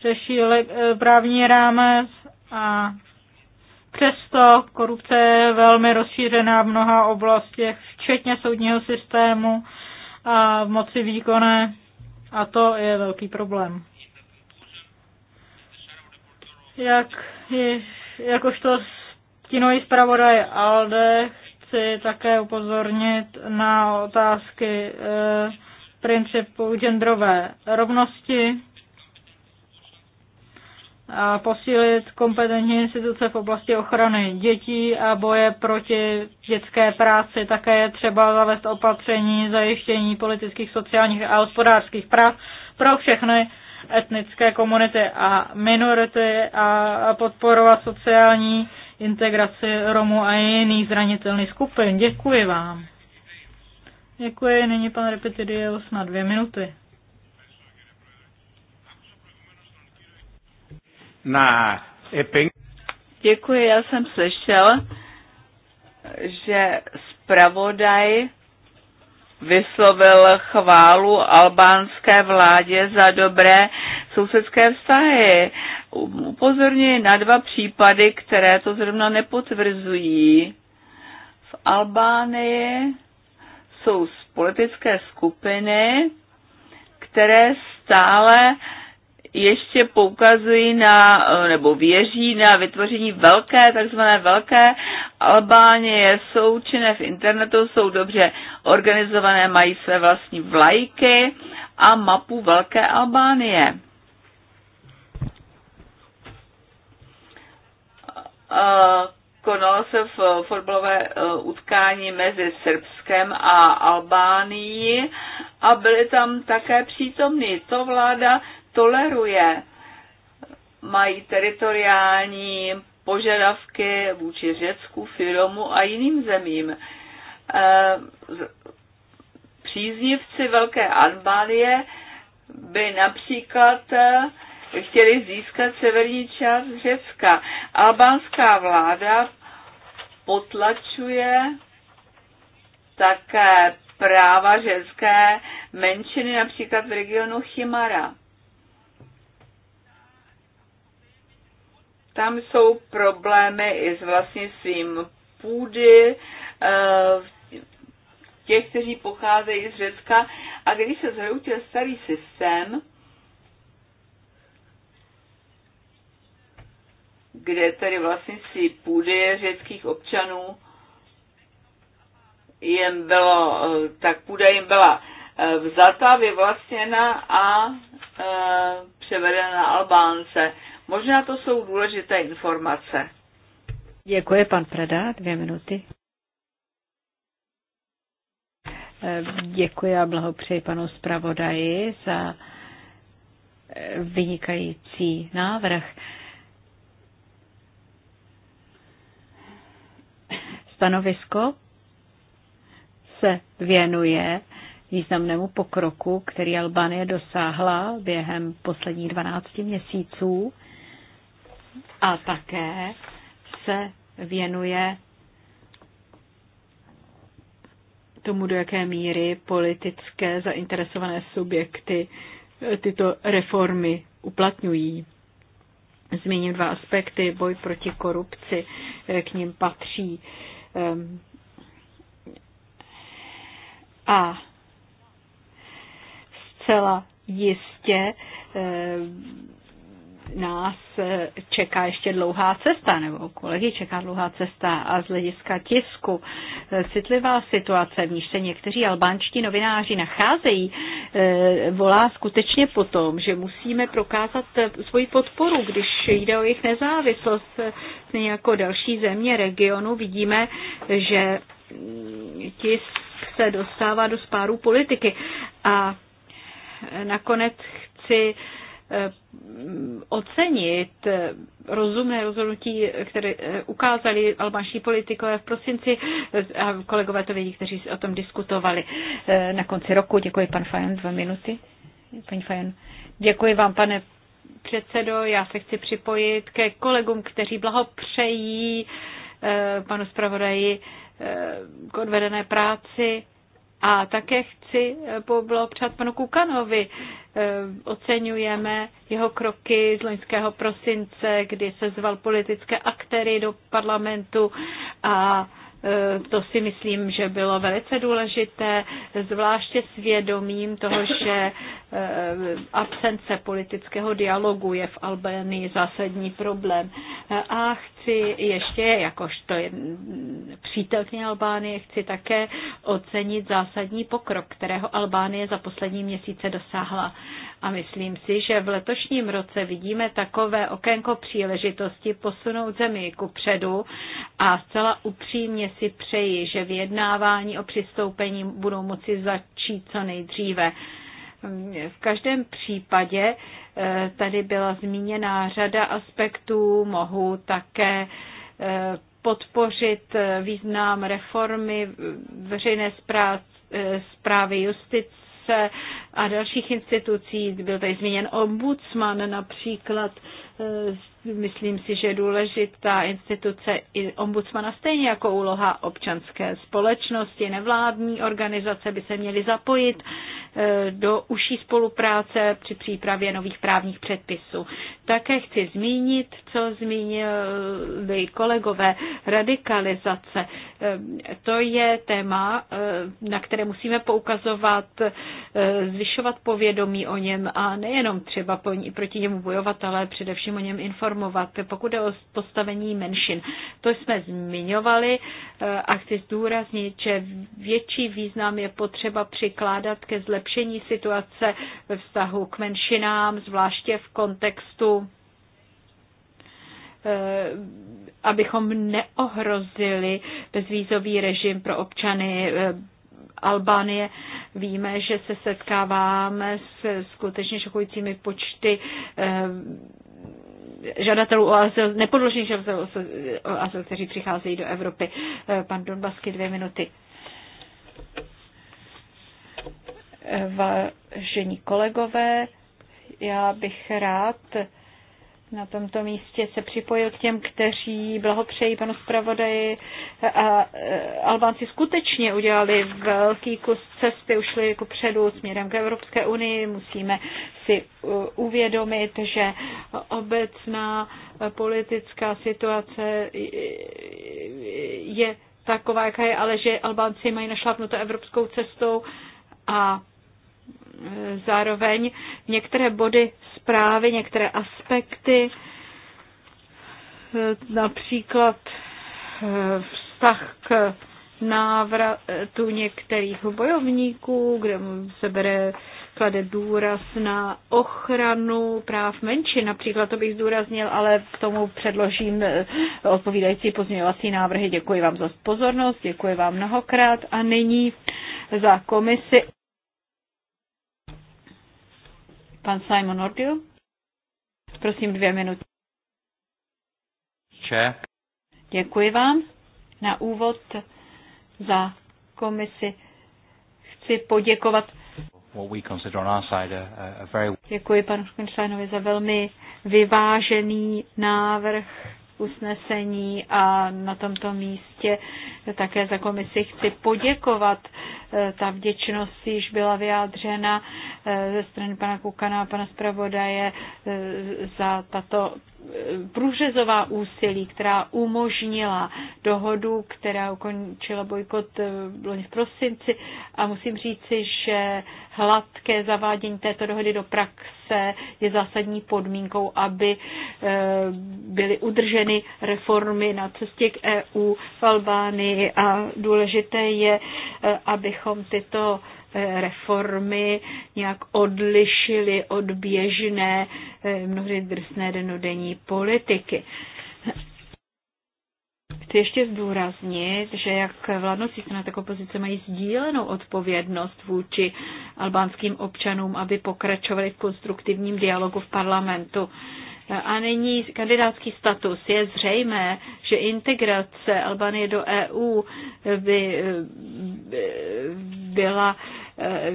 Řeší e, právní rámec a přesto korupce je velmi rozšířená v mnoha oblastech, včetně soudního systému a v moci výkonné a to je velký problém. Jak jakožto stínový zpravodaj ALDE chci také upozornit na otázky eh, principu genderové rovnosti, a posílit kompetentní instituce v oblasti ochrany dětí a boje proti dětské práci. Také je třeba zavést opatření zajištění politických, sociálních a hospodářských práv pro všechny etnické komunity a minority a podporovat sociální integraci Romů a jiných zranitelných skupin. Děkuji vám. Děkuji, nyní pan Repetidios na dvě minuty. Na Epping. Děkuji, já jsem slyšel, že zpravodaj vyslovil chválu albánské vládě za dobré sousedské vztahy. Upozorňuji na dva případy, které to zrovna nepotvrzují. V Albánii jsou politické skupiny, které stále ještě poukazují na, nebo věří na vytvoření velké, takzvané velké Albánie. Jsou činné v internetu, jsou dobře organizované, mají své vlastní vlajky a mapu velké Albánie. A konalo se v eh, fotbalové eh, utkání mezi Srbskem a Albánií a byli tam také přítomní. To vláda toleruje. Mají teritoriální požadavky vůči Řecku, Firomu a jiným zemím. Eh, příznivci Velké Albánie by například chtěli získat severní část Řecka. Albánská vláda potlačuje také práva ženské menšiny, například v regionu Chimara. Tam jsou problémy i s vlastnictvím půdy, eh, těch, kteří pocházejí z Řecka. A když se zhroutil starý systém, kde tady vlastnictví půdy řeckých občanů jim bylo, eh, tak půda jim byla eh, vzata, vyvlastněna a e, převedena na Albánce. Možná to jsou důležité informace. Děkuji, pan Preda, dvě minuty. Děkuji a blahopřeji panu zpravodaji za vynikající návrh. Stanovisko se věnuje významnému pokroku, který Albánie dosáhla během posledních 12 měsíců a také se věnuje tomu, do jaké míry politické zainteresované subjekty tyto reformy uplatňují. Zmíním dva aspekty. Boj proti korupci k ním patří. Ehm, a zcela jistě ehm, nás eh, čeká ještě dlouhá cesta, nebo kolegy čeká dlouhá cesta a z hlediska tisku eh, citlivá situace, v níž se někteří albánští novináři nacházejí, eh, volá skutečně po tom, že musíme prokázat svoji podporu, když jde o jejich nezávislost. Jako další země regionu vidíme, že mm, tisk se dostává do spáru politiky. A nakonec chci Eh, ocenit rozumné rozhodnutí, které eh, ukázali albanští politikové v prosinci eh, a kolegové to vědí, kteří o tom diskutovali na konci roku. Děkuji, pan Fajan, dva minuty. Pan Fajan, děkuji vám, pane předsedo. Já se chci připojit ke kolegům, kteří blahopřejí panu zpravodaji k odvedené práci a také chci eh, poblopřát panu Kukanovi. Eh, oceňujeme jeho kroky z loňského prosince, kdy se zval politické aktéry do parlamentu a eh, to si myslím, že bylo velice důležité, zvláště svědomím toho, že absence politického dialogu je v Albánii zásadní problém. A chci ještě, jakožto přítelkyně Albánie, chci také ocenit zásadní pokrok, kterého Albánie za poslední měsíce dosáhla. A myslím si, že v letošním roce vidíme takové okénko příležitosti posunout zemi ku předu a zcela upřímně si přeji, že vyjednávání o přistoupení budou moci začít co nejdříve. V každém případě Tady byla zmíněna řada aspektů, mohu také eh, podpořit eh, význam reformy veřejné zprávy eh, justice a dalších institucí. Byl tady zmíněn ombudsman například. Myslím si, že je důležitá instituce i ombudsmana stejně jako úloha občanské společnosti, nevládní organizace by se měly zapojit Eh, do užší spolupráce při přípravě nových právních předpisů. Také chci zmínit, co zmínili kolegové, radikalizace. Eh, to je téma, eh, na které musíme poukazovat, zvyšovat povědomí o něm a nejenom třeba proti němu bojovat, ale především o něm informovat. Pokud je o postavení menšin, to jsme zmiňovali a chci zdůraznit, že větší význam je potřeba přikládat ke zlepšení zlepšení situace ve vztahu k menšinám, zvláště v kontextu eh, abychom neohrozili bezvízový režim pro občany eh, Albánie. Víme, že se setkáváme s skutečně šokujícími počty eh, žadatelů o azyl, nepodložených žadatelů o azyl, kteří přicházejí do Evropy. Pan Donbasky, dvě minuty. Vážení kolegové, já bych rád na tomto místě se připojil k těm, kteří blahopřejí panu zpravodaji. A e, Albánci skutečně udělali velký kus cesty, ušli jako předu směrem k Evropské unii. Musíme si e, uvědomit, že obecná politická situace je taková, jaká je, ale že Albánci mají našlapnuto evropskou cestou a zároveň některé body zprávy, některé aspekty, eh, například eh, vztah k návratu některých bojovníků, kde se bere klade důraz na ochranu práv menšin. Například to bych zdůraznil, ale k tomu předložím eh, odpovídající pozměňovací návrhy. Děkuji vám za pozornost, děkuji vám mnohokrát a nyní za komisi. Pan Simon Ordiu. Prosím dvě minuty. Če. Děkuji vám. Na úvod za komisi chci poděkovat Děkuji panu Škonštajnovi za velmi vyvážený návrh usnesení a na tomto místě také za komisi chci poděkovat Eh, ta vděčnost již byla vyjádřena eh, ze strany pana Kukana a pana zpravodaje eh, za tato průřezová úsilí, která umožnila dohodu, která ukončila bojkot loni v prosinci. A musím říci, že hladké zavádění této dohody do praxe je zásadní podmínkou, aby byly udrženy reformy na cestě k EU v Albánii a důležité je, aby abychom tyto eh, reformy nějak odlišili od běžné, eh, mnohdy drsné denodenní politiky. Chci ještě zdůraznit, že jak vládnoucí strana, tak opozice mají sdílenou odpovědnost vůči albánským občanům, aby pokračovali v konstruktivním dialogu v parlamentu. A není kandidátský status. Je zřejmé, že integrace Albanie do EU by byla eh,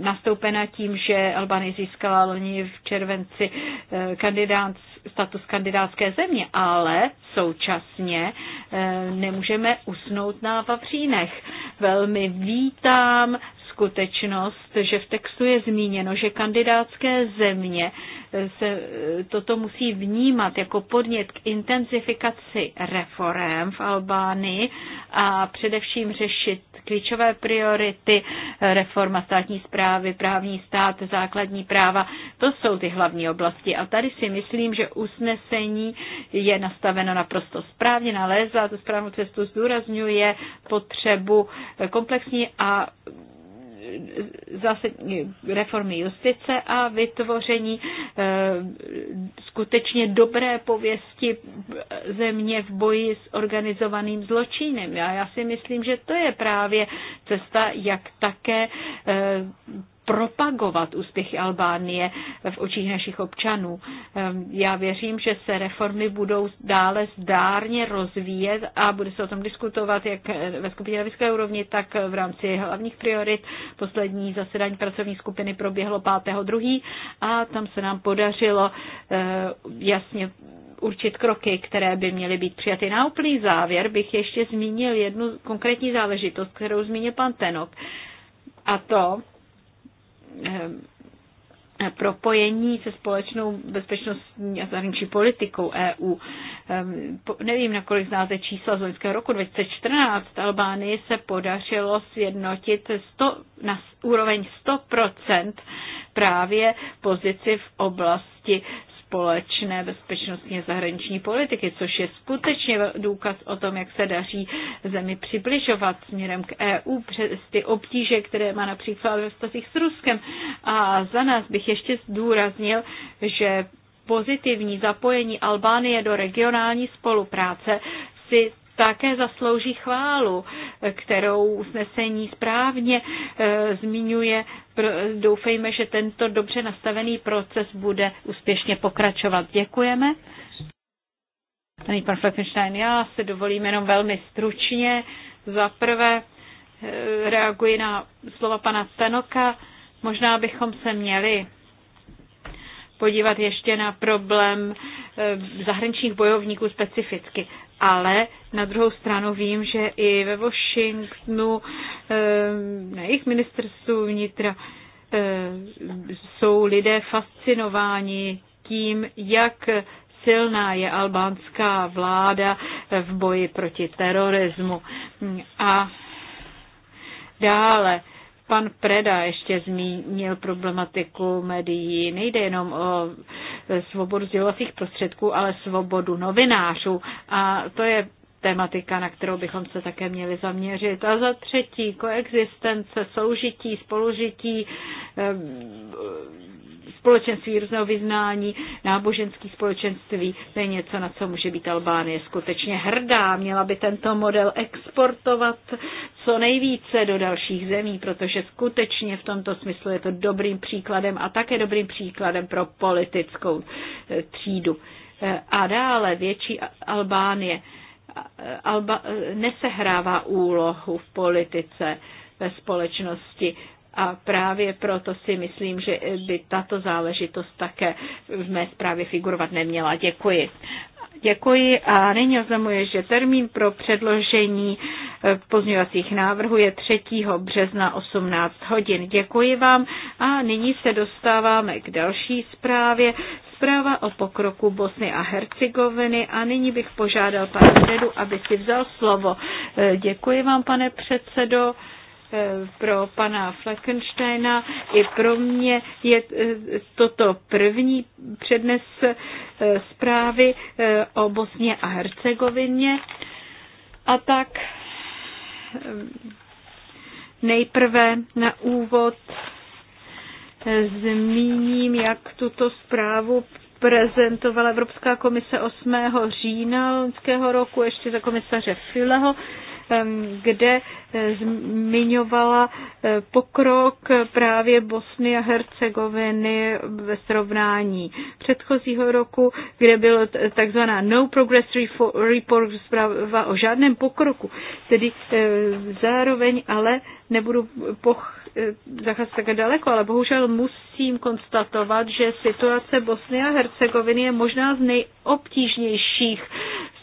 nastoupena tím, že Albanie získala loni v červenci eh, kandidát, status kandidátské země, ale současně eh, nemůžeme usnout na vavřínech. Velmi vítám skutečnost, že v textu je zmíněno, že kandidátské země se toto musí vnímat jako podnět k intenzifikaci reform v Albánii a především řešit klíčové priority, reforma státní zprávy, právní stát, základní práva. To jsou ty hlavní oblasti. A tady si myslím, že usnesení je nastaveno naprosto správně, nalézá tu správnou cestu, zdůrazňuje potřebu komplexní a zase reformy justice a vytvoření eh, skutečně dobré pověsti země v boji s organizovaným zločinem. Já, já si myslím, že to je právě cesta, jak také eh, propagovat úspěchy Albánie v očích našich občanů. Ehm, já věřím, že se reformy budou dále zdárně rozvíjet a bude se o tom diskutovat jak ve skupině na vysoké úrovni, tak v rámci hlavních priorit. Poslední zasedání pracovní skupiny proběhlo 5.2. a tam se nám podařilo ehm, jasně určit kroky, které by měly být přijaty. Na úplný závěr bych ještě zmínil jednu konkrétní záležitost, kterou zmínil pan Tenok. A to, Eh, propojení se společnou bezpečnostní a zahraniční politikou EU. Ehm, nevím, nakolik znáte čísla z loňského roku 2014. Albánii se podařilo sjednotit 100, na úroveň 100% právě pozici v oblasti společné bezpečnostně zahraniční politiky, což je skutečně důkaz o tom, jak se daří zemi přibližovat směrem k EU přes ty obtíže, které má například ve vztazích s Ruskem. A za nás bych ještě zdůraznil, že pozitivní zapojení Albánie do regionální spolupráce si také zaslouží chválu, kterou usnesení správně eh, zmiňuje. Doufejme, že tento dobře nastavený proces bude úspěšně pokračovat. Děkujeme. Paní pan Fleckenstein, já se dovolím jenom velmi stručně. Za prvé eh, reaguji na slova pana Stanoka. Možná bychom se měli podívat ještě na problém eh, zahraničních bojovníků specificky ale na druhou stranu vím, že i ve Washingtonu, eh, na jejich ministerstvu vnitra, eh, jsou lidé fascinováni tím, jak silná je albánská vláda v boji proti terorismu. A dále pan Preda ještě zmínil problematiku médií. Nejde jenom o svobodu sdělovacích prostředků, ale svobodu novinářů. A to je tematika, na kterou bychom se také měli zaměřit. A za třetí, koexistence, soužití, spolužití, eh, společenství různého vyznání, náboženský společenství, to je něco, na co může být Albánie skutečně hrdá. Měla by tento model exportovat co nejvíce do dalších zemí, protože skutečně v tomto smyslu je to dobrým příkladem a také dobrým příkladem pro politickou eh, třídu. Eh, a dále větší Albánie Alba eh, nesehrává úlohu v politice, ve společnosti. A právě proto si myslím, že by tato záležitost také v mé zprávě figurovat neměla. Děkuji. Děkuji a nyní oznamuje, že termín pro předložení eh, pozměňovacích návrhů je 3. března 18 hodin. Děkuji vám a nyní se dostáváme k další zprávě. Zpráva o pokroku Bosny a Hercegoviny a nyní bych požádal pana předu, aby si vzal slovo. Eh, děkuji vám, pane předsedo. Eh, pro pana Fleckensteina i pro mě je eh, toto první přednes eh, zprávy o Bosně a Hercegovině. A tak nejprve na úvod zmíním, jak tuto zprávu prezentovala Evropská komise 8. října loňského roku ještě za komisaře Fileho kde eh, zmiňovala eh, pokrok právě Bosny a Hercegoviny ve srovnání předchozího roku, kde bylo takzvaná No Progress Report zpráva o žádném pokroku. Tedy eh, zároveň ale nebudu poch, zacházet tak daleko, ale bohužel musím konstatovat, že situace Bosny a Hercegoviny je možná z nejobtížnějších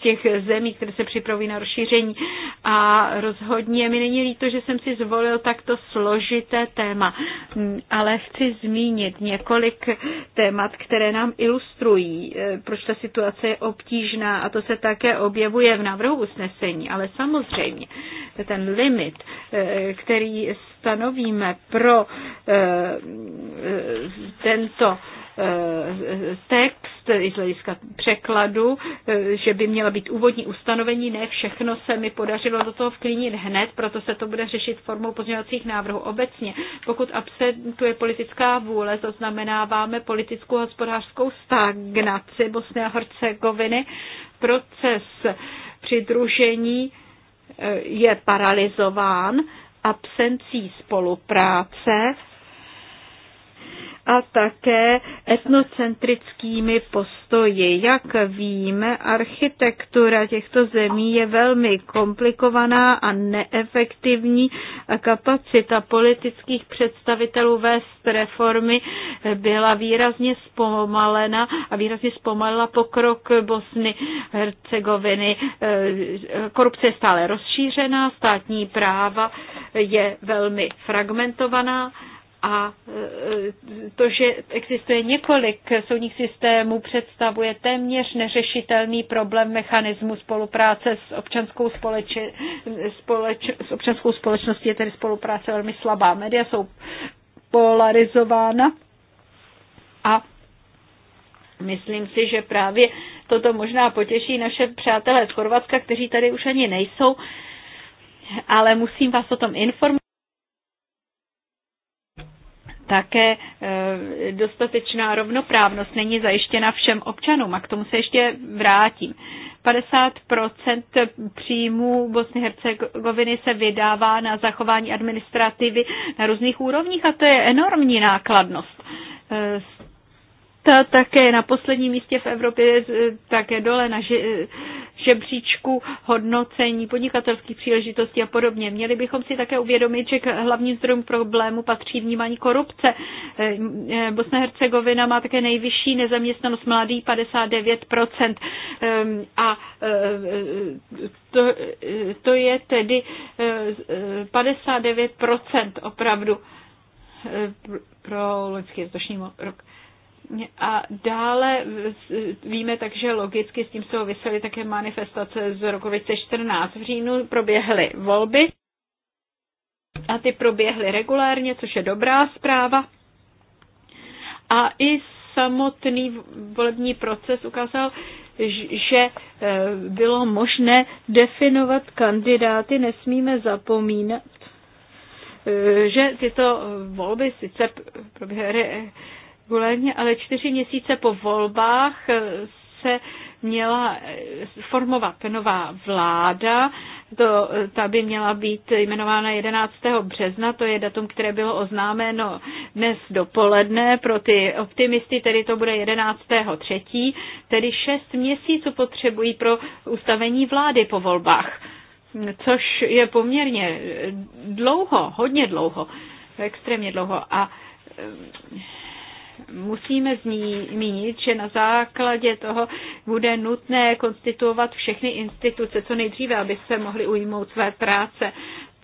těch zemí, které se připravují na rozšíření. A rozhodně mi není líto, že jsem si zvolil takto složité téma, ale chci zmínit několik témat, které nám ilustrují, eh, proč ta situace je obtížná a to se také objevuje v návrhu usnesení. Ale samozřejmě ten limit, eh, který stanovíme pro eh, tento Eh, text z hlediska překladu, eh, že by měla být úvodní ustanovení. Ne všechno se mi podařilo do toho vklínit hned, proto se to bude řešit formou pozměňovacích návrhů obecně. Pokud absentuje politická vůle, to zaznamenáváme politickou a hospodářskou stagnaci Bosny a Hercegoviny. Proces přidružení eh, je paralizován absencí spolupráce a také etnocentrickými postoji. Jak víme, architektura těchto zemí je velmi komplikovaná a neefektivní a kapacita politických představitelů vést reformy byla výrazně zpomalena a výrazně zpomalila pokrok Bosny Hercegoviny. Korupce je stále rozšířená, státní práva je velmi fragmentovaná a e, to, že existuje několik soudních systémů, představuje téměř neřešitelný problém mechanismu spolupráce s občanskou, společi, společ, s občanskou společností. Je tedy spolupráce velmi slabá. Media jsou polarizována a myslím si, že právě toto možná potěší naše přátelé z Chorvatska, kteří tady už ani nejsou, ale musím vás o tom informovat. Také eh, dostatečná rovnoprávnost není zajištěna všem občanům a k tomu se ještě vrátím. 50 příjmů Bosny Hercegoviny se vydává na zachování administrativy na různých úrovních a to je enormní nákladnost. Eh, ta také na posledním místě v Evropě, také dole na žebříčku hodnocení podnikatelských příležitostí a podobně. Měli bychom si také uvědomit, že k hlavním zdrojům problému patří vnímání korupce. Eh, eh, Bosna Hercegovina má také nejvyšší nezaměstnanost mladý 59%. Ehm, a eh, to, to je tedy 59% opravdu pro loňský letošní rok. A dále víme takže logicky s tím souvisely také manifestace z roku 2014. V říjnu proběhly volby a ty proběhly regulárně, což je dobrá zpráva. A i samotný volební proces ukázal, že e, bylo možné definovat kandidáty, nesmíme zapomínat, e, že tyto volby sice proběhly regulérně, ale čtyři měsíce po volbách se měla formovat nová vláda. To, ta by měla být jmenována 11. března, to je datum, které bylo oznámeno dnes dopoledne. Pro ty optimisty tedy to bude 11. třetí, tedy šest měsíců potřebují pro ustavení vlády po volbách, což je poměrně dlouho, hodně dlouho, extrémně dlouho. A musíme zmínit, že na základě toho bude nutné konstituovat všechny instituce co nejdříve, aby se mohly ujmout své práce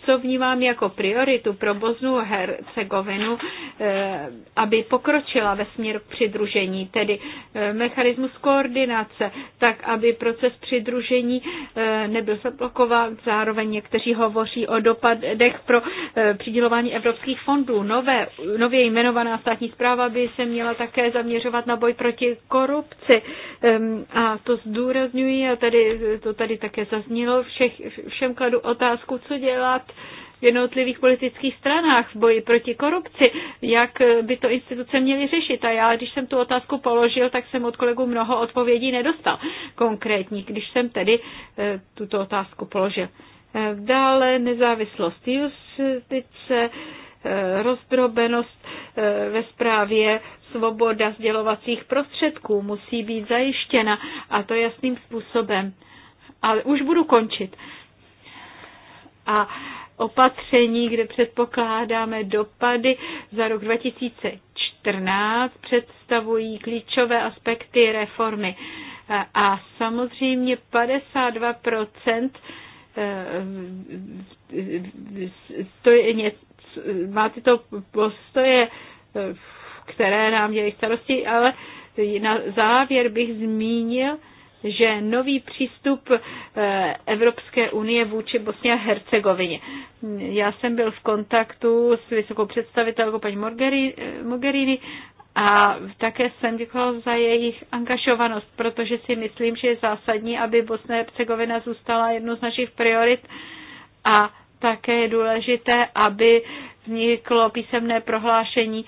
co vnímám jako prioritu pro Bosnu a Hercegovinu, eh, aby pokročila ve směru k přidružení, tedy eh, mechanismus koordinace, tak aby proces přidružení eh, nebyl zablokován. Zároveň někteří hovoří o dopadech pro přidělování evropských fondů. Nové, nově jmenovaná státní zpráva by se měla také zaměřovat na boj proti korupci. Ehm, a to zdůrazňuji a tady, to tady také zaznělo všech, všem kladu otázku, co dělat v jednotlivých politických stranách v boji proti korupci, jak by to instituce měly řešit. A já, když jsem tu otázku položil, tak jsem od kolegů mnoho odpovědí nedostal konkrétní, když jsem tedy eh, tuto otázku položil. Eh, dále nezávislost justice, eh, rozdrobenost ve zprávě svoboda sdělovacích prostředků musí být zajištěna a to jasným způsobem. Ale už budu končit. A opatření, kde předpokládáme dopady za rok 2014, představují klíčové aspekty reformy. A samozřejmě 52 to je něco, má tyto postoje, které nám dělají starosti, ale na závěr bych zmínil, že nový přístup eh, Evropské unie vůči Bosně a Hercegovině. Já jsem byl v kontaktu s vysokou představitelkou paní eh, Mogherini a také jsem děkoval za jejich angažovanost, protože si myslím, že je zásadní, aby Bosna a Hercegovina zůstala jednou z našich priorit a také je důležité, aby vzniklo písemné prohlášení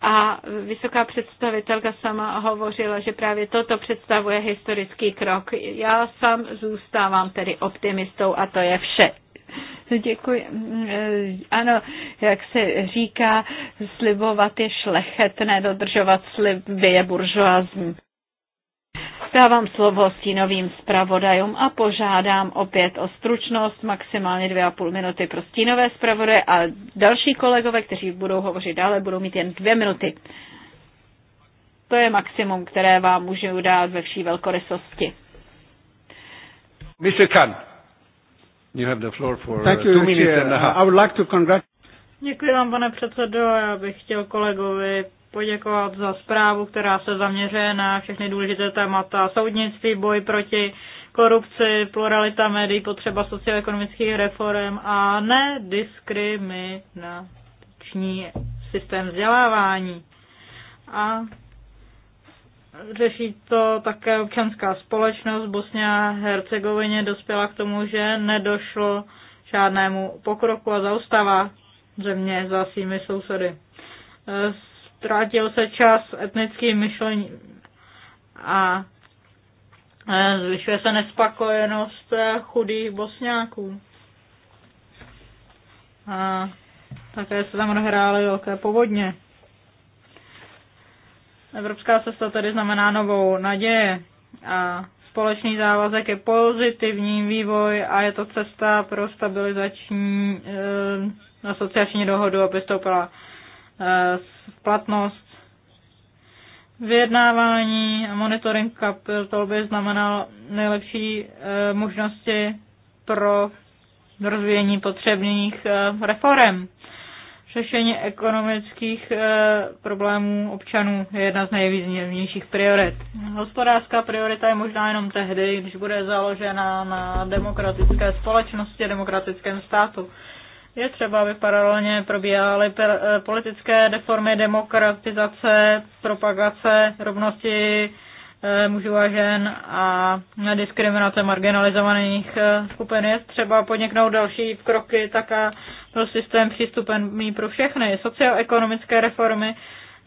a vysoká představitelka sama hovořila, že právě toto představuje historický krok. Já sám zůstávám tedy optimistou a to je vše. Děkuji. Ano, jak se říká, slibovat je šlechetné, dodržovat sliby je buržoázní. Dávám slovo stínovým zpravodajům a požádám opět o stručnost, maximálně dvě a půl minuty pro stínové zpravodaje a další kolegové, kteří budou hovořit dále, budou mít jen dvě minuty. To je maximum, které vám můžu dát ve vší velkorysosti. Mr. Khan, you have the floor for Thank you, uh, two minutes and a half. I would like to congratulate Děkuji vám, pane předsedo. Já bych chtěl kolegovi poděkovat za zprávu, která se zaměřuje na všechny důležité témata soudnictví, boj proti korupci, pluralita médií, potřeba socioekonomických reform a nediskriminační systém vzdělávání. A řeší to také občanská společnost. V Bosně a Hercegovině dospěla k tomu, že nedošlo žádnému pokroku a zaustava země za svými sousedy ztrátil se čas etnickým myšlením a e, zvyšuje se nespokojenost e, chudých bosňáků. A také se tam odhrály velké povodně. Evropská cesta tedy znamená novou naděje a společný závazek je pozitivní vývoj a je to cesta pro stabilizační e, asociační dohodu, aby stoupala splatnost, eh, vyjednávání a monitoring kapitol by znamenal nejlepší eh, možnosti pro rozvíjení potřebných eh, reform. Řešení ekonomických problémů občanů je jedna z nejvýznamnějších priorit. Hospodářská priorita je možná jenom tehdy, když bude založena na demokratické společnosti, demokratickém státu. Je třeba, aby paralelně probíhaly politické deformy demokratizace, propagace rovnosti eh, mužů a žen a diskriminace marginalizovaných eh, skupin. Je třeba podniknout další kroky, tak a byl systém mý pro všechny. Socioekonomické reformy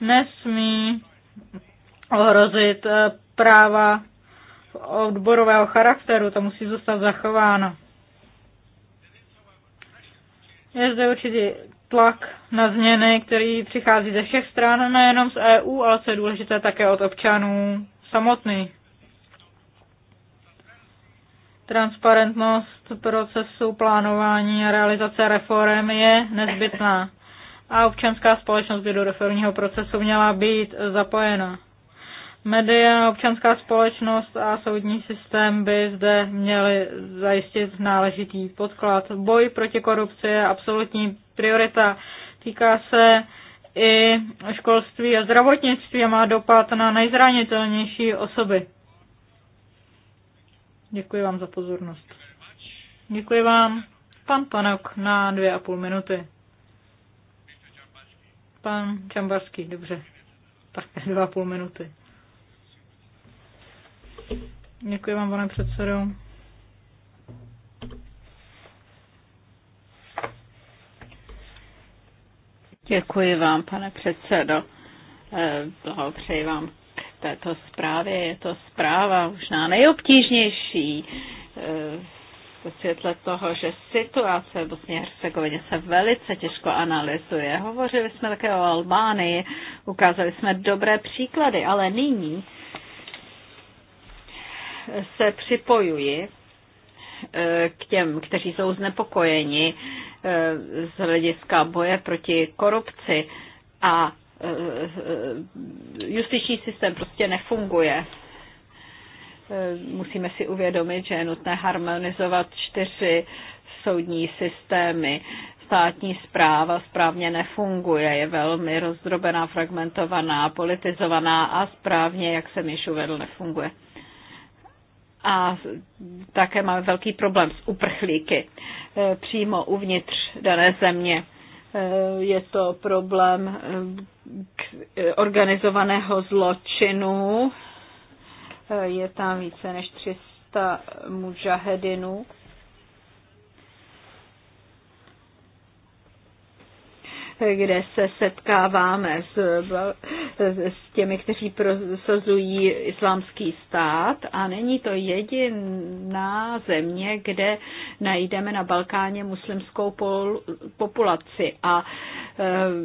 nesmí ohrozit eh, práva odborového charakteru, to musí zůstat zachováno. Je zde určitě tlak na změny, který přichází ze všech stran, nejenom z EU, ale co je důležité také od občanů samotných. Transparentnost procesu plánování a realizace reform je nezbytná a občanská společnost by do reformního procesu měla být zapojena. Media, občanská společnost a soudní systém by zde měly zajistit náležitý podklad. Boj proti korupci je absolutní priorita. Týká se i školství a zdravotnictví a má dopad na nejzranitelnější osoby. Děkuji vám za pozornost. Děkuji vám. Pan Panok na dvě a půl minuty. Pan Čambarský, dobře. Tak, dva a půl minuty. Děkuji vám, pane předsedo. Děkuji vám, pane předsedo. Eh, blahopřeji vám k této zprávě. Je to zpráva možná nejobtížnější eh, ve světle toho, že situace v Bosně Hercegovině se velice těžko analyzuje. Hovořili jsme také o Albánii, ukázali jsme dobré příklady, ale nyní se připojuji eh, k těm, kteří jsou znepokojeni eh, z hlediska boje proti korupci a eh, justiční systém prostě nefunguje. Musíme si uvědomit, že je nutné harmonizovat čtyři soudní systémy. Státní zpráva správně nefunguje, je velmi rozdrobená, fragmentovaná, politizovaná a správně, jak jsem již uvedl, nefunguje a také máme velký problém s uprchlíky e, přímo uvnitř dané země. E, je to problém e, organizovaného zločinu. Je tam více než 300 mužahedinů kde se setkáváme s, s těmi, kteří prosazují islámský stát a není to jediná země, kde najdeme na Balkáně muslimskou populaci a e,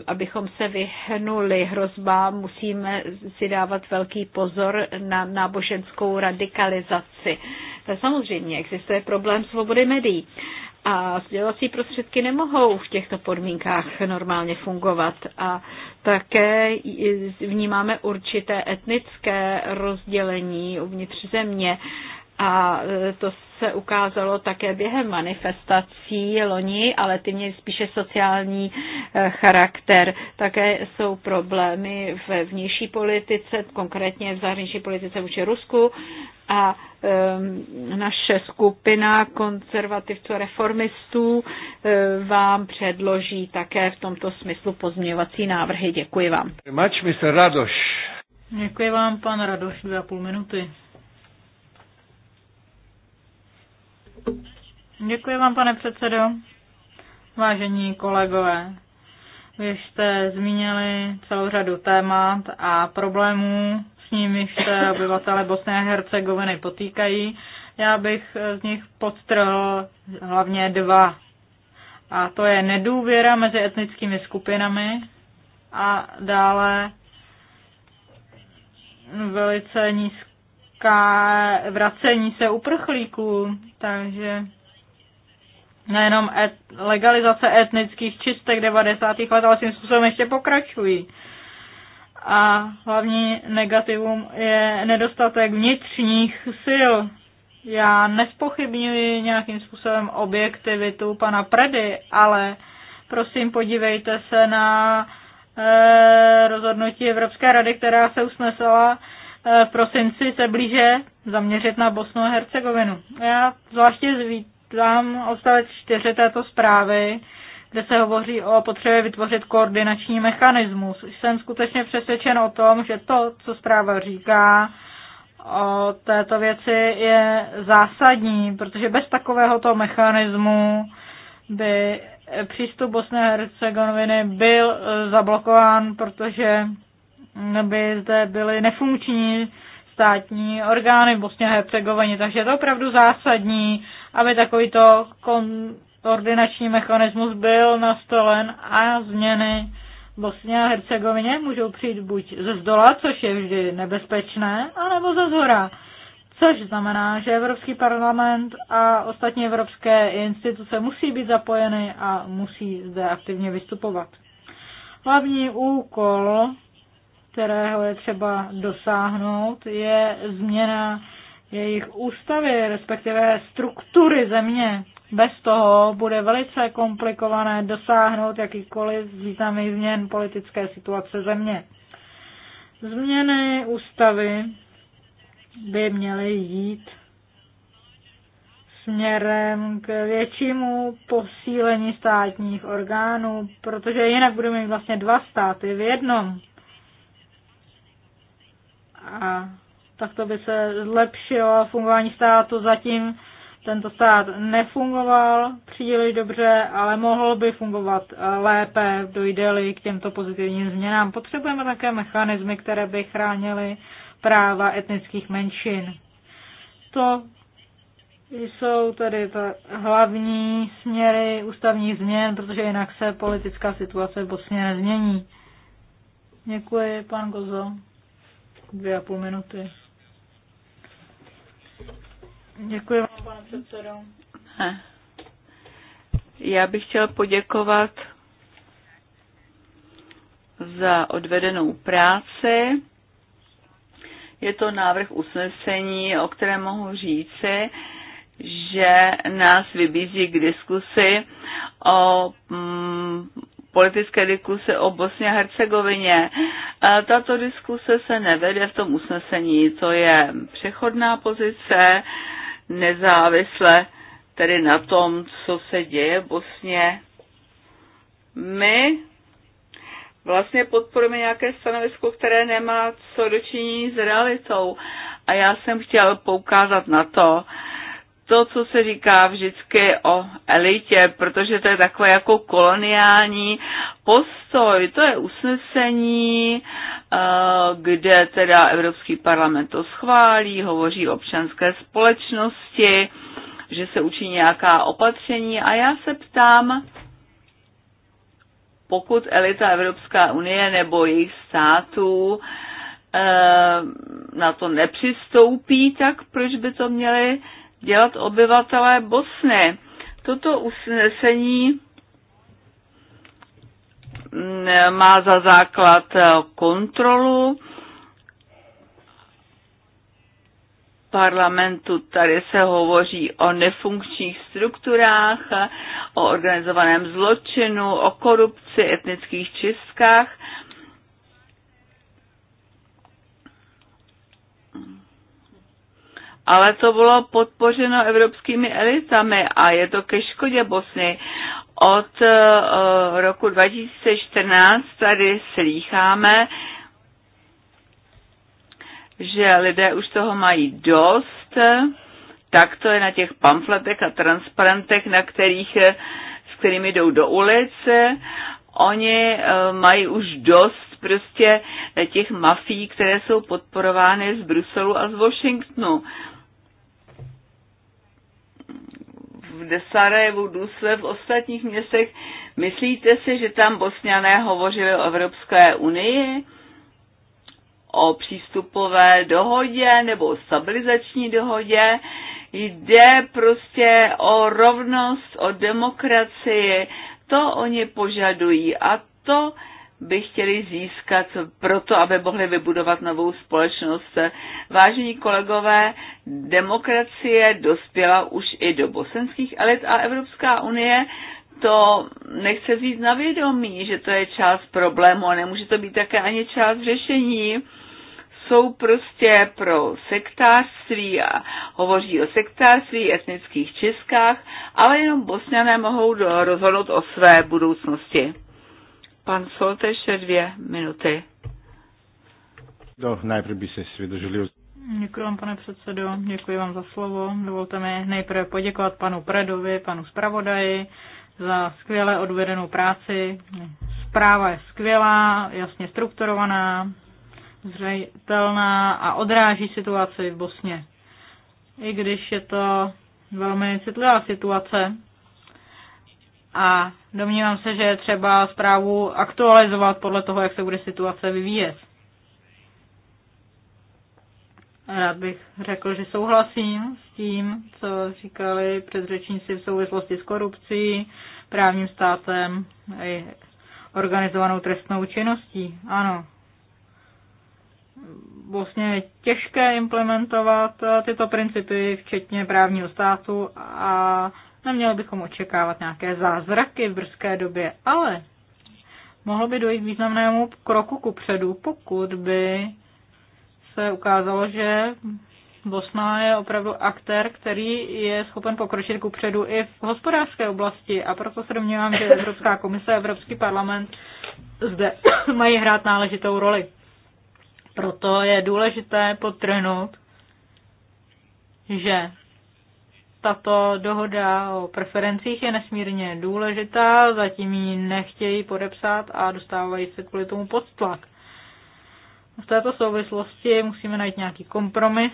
abychom se vyhnuli hrozbám, musíme si dávat velký pozor na náboženskou radikalizaci. Samozřejmě existuje problém svobody médií a sdělovací prostředky nemohou v těchto podmínkách normálně fungovat. A také vnímáme určité etnické rozdělení uvnitř země a e, to se ukázalo také během manifestací loni, ale ty měly spíše sociální e, charakter. Také jsou problémy ve vnější politice, konkrétně v zahraniční politice vůči Rusku a e, naše skupina konzervativců a reformistů vám předloží také v tomto smyslu pozměňovací návrhy. Děkuji vám. Radoš. Děkuji vám, pan Radoš, za půl minuty. Děkuji vám, pane předsedo. Vážení kolegové, vy jste zmínili celou řadu témat a problémů, s nimiž se obyvatele Bosny a Hercegoviny potýkají. Já bych z nich podtrhl hlavně dva. A to je nedůvěra mezi etnickými skupinami a dále velice nízká vracení se uprchlíků takže nejenom et, legalizace etnických čistek 90. let, ale tím způsobem ještě pokračují. A hlavní negativum je nedostatek vnitřních sil. Já nespochybňuji nějakým způsobem objektivitu pana Predy, ale prosím podívejte se na e, rozhodnutí Evropské rady, která se usnesla eh, v prosinci se blíže zaměřit na Bosnu a Hercegovinu. Já zvláště zvítám odstavec 4 této zprávy, kde se hovoří o potřebě vytvořit koordinační mechanismus. Jsem skutečně přesvědčen o tom, že to, co zpráva říká o této věci, je zásadní, protože bez takovéhoto mechanismu by přístup Bosny a Hercegoviny byl zablokován, protože by zde byly nefunkční státní orgány v Bosně a Hercegovině. Takže je to opravdu zásadní, aby takovýto koordinační mechanismus byl nastolen a změny v Bosně a Hercegovině můžou přijít buď ze zdola, což je vždy nebezpečné, anebo ze zhora. Což znamená, že Evropský parlament a ostatní evropské instituce musí být zapojeny a musí zde aktivně vystupovat. Hlavní úkol kterého je třeba dosáhnout, je změna jejich ústavy, respektive struktury země. Bez toho bude velice komplikované dosáhnout jakýkoliv významný změn politické situace země. Změny ústavy by měly jít směrem k většímu posílení státních orgánů, protože jinak budeme mít vlastně dva státy v jednom. A takto by se zlepšilo fungování státu. Zatím tento stát nefungoval příliš dobře, ale mohl by fungovat lépe, dojde-li k těmto pozitivním změnám. Potřebujeme také mechanismy, které by chránily práva etnických menšin. To jsou tedy ta hlavní směry ústavních změn, protože jinak se politická situace v Bosně nezmění. Děkuji, pan Gozo. Dvě a půl minuty. Děkuji vám, pane předsedo. Já bych chtěl poděkovat za odvedenou práci. Je to návrh usnesení, o kterém mohu říci, že nás vybízí k diskusi o mm, politické diskuse o Bosně a Hercegovině. Tato diskuse se nevede v tom usnesení, to je přechodná pozice, nezávisle tedy na tom, co se děje v Bosně. My vlastně podporujeme nějaké stanovisko, které nemá co dočinění s realitou. A já jsem chtěl poukázat na to, to, co se říká vždycky o elitě, protože to je takové jako koloniální postoj. To je usnesení, eh, kde teda Evropský parlament to schválí, hovoří o občanské společnosti, že se učiní nějaká opatření a já se ptám, pokud elita Evropská unie nebo jejich států eh, na to nepřistoupí, tak proč by to měli dělat obyvatelé Bosny. Toto usnesení mm, má za základ eh, kontrolu parlamentu. Tady se hovoří o nefunkčních strukturách, eh, o organizovaném zločinu, o korupci, etnických čistkách ale to bylo podpořeno evropskými elitami a je to ke škodě Bosny. Od eh, roku 2014 tady slýcháme, že lidé už toho mají dost, tak to je na těch pamfletech a transparentech, na kterých, eh, s kterými jdou do ulice. Oni eh, mají už dost prostě těch mafí, které jsou podporovány z Bruselu a z Washingtonu. v Sarajevu, Dusle, v ostatních městech. Myslíte si, že tam bosňané hovořili o Evropské unii, o přístupové dohodě nebo o stabilizační dohodě? Jde prostě o rovnost, o demokracii, to oni požadují a to by chtěli získat proto, aby mohli vybudovat novou společnost. Vážení kolegové, demokracie dospěla už i do bosenských elit a Evropská unie to nechce vzít na vědomí, že to je část problému a nemůže to být také ani část řešení. Jsou prostě pro sektářství a hovoří o sektářství, etnických Českách, ale jenom bosňané mohou rozhodnout o své budoucnosti. Pan Solte ještě dvě minuty. Do, no, najprv by se svědožili. Děkuji vám, pane předsedo, děkuji vám za slovo. Dovolte mi nejprve poděkovat panu Predovi, panu zpravodaji za skvěle odvedenou práci. Zpráva je skvělá, jasně strukturovaná, zřejitelná a odráží situaci v Bosně. I když je to velmi citlivá situace, a domnívám se, že je třeba zprávu aktualizovat podle toho, jak se bude situace vyvíjet. Rád bych řekl, že souhlasím s tím, co říkali předřečníci v souvislosti s korupcí, právním státem i organizovanou trestnou činností. Ano. Vlastně je těžké implementovat tyto principy, včetně právního státu a Neměli bychom očekávat nějaké zázraky v brzké době, ale mohlo by dojít významnému kroku ku předu, pokud by se ukázalo, že Bosna je opravdu aktér, který je schopen pokročit ku předu i v hospodářské oblasti a proto se domnívám, že Evropská komise a Evropský parlament zde [coughs] mají hrát náležitou roli. Proto je důležité potrhnout, že tato dohoda o preferencích je nesmírně důležitá, zatím ji nechtějí podepsat a dostávají se kvůli tomu pod tlak. V této souvislosti musíme najít nějaký kompromis,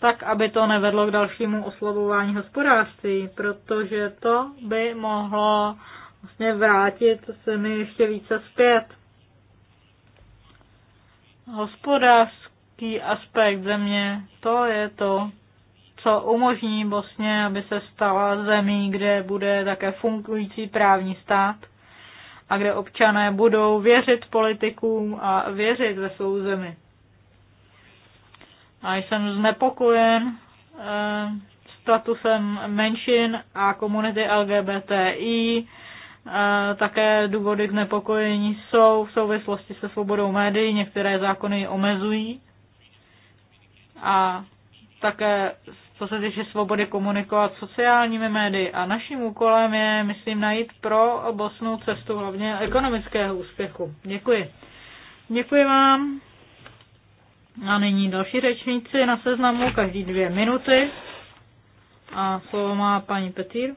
tak aby to nevedlo k dalšímu oslabování hospodářství, protože to by mohlo vlastně vrátit se mi ještě více zpět. Hospodářský aspekt země, to je to, co umožní Bosně, aby se stala zemí, kde bude také fungující právní stát a kde občané budou věřit politikům a věřit ve svou zemi. A jsem znepokojen eh, statusem menšin a komunity LGBTI. Eh, také důvody k jsou v souvislosti se svobodou médií, některé zákony omezují. A také co se týče svobody komunikovat sociálními médii. A naším úkolem je, myslím, najít pro Bosnu cestu hlavně ekonomického úspěchu. Děkuji. Děkuji vám. A nyní další řečníci na seznamu, každý dvě minuty. A slovo má paní Petýr.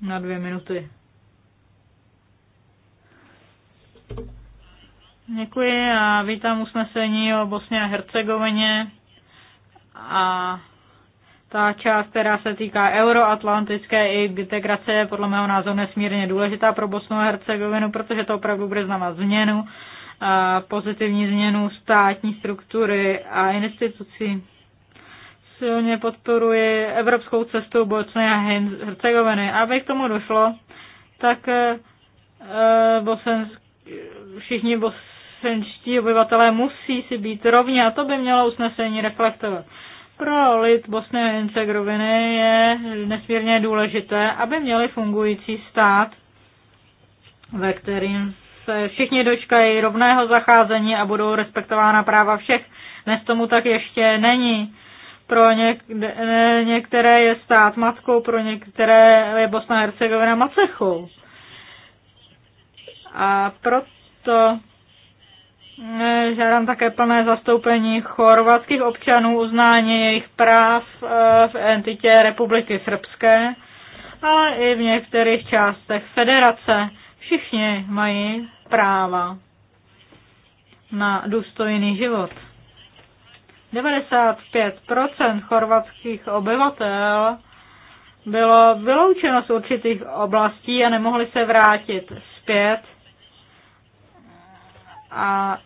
Na dvě minuty. Děkuji a vítám usnesení o Bosně a Hercegovině. A ta část, která se týká euroatlantické integrace, je podle mého názoru nesmírně důležitá pro Bosnu a Hercegovinu, protože to opravdu bude znamenat změnu, pozitivní změnu státní struktury a institucí. Silně podporuji evropskou cestu Bosny a Hercegoviny. Aby k tomu došlo, tak e, Bosen, všichni bosenští obyvatelé musí si být rovně a to by mělo usnesení reflektovat. Pro lid Bosny a Hercegoviny je nesmírně důležité, aby měli fungující stát, ve kterým se všichni dočkají rovného zacházení a budou respektována práva všech. Dnes tomu tak ještě není. Pro něk- některé je stát matkou, pro některé je Bosna a Hercegovina macechou. A proto Žádám také plné zastoupení chorvatských občanů, uznání jejich práv eh, v entitě Republiky Srbské, ale i v některých částech federace. Všichni mají práva na důstojný život. 95% chorvatských obyvatel bylo vyloučeno z určitých oblastí a nemohli se vrátit zpět. A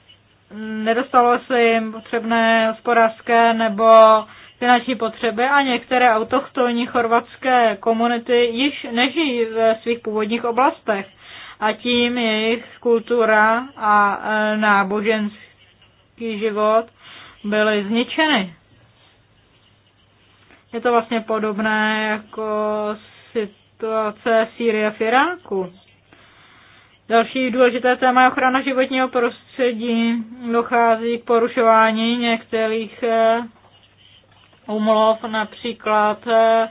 nedostalo se jim potřebné hospodářské nebo finanční potřeby a některé autochtonní chorvatské komunity již nežijí ve svých původních oblastech a tím jejich kultura a e, náboženský život byly zničeny. Je to vlastně podobné jako situace Sýrie v Iráku. Další důležité téma je ochrana životního prostředí. Dochází k porušování některých umlov, eh, například eh,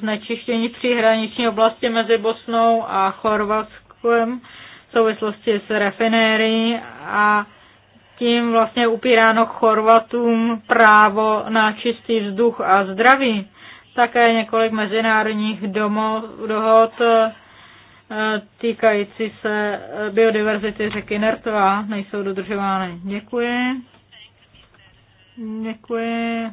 znečištění příhraniční oblasti mezi Bosnou a Chorvatskem v souvislosti s refinérií a tím vlastně upíráno Chorvatům právo na čistý vzduch a zdraví. Také několik mezinárodních domov, dohod eh, týkající se eh, biodiverzity řeky Nertva nejsou dodržovány. Děkuji. Děkuji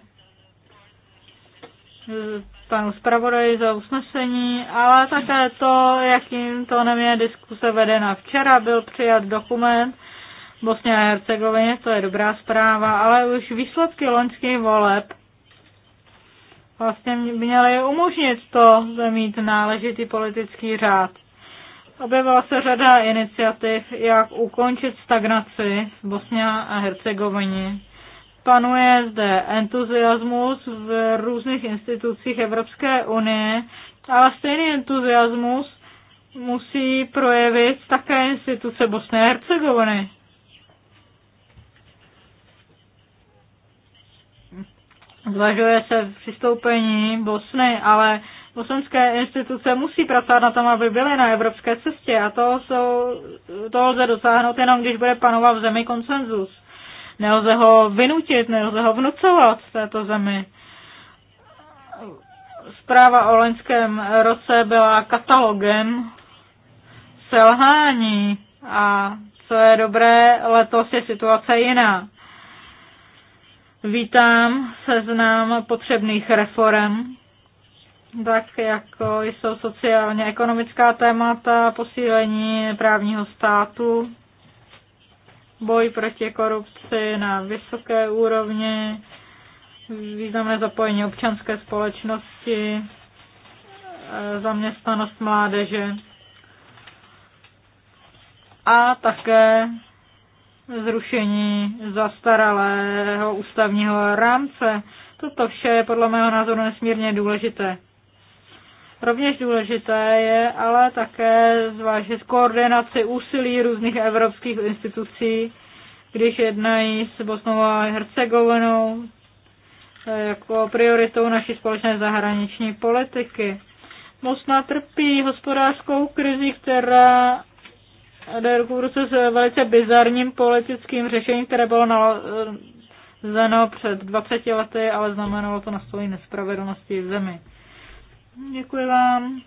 eh, panu zpravodaji za usnesení, ale také to, jakým to je diskuse vedena. Včera byl přijat dokument Bosně a Hercegovině, to je dobrá zpráva, ale už výsledky loňských voleb vlastně měly umožnit to mít náležitý politický řád. Objevila se řada iniciativ, jak ukončit stagnaci v Bosně a Hercegovině. Panuje zde entuziasmus v různých institucích Evropské unie, ale stejný entuziasmus musí projevit také instituce Bosné a Hercegoviny. Zvažuje se přistoupení Bosny, ale muslimské instituce musí pracovat na tom, aby byly na evropské cestě a toho, jsou, toho lze dosáhnout jenom, když bude panovat v zemi konsenzus. Nelze ho vynutit, nelze ho vnucovat v této zemi. Zpráva o loňském roce byla katalogem selhání a co je dobré, letos je situace jiná. Vítám seznám potřebných reform, tak jako jsou sociálně ekonomická témata, posílení právního státu, boj proti korupci na vysoké úrovni, významné zapojení občanské společnosti, e, zaměstnanost mládeže a také zrušení zastaralého ústavního rámce. Toto vše je podle mého názoru nesmírně důležité. Rovněž důležité je ale také zvážit koordinaci úsilí různých evropských institucí, když jednají s Bosnou a Hercegovinou eh, jako prioritou naší společné zahraniční politiky. Bosna trpí hospodářskou krizi, která jde ruku v ruce s velice bizarním politickým řešením, které bylo nalezeno před 20 lety, ale znamenalo to nastolení nespravedlnosti v zemi. Děkuji vám.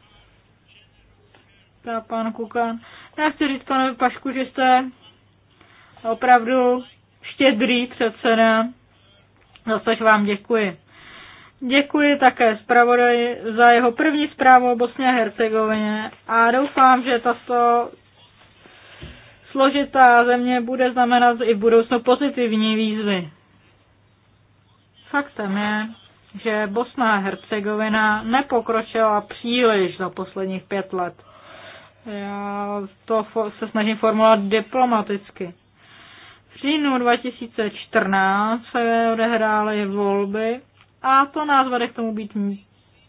Já pan Kukan. Já chci říct, pane Pašku, že jste opravdu štědrý předseda. Za což vám děkuji. Děkuji také zpravodaji za jeho první zprávu o Bosně a Hercegovině a doufám, že tato složitá země bude znamenat i v budoucnu pozitivní výzvy. Faktem je, že Bosna a Hercegovina nepokročila příliš za posledních pět let. Já to se snažím formulovat diplomaticky. V říjnu 2014 se odehrály volby a to nás vede k tomu být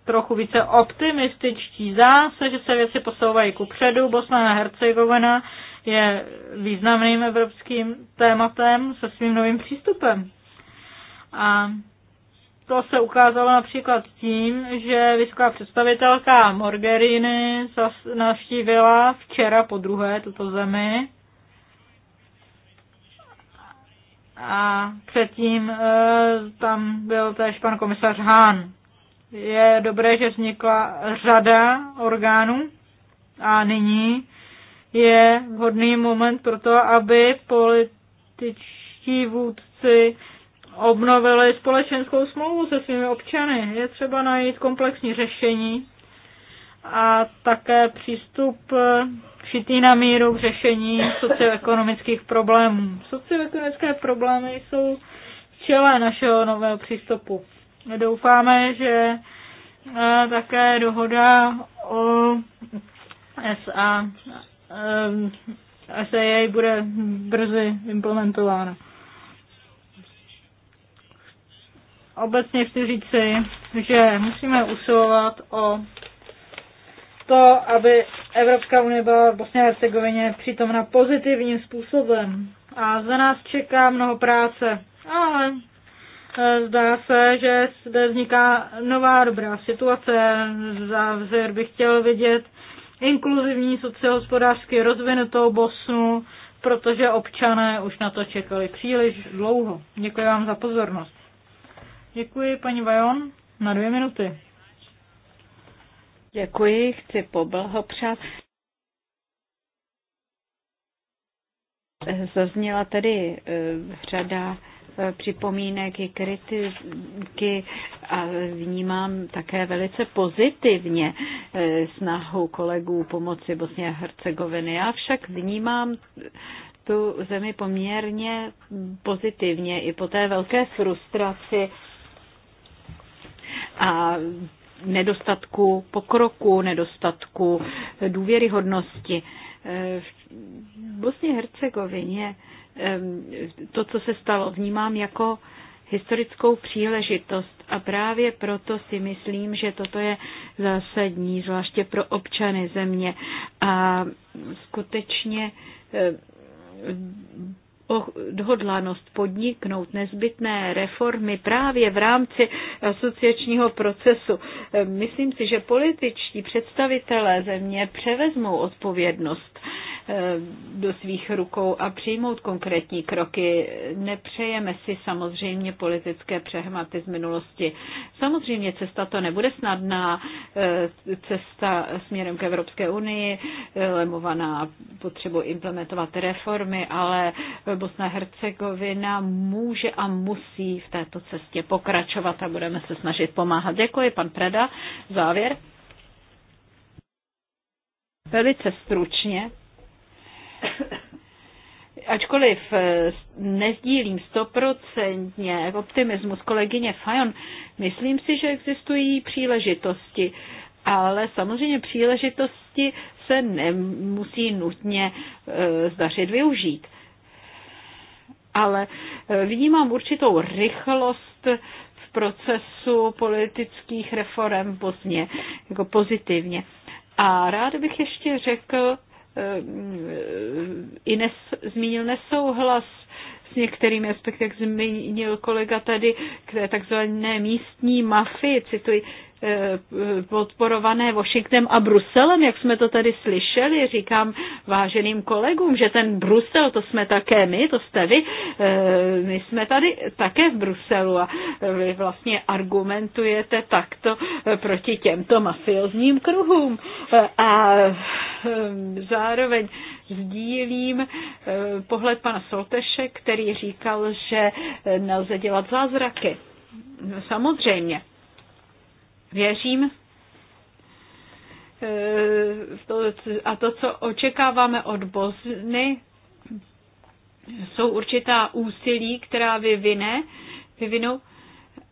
trochu více optimističtí. Zdá se, že se věci posouvají ku předu. Bosna a Hercegovina je významným evropským tématem se svým novým přístupem. A to se ukázalo například tím, že vysoká představitelka Morgerini navštívila včera po druhé tuto zemi a předtím e, tam byl též pan komisař Hahn. Je dobré, že vznikla řada orgánů a nyní je vhodný moment pro to, aby političtí vůdci obnovili společenskou smlouvu se svými občany. Je třeba najít komplexní řešení a také přístup eh, šitý na míru k řešení socioekonomických problémů. Socioekonomické problémy jsou v čele našeho nového přístupu. Doufáme, že eh, také dohoda o SA, eh, SAA bude brzy implementována. obecně chci říci, že musíme usilovat o to, aby Evropská unie byla v Bosně a Hercegovině přítomna pozitivním způsobem. A za nás čeká mnoho práce, ale e, zdá se, že zde vzniká nová dobrá situace. Závěr bych chtěl vidět inkluzivní sociohospodářsky rozvinutou Bosnu, protože občané už na to čekali příliš dlouho. Děkuji vám za pozornost. Děkuji, paní Vajon, na dvě minuty. Děkuji, chci poblahopřát. Zazněla tedy eh, řada eh, připomínek i kritiky a vnímám také velice pozitivně eh, snahu kolegů pomoci Bosně a Hercegoviny. Já však vnímám tu zemi poměrně pozitivně i po té velké frustraci a nedostatku pokroku, nedostatku důvěryhodnosti. Eh, v Bosně Hercegovině to, co se stalo, vnímám jako historickou příležitost a právě proto si myslím, že toto je zásadní, zvláště pro občany země. A skutečně odhodlanost podniknout nezbytné reformy právě v rámci asociačního procesu. Myslím si, že političtí představitelé země převezmou odpovědnost Eh, do svých rukou a přijmout konkrétní kroky. Nepřejeme si samozřejmě politické přehmaty z minulosti. Samozřejmě cesta to nebude snadná, eh, cesta směrem k Evropské unii, eh, lemovaná potřebu implementovat reformy, ale Bosna Hercegovina může a musí v této cestě pokračovat a budeme se snažit pomáhat. Děkuji, pan Preda. Závěr. Velice stručně [laughs] ačkoliv eh, nezdílím stoprocentně optimismus kolegyně Fajon, myslím si, že existují příležitosti, ale samozřejmě příležitosti se nemusí nutně eh, zdařit využít. Ale eh, vnímám určitou rychlost v procesu politických reform v Bosně, jako pozitivně. A rád bych ještě řekl i nes, zmínil nesouhlas s některými aspekty, jak zmínil kolega tady, k takzvané místní mafii, cituji, Eh, podporované Washingtonem a Bruselem, jak jsme to tady slyšeli, říkám váženým kolegům, že ten Brusel, to jsme také my, to jste vy, eh, my jsme tady také v Bruselu a vy vlastně argumentujete takto eh, proti těmto mafiozním kruhům. A zároveň sdílím pohled pana Solteše, který říkal, že nelze dělat zázraky. Samozřejmě, Věřím, e, a to, co očekáváme od Bosny, jsou určitá úsilí, která vyvine, vyvinou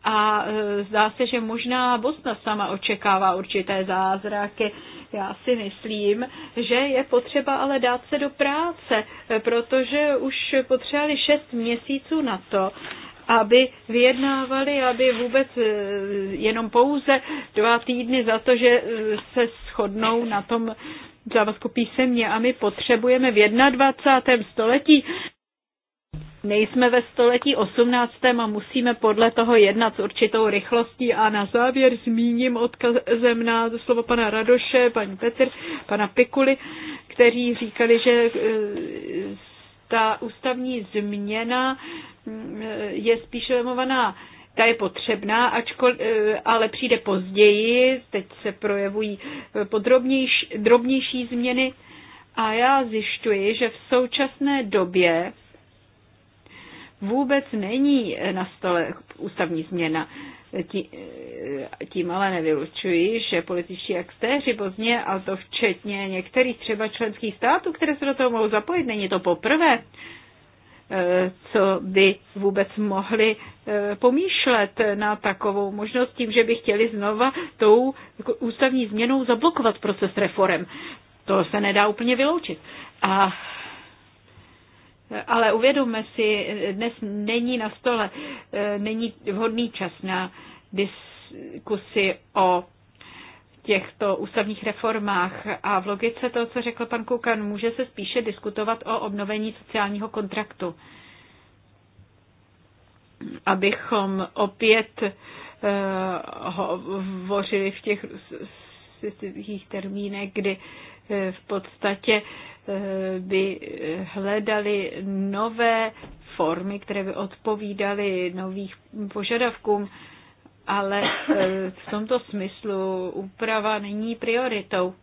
a e, zdá se, že možná Bosna sama očekává určité zázraky. Já si myslím, že je potřeba ale dát se do práce, e, protože už potřebovali šest měsíců na to, aby vyjednávali, aby vůbec eh, jenom pouze dva týdny za to, že eh, se shodnou na tom závazku písemně a my potřebujeme v 21. století nejsme ve století 18. a musíme podle toho jednat s určitou rychlostí. A na závěr zmíním odkazem na slovo pana Radoše, paní Petr, pana Pikuly, kteří říkali, že eh, ta ústavní změna mm, je spíše lemovaná ta je potřebná, ačkoliv, eh, ale přijde později, teď se projevují eh, podrobnější, drobnější změny a já zjišťuji, že v současné době vůbec není na stole ústavní změna. Tím ale nevylučuji, že političtí aktéři pozdě, a to včetně některých třeba členských států, které se do toho mohou zapojit, není to poprvé, eh, co by vůbec mohli eh, pomýšlet na takovou možnost tím, že by chtěli znova tou ústavní změnou zablokovat proces reform. To se nedá úplně vyloučit. A ale uvědomme si, dnes není na stole, není vhodný čas na diskusi o těchto ústavních reformách a v logice toho, co řekl pan Kukan, může se spíše diskutovat o obnovení sociálního kontraktu. Abychom opět uh, hovořili v těch termínech, kdy v podstatě uh, by eh, hledali nové formy, které by odpovídaly nových požadavkům, ale eh, v tomto smyslu úprava není prioritou.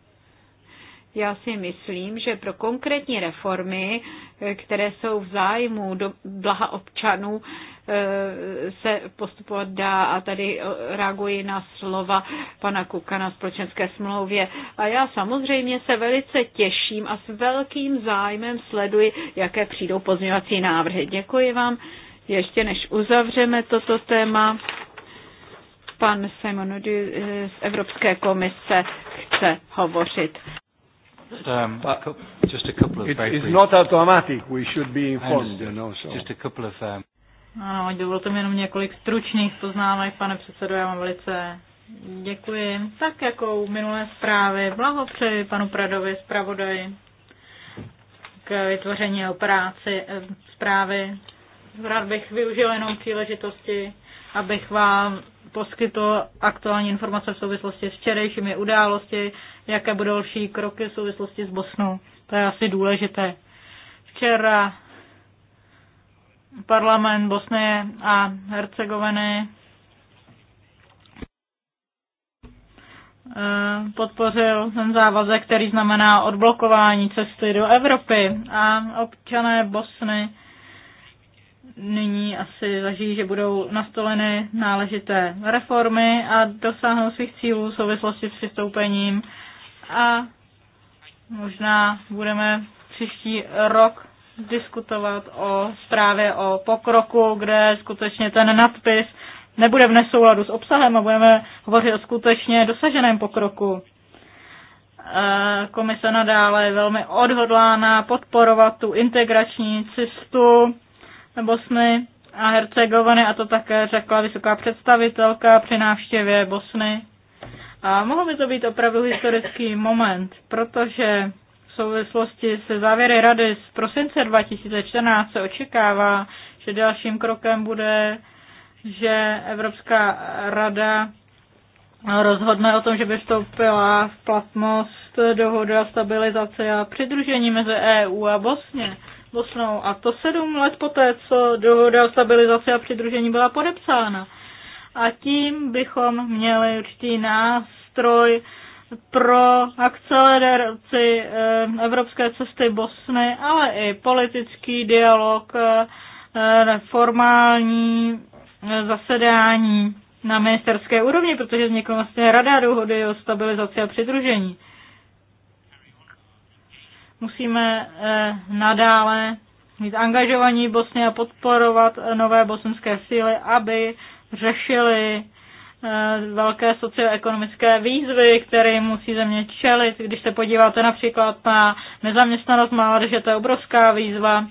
Já si myslím, že pro konkrétní reformy, eh, které jsou v zájmu do blaha občanů, eh, se postupovat dá a tady eh, reaguji na slova pana Kuka na společenské smlouvě. A já samozřejmě se velice těším a s velkým zájmem sleduji, jaké přijdou pozměňovací návrhy. Děkuji vám. Ještě než uzavřeme toto téma, pan Simon z Evropské komise chce hovořit. Um, but just a couple of it, very It's not automatic. We should be informed, you know. So. Just a couple of. Um... Ano, no, dovolte mi jenom několik stručných poznámek, pane předsedo, já vám velice děkuji. Tak jako u minulé zprávy, blahopřeji panu Pradovi, zpravodaji, k vytvoření práci, eh, zprávy. Rád bych využil jenom příležitosti, abych vám poskytl aktuální informace v souvislosti s včerejšími události, jaké budou další kroky v souvislosti s Bosnou. To je asi důležité. Včera parlament Bosny a Hercegoviny eh, podpořil ten závazek, který znamená odblokování cesty do Evropy a občané Bosny nyní asi leží, že budou nastoleny náležité reformy a dosáhnou svých cílů v souvislosti s přistoupením a možná budeme příští rok diskutovat o zprávě o pokroku, kde skutečně ten nadpis nebude v nesouladu s obsahem a budeme hovořit o skutečně dosaženém pokroku. E, komise nadále je velmi odhodlána podporovat tu integrační cestu Bosny a Hercegoviny a to také řekla vysoká představitelka při návštěvě Bosny. A mohl by to být opravdu historický moment, protože v souvislosti se závěry rady z prosince 2014 se očekává, že dalším krokem bude, že Evropská rada rozhodne o tom, že by vstoupila v platnost dohoda o stabilizaci a přidružení mezi EU a Bosně. Bosnou. A to sedm let poté, co dohoda o stabilizaci a přidružení byla podepsána. A tím bychom měli určitý nástroj pro akceleraci eh, evropské cesty Bosny, ale i politický dialog, eh, formální eh, zasedání na ministerské úrovni, protože vznikla vlastně rada dohody o stabilizaci a přidružení. Musíme eh, nadále mít angažovaní Bosny a podporovat eh, nové bosenské síly, aby řešili eh, velké socioekonomické výzvy, které musí země čelit. Když se podíváte například na nezaměstnanost mládeže, to je obrovská výzva.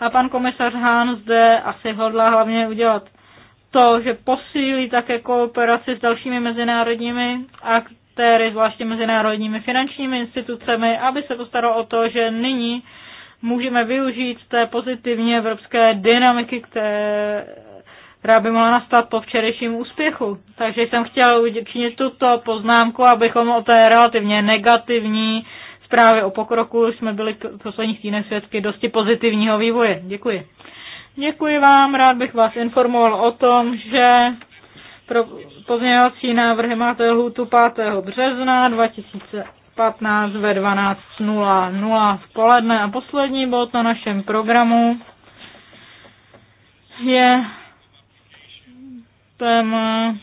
A pan komisař Hán zde asi hodlá hlavně udělat to, že posílí také kooperaci s dalšími mezinárodními aktéry, zvláště mezinárodními finančními institucemi, aby se postaralo o to, že nyní můžeme využít té pozitivní evropské dynamiky, která by mohla nastat po včerejším úspěchu. Takže jsem chtěl učinit tuto poznámku, abychom o té relativně negativní zprávě o pokroku jsme byli v posledních týdnech svědky dosti pozitivního vývoje. Děkuji. Děkuji vám, rád bych vás informoval o tom, že pro pozměňovací návrhy máte lhůtu 5. března 2015 ve 12.00 v poledne. A poslední bod na našem programu je téma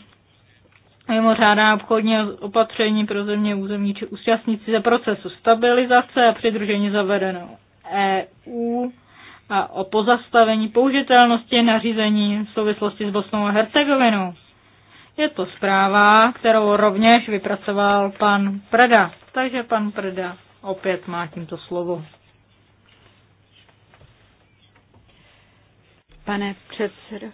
mimořádná obchodní opatření pro země územní či účastníci za procesu stabilizace a přidružení zavedenou EU a o pozastavení použitelnosti nařízení v souvislosti s Bosnou a Hercegovinou. Je to zpráva, kterou rovněž vypracoval pan Preda. Takže pan Preda opět má tímto slovo. Pane předsedo,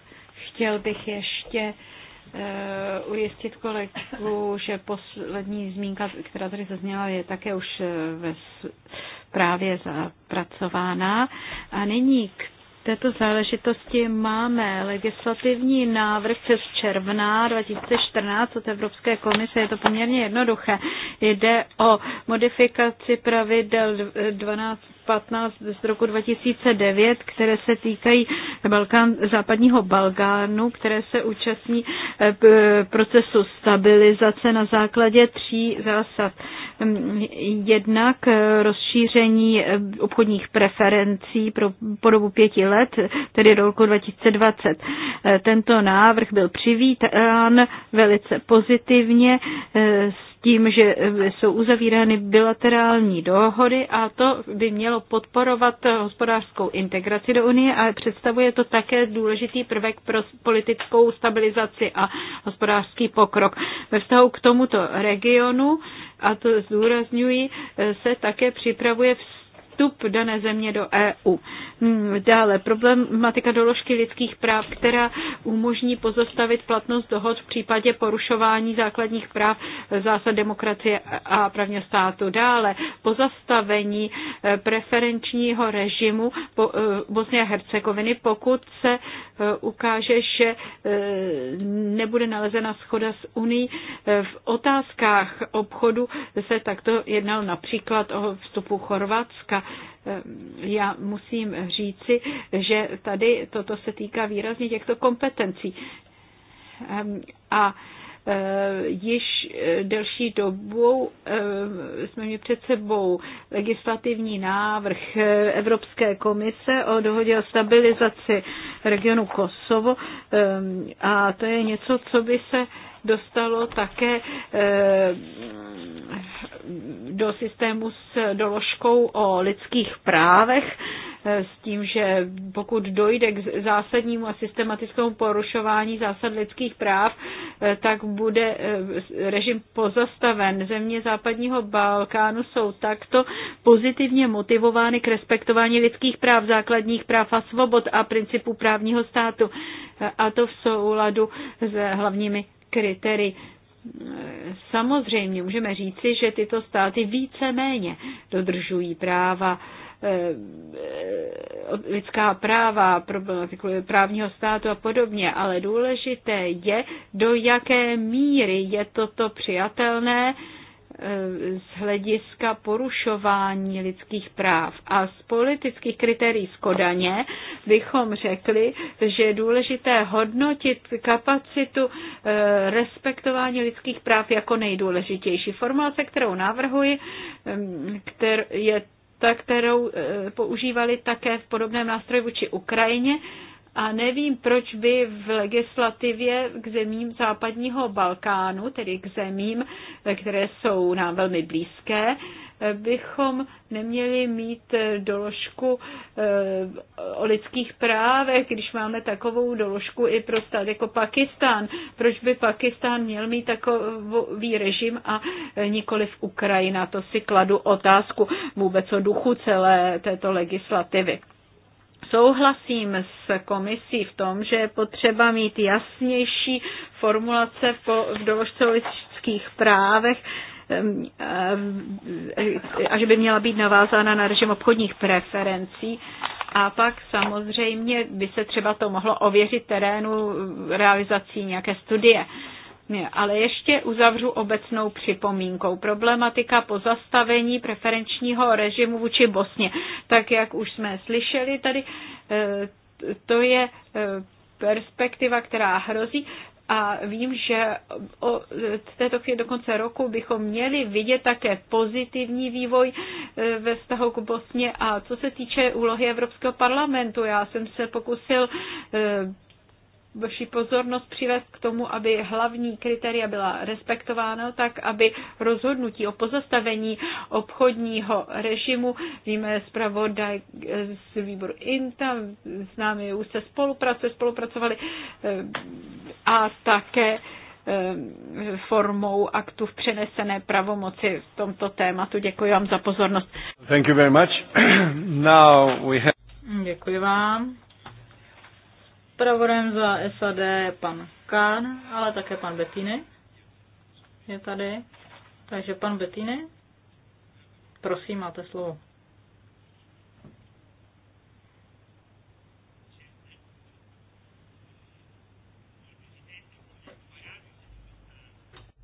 chtěl bych ještě uh, ujistit kolegu, že poslední zmínka, která tady zazněla, je také už eh, ve právě zapracována. A nyní k této záležitosti máme legislativní návrh z června 2014 od Evropské komise. Je to poměrně jednoduché. Jde o modifikaci pravidel 12 15 z roku 2009, které se týkají Balkán, západního Balkánu, které se účastní eh, procesu stabilizace na základě tří zásad. Hm, jednak eh, rozšíření eh, obchodních preferencí pro podobu pěti let, tedy do roku 2020. Tento návrh byl přivítán velice pozitivně tím, že eh, jsou uzavírány bilaterální dohody a to by mělo podporovat eh, hospodářskou integraci do Unie a představuje to také důležitý prvek pro politickou stabilizaci a hospodářský pokrok. Ve vztahu k tomuto regionu, a to zdůrazňuji, eh, se také připravuje vstup vstup dané země do EU. Hmm, dále problematika doložky lidských práv, která umožní pozastavit platnost dohod v případě porušování základních práv, eh, zásad demokracie a právního státu. Dále pozastavení eh, preferenčního režimu eh, Bosně a Hercegoviny, pokud se ukáže, že nebude nalezena schoda s Unii v otázkách obchodu se takto jednal například o vstupu Chorvatska já musím říci, že tady toto se týká výrazně těchto kompetencí. Ehm, a eh, již delší dobu eh, jsme měli před sebou legislativní návrh Evropské komise o dohodě o stabilizaci regionu Kosovo ehm, a to je něco, co by se dostalo také eh, do systému s doložkou o lidských právech, eh, s tím, že pokud dojde k zásadnímu a systematickému porušování zásad lidských práv, eh, tak bude režim pozastaven. Země západního Balkánu jsou takto pozitivně motivovány k respektování lidských práv, základních práv a svobod a principů právního státu. A to v souladu s hlavními kritérii. Samozřejmě můžeme říci, že tyto státy více-méně dodržují práva eh, lidská práva, problematiku právního státu a podobně, ale důležité je, do jaké míry je toto přijatelné z hlediska porušování lidských práv. A z politických kritérií z Kodaně bychom řekli, že je důležité hodnotit kapacitu eh, respektování lidských práv jako nejdůležitější. Formulace, kterou navrhuji, je ta, kterou eh, používali také v podobném nástroji vůči Ukrajině, a nevím, proč by v legislativě k zemím západního Balkánu, tedy k zemím, které jsou nám velmi blízké, bychom neměli mít eh, doložku eh, o lidských právech, když máme takovou doložku i pro stát jako Pakistán. Proč by Pakistán měl mít takový režim a eh, nikoli v Ukrajina? To si kladu otázku vůbec o duchu celé této legislativy. Souhlasím s komisí v tom, že je potřeba mít jasnější formulace v doložce o lidských právech, a že by měla být navázána na režim obchodních preferencí. A pak samozřejmě by se třeba to mohlo ověřit terénu realizací nějaké studie. Ale ještě uzavřu obecnou připomínkou. Problematika pozastavení preferenčního režimu vůči Bosně. Tak jak už jsme slyšeli tady, eh, to je eh, perspektiva, která hrozí. A vím, že o této chvíli do konce roku bychom měli vidět také pozitivní vývoj eh, ve vztahu k Bosně. A co se týče úlohy Evropského parlamentu, já jsem se pokusil vaši pozornost přivést k tomu, aby hlavní kritéria byla respektována, tak aby rozhodnutí o pozastavení obchodního režimu, víme zpravodaj z výboru INTA, s námi už se spolupracuje, spolupracovali eh, a také eh, formou aktu v přenesené pravomoci v tomto tématu. Děkuji vám za pozornost. Thank you very much. [clears throat] Now we have... Děkuji vám. Zpravodajem za SAD je pan Kán, ale také pan Betýny je tady. Takže pan Betýny, prosím, máte slovo.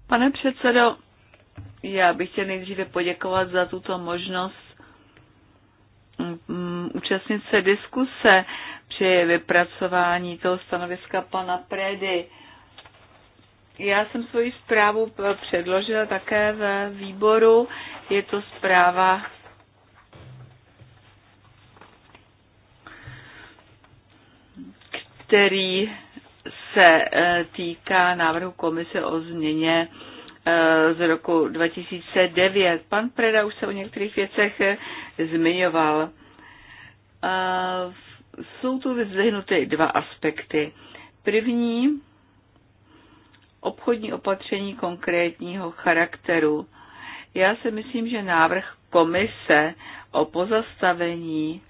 Pane předsedo, já bych chtěl nejdříve poděkovat za tuto možnost mm, účastnit se diskuse při vypracování toho stanoviska pana Predy. Já jsem svoji zprávu předložila také ve výboru. Je to zpráva který se e, týká návrhu komise o změně e, z roku 2009. Pan Preda už se o některých věcech e, zmiňoval jsou tu vyzvihnuty dva aspekty. První, obchodní opatření konkrétního charakteru. Já si myslím, že návrh komise o pozastavení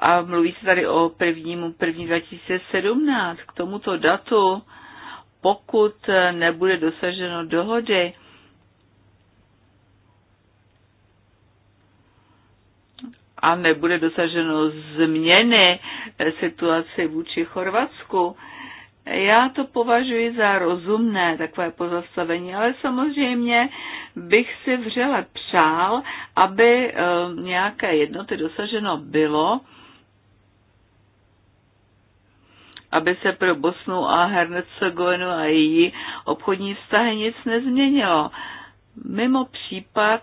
a mluví se tady o prvnímu, první 2017, k tomuto datu, pokud nebude dosaženo dohody, a nebude dosaženo změny situace vůči Chorvatsku, já to považuji za rozumné takové pozastavení, ale samozřejmě bych si vřele přál, aby eh, nějaké jednoty dosaženo bylo, aby se pro Bosnu a Hercegovinu a její obchodní vztahy nic nezměnilo. Mimo případ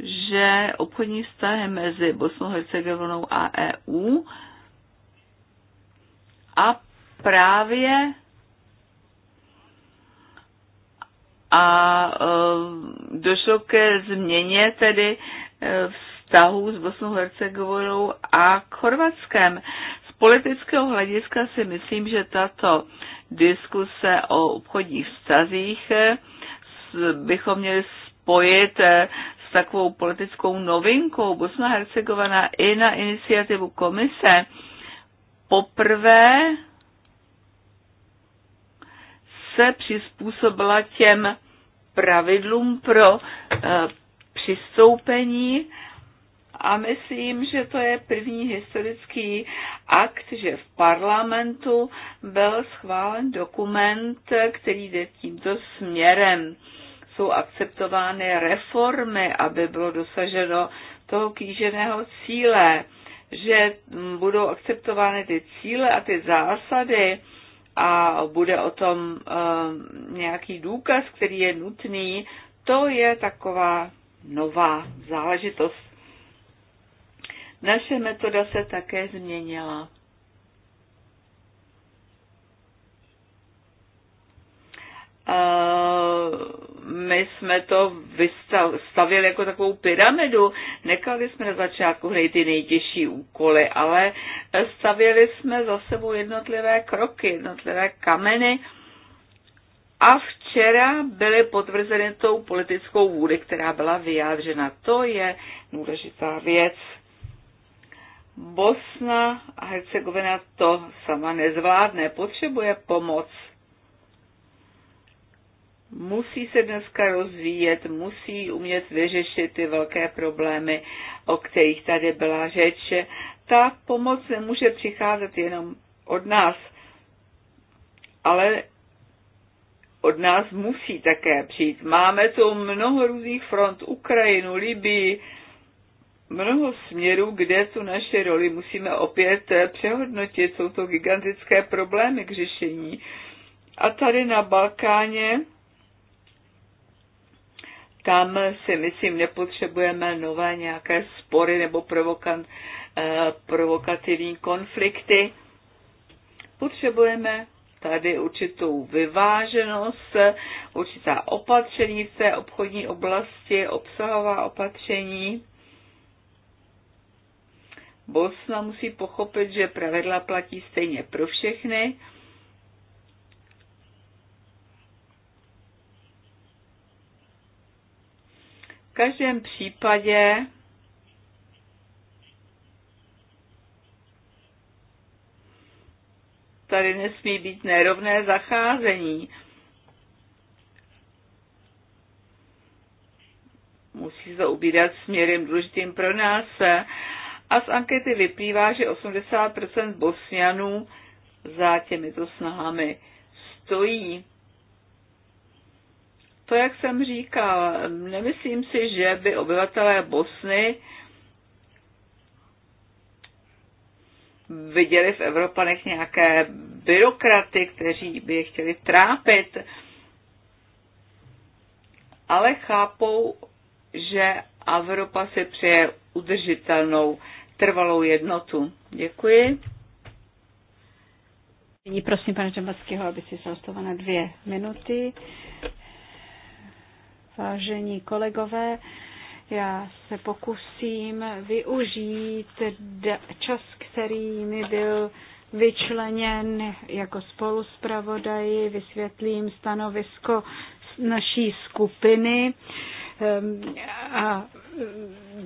že obchodní vztahy mezi Bosnou Hercegovinou a EU a právě a e, došlo ke změně tedy e, vztahů s Bosnou Hercegovinou a k Chorvatskem. Z politického hlediska si myslím, že tato diskuse o obchodních vztazích e, bychom měli spojit e, takovou politickou novinkou. Bosna Hercegovina i na iniciativu komise poprvé se přizpůsobila těm pravidlům pro eh, přistoupení a myslím, že to je první historický akt, že v parlamentu byl schválen dokument, který jde tímto směrem jsou akceptovány reformy, aby bylo dosaženo toho kýženého cíle, že budou akceptovány ty cíle a ty zásady a bude o tom eh, nějaký důkaz, který je nutný, to je taková nová záležitost. Naše metoda se také změnila. my jsme to vystavili jako takovou pyramidu. Nekali jsme na začátku hned ty nejtěžší úkoly, ale stavěli jsme za sebou jednotlivé kroky, jednotlivé kameny a včera byly potvrzeny tou politickou vůli, která byla vyjádřena. To je důležitá věc. Bosna a Hercegovina to sama nezvládne, potřebuje pomoc musí se dneska rozvíjet, musí umět vyřešit ty velké problémy, o kterých tady byla řeč. Ta pomoc nemůže přicházet jenom od nás, ale od nás musí také přijít. Máme tu mnoho různých front, Ukrajinu, Libii, mnoho směrů, kde tu naše roli musíme opět přehodnotit. Jsou to gigantické problémy k řešení. A tady na Balkáně tam si myslím, nepotřebujeme nové nějaké spory nebo provokan, eh, provokativní konflikty. Potřebujeme tady určitou vyváženost, určitá opatření v té obchodní oblasti, obsahová opatření. Bosna musí pochopit, že pravidla platí stejně pro všechny každém případě tady nesmí být nerovné zacházení. Musí se ubírat směrem důležitým pro nás. A z ankety vyplývá, že 80% bosňanů za těmito snahami stojí to, jak jsem říkal, nemyslím si, že by obyvatelé Bosny viděli v Evropanech nějaké byrokraty, kteří by je chtěli trápit, ale chápou, že Evropa si přeje udržitelnou trvalou jednotu. Děkuji. Nyní prosím pana Čambackého, aby si zaostala na dvě minuty. Vážení kolegové, já se pokusím využít čas, který mi byl vyčleněn jako spoluspravodaji, vysvětlím stanovisko naší skupiny. Ehm, a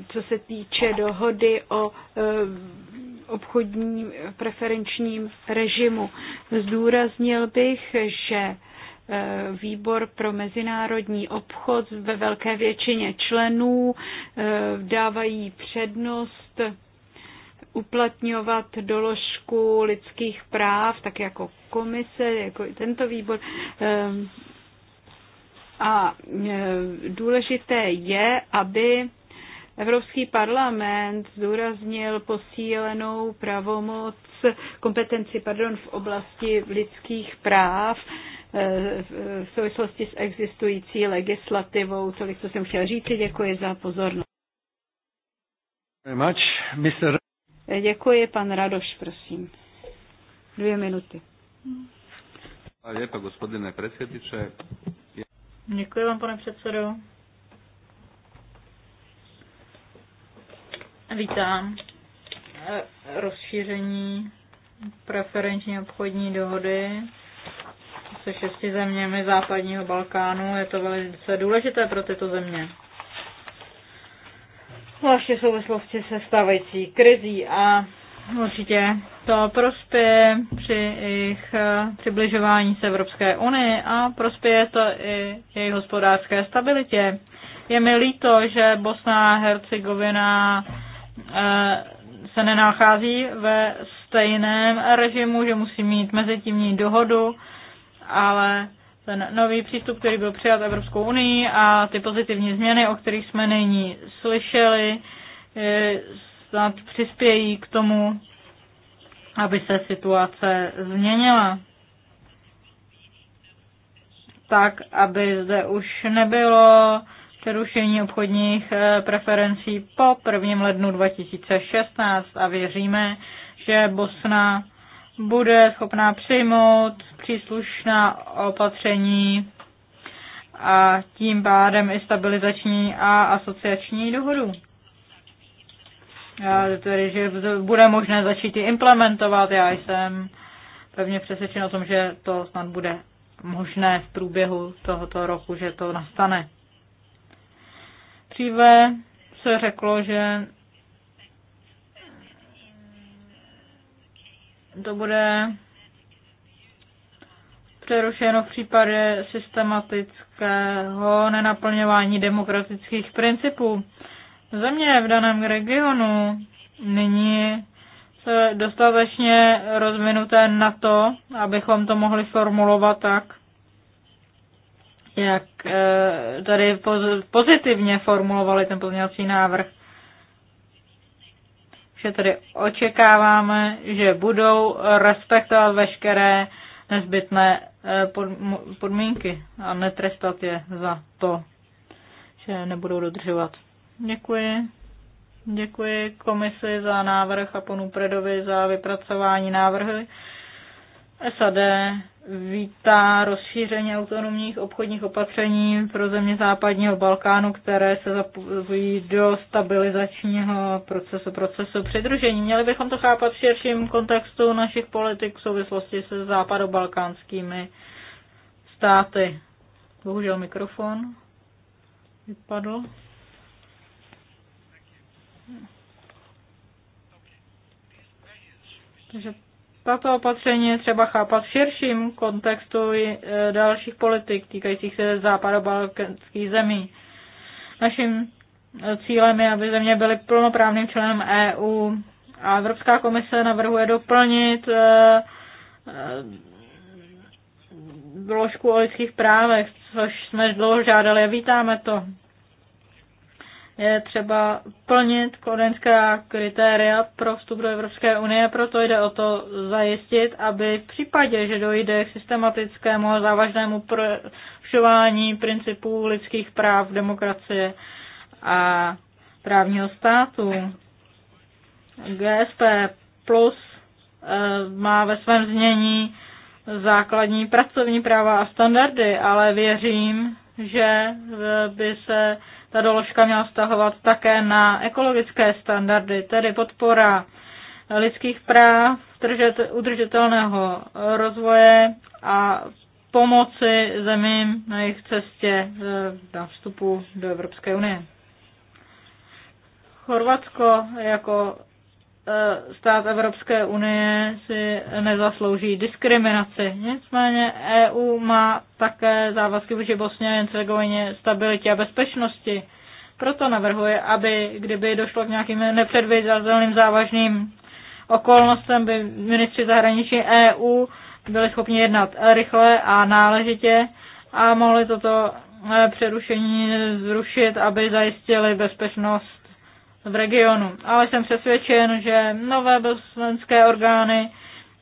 co se týče dohody o ehm, obchodním preferenčním režimu, zdůraznil bych, že Eh, výbor pro mezinárodní obchod ve velké většině členů eh, dávají přednost uplatňovat doložku lidských práv, tak jako komise, jako i tento výbor. Eh, a důležité je, aby Evropský parlament zdůraznil posílenou pravomoc, kompetenci pardon, v oblasti lidských práv v souvislosti s existující legislativou. Tolik, co jsem chtěl říct. Děkuji za pozornost. Děkuji, pan Radoš, prosím. Dvě minuty. Děkuji vám, pane předsedo. Vítám eh, rozšíření preferenční obchodní dohody se šesti zeměmi západního Balkánu. Je to velice důležité pro tyto země. Vlastně v souvislosti se stávající krizí a určitě to prospěje při jejich eh, přibližování se Evropské unii a prospěje to i jejich hospodářské stabilitě. Je mi líto, že Bosna a Hercegovina eh, se nenachází ve stejném režimu, že musí mít mezitímní dohodu ale ten nový přístup, který byl přijat Evropskou unii a ty pozitivní změny, o kterých jsme nyní slyšeli, eh, snad přispějí k tomu, aby se situace změnila. Tak, aby zde už nebylo přerušení obchodních eh, preferencí po 1. lednu 2016 a věříme, že Bosna bude schopná přijmout příslušná opatření a tím pádem i stabilizační a asociační dohodu. A tedy, že bude možné začít ji implementovat, já jsem pevně přesvědčen o tom, že to snad bude možné v průběhu tohoto roku, že to nastane. Dříve se řeklo, že to bude přerušeno v případě systematického nenaplňování demokratických principů. Země v daném regionu nyní se dostatečně rozvinuté na to, abychom to mohli formulovat tak, jak eh, tady pozitivně formulovali ten pozměňovací návrh. Že tady očekáváme, že budou respektovat veškeré nezbytné Eh, podmínky a netrestat je za to, že nebudou dodržovat. Děkuji. Děkuji komisi za návrh a panu Predovi za vypracování návrhy. SAD vítá rozšíření autonomních obchodních opatření pro země západního Balkánu, které se zapojí do stabilizačního procesu, procesu přidružení. Měli bychom to chápat v širším kontextu našich politik v souvislosti se západobalkánskými státy. Bohužel mikrofon vypadl. Takže tato opatření je třeba chápat v širším kontextu e, dalších politik týkajících se západobalkánských zemí. Naším e, cílem je, aby země byly plnoprávným členem EU a Evropská komise navrhuje doplnit vložku e, o lidských právech, což jsme dlouho žádali a vítáme to je třeba plnit kodenská kritéria pro vstup do Evropské unie, proto jde o to zajistit, aby v případě, že dojde k systematickému a závažnému porušování principů lidských práv, demokracie a právního státu, GSP plus eh, má ve svém znění základní pracovní práva a standardy, ale věřím, že eh, by se ta doložka měla vztahovat také na ekologické standardy, tedy podpora lidských práv, udržitelného rozvoje a pomoci zemím na jejich cestě eh, na vstupu do Evropské unie. Chorvatsko jako Eh, stát Evropské unie si nezaslouží diskriminaci. Nicméně EU má také závazky vůči Bosně a Hercegovině stabilitě a bezpečnosti. Proto navrhuje, aby kdyby došlo k nějakým nepředvídatelným závažným okolnostem, by ministři zahraničí EU byli schopni jednat rychle a náležitě a mohli toto eh, přerušení zrušit, aby zajistili bezpečnost v regionu. Ale jsem přesvědčen, že nové bosenské orgány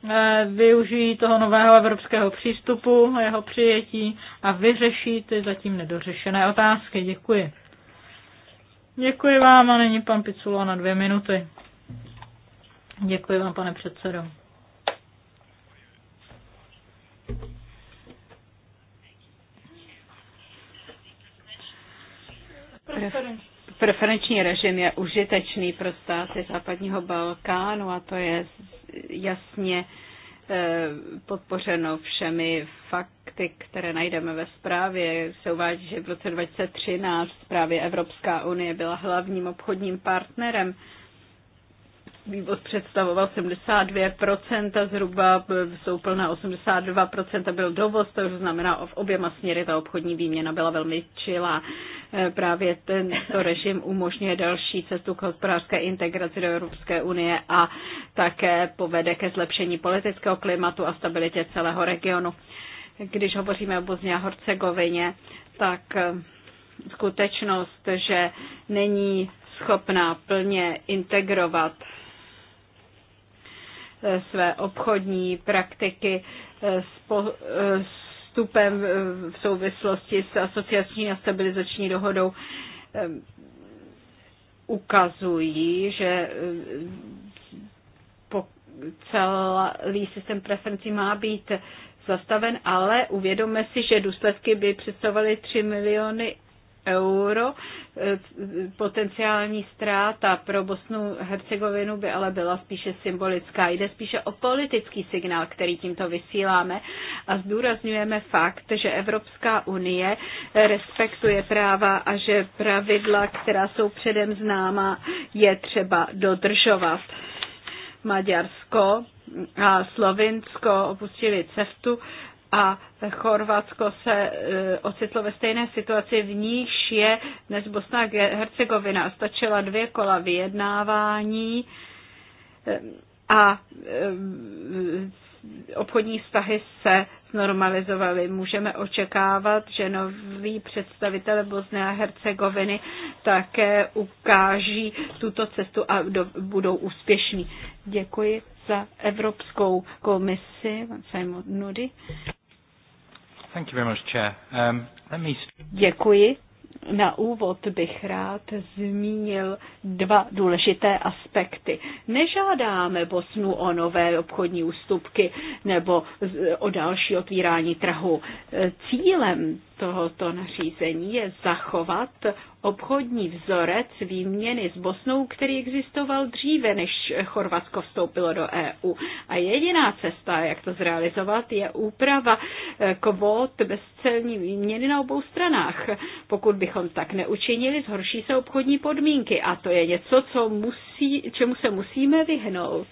eh, využijí toho nového evropského přístupu, jeho přijetí a vyřeší ty zatím nedořešené otázky. Děkuji. Děkuji vám a nyní pan Picula na dvě minuty. Děkuji vám, pane předsedo. Prosím preferenční režim je užitečný pro státy západního Balkánu a to je jasně eh, podpořeno všemi fakty, které najdeme ve zprávě. Se uvádí, že v roce 2013 právě Evropská unie byla hlavním obchodním partnerem vývoz představoval 72%, zhruba vstoupil na 82%, byl dovoz, to znamená v oběma směry ta obchodní výměna byla velmi čilá. E, právě tento režim umožňuje další cestu k hospodářské integraci do Evropské unie a také povede ke zlepšení politického klimatu a stabilitě celého regionu. Když hovoříme o Bosně a Hercegovině, tak e, skutečnost, že není schopná plně integrovat Eh, své obchodní praktiky eh, s, eh, vstupem v souvislosti s asociační a stabilizační dohodou ukazují, že celý systém preferencí má být zastaven, ale uvědomme si, že důsledky by představovaly 3 miliony euro. E, potenciální ztráta pro Bosnu Hercegovinu by ale byla spíše symbolická. Jde spíše o politický signál, který tímto vysíláme a zdůrazňujeme fakt, že Evropská unie respektuje práva a že pravidla, která jsou předem známa, je třeba dodržovat. Maďarsko a Slovinsko opustili CEFTu a Chorvatsko se e, ocitlo ve stejné situaci, v níž je dnes Bosna a Hercegovina. Stačila dvě kola vyjednávání e, a e, obchodní vztahy se znormalizovaly. Můžeme očekávat, že noví představitelé Bosny a Hercegoviny také ukáží tuto cestu a do, budou úspěšní. Děkuji za Evropskou komisi, Simon Nudy. Um, Děkuji. Na úvod bych rád zmínil dva důležité aspekty. Nežádáme Bosnu o nové obchodní ústupky nebo o další otvírání trhu. Cílem tohoto nařízení je zachovat obchodní vzorec výměny s Bosnou, který existoval dříve, než Chorvatsko vstoupilo do EU. A jediná cesta, jak to zrealizovat, je úprava eh, kvót bezcelní výměny na obou stranách. Pokud bychom tak neučinili, zhorší se obchodní podmínky a to je něco, co musí, čemu se musíme vyhnout.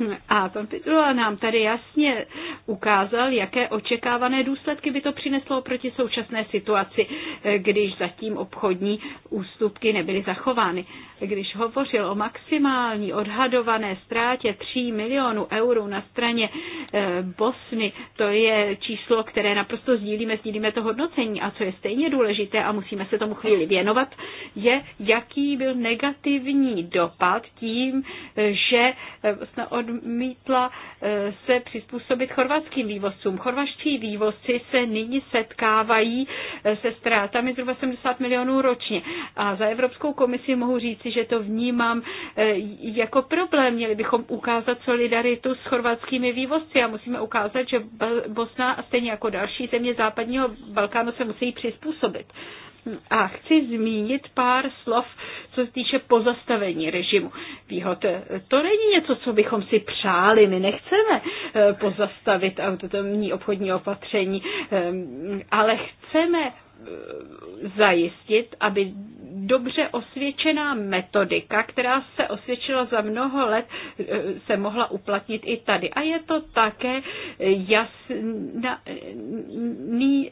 [laughs] A pan Pitula nám tady jasně ukázal, jaké očekávané důsledky by to přineslo proti současné situaci, eh, když zatím obchodní ústupky nebyly zachovány. Když hovořil o maximální odhadované ztrátě 3 milionů eur na straně eh, Bosny, to je číslo, které naprosto sdílíme, sdílíme to hodnocení a co je stejně důležité a musíme se tomu chvíli věnovat, je, jaký byl negativní dopad tím, eh, že od odmítla eh, se přizpůsobit chorvatským vývozcům. Chorvaští vývozci se nyní setkávají eh, se ztrátami zhruba 70 milionů ročně. A za Evropskou komisi mohu říci, že to vnímám eh, jako problém. Měli bychom ukázat solidaritu s chorvatskými vývozci a musíme ukázat, že Bosna, stejně jako další země západního Balkánu, se musí přizpůsobit. A chci zmínit pár slov, co se týče pozastavení režimu výhod. To není něco, co bychom si přáli. My nechceme eh, pozastavit autotomní obchodní opatření, eh, ale chceme zajistit, aby dobře osvědčená metodika, která se osvědčila za mnoho let, se mohla uplatnit i tady. A je to také jasný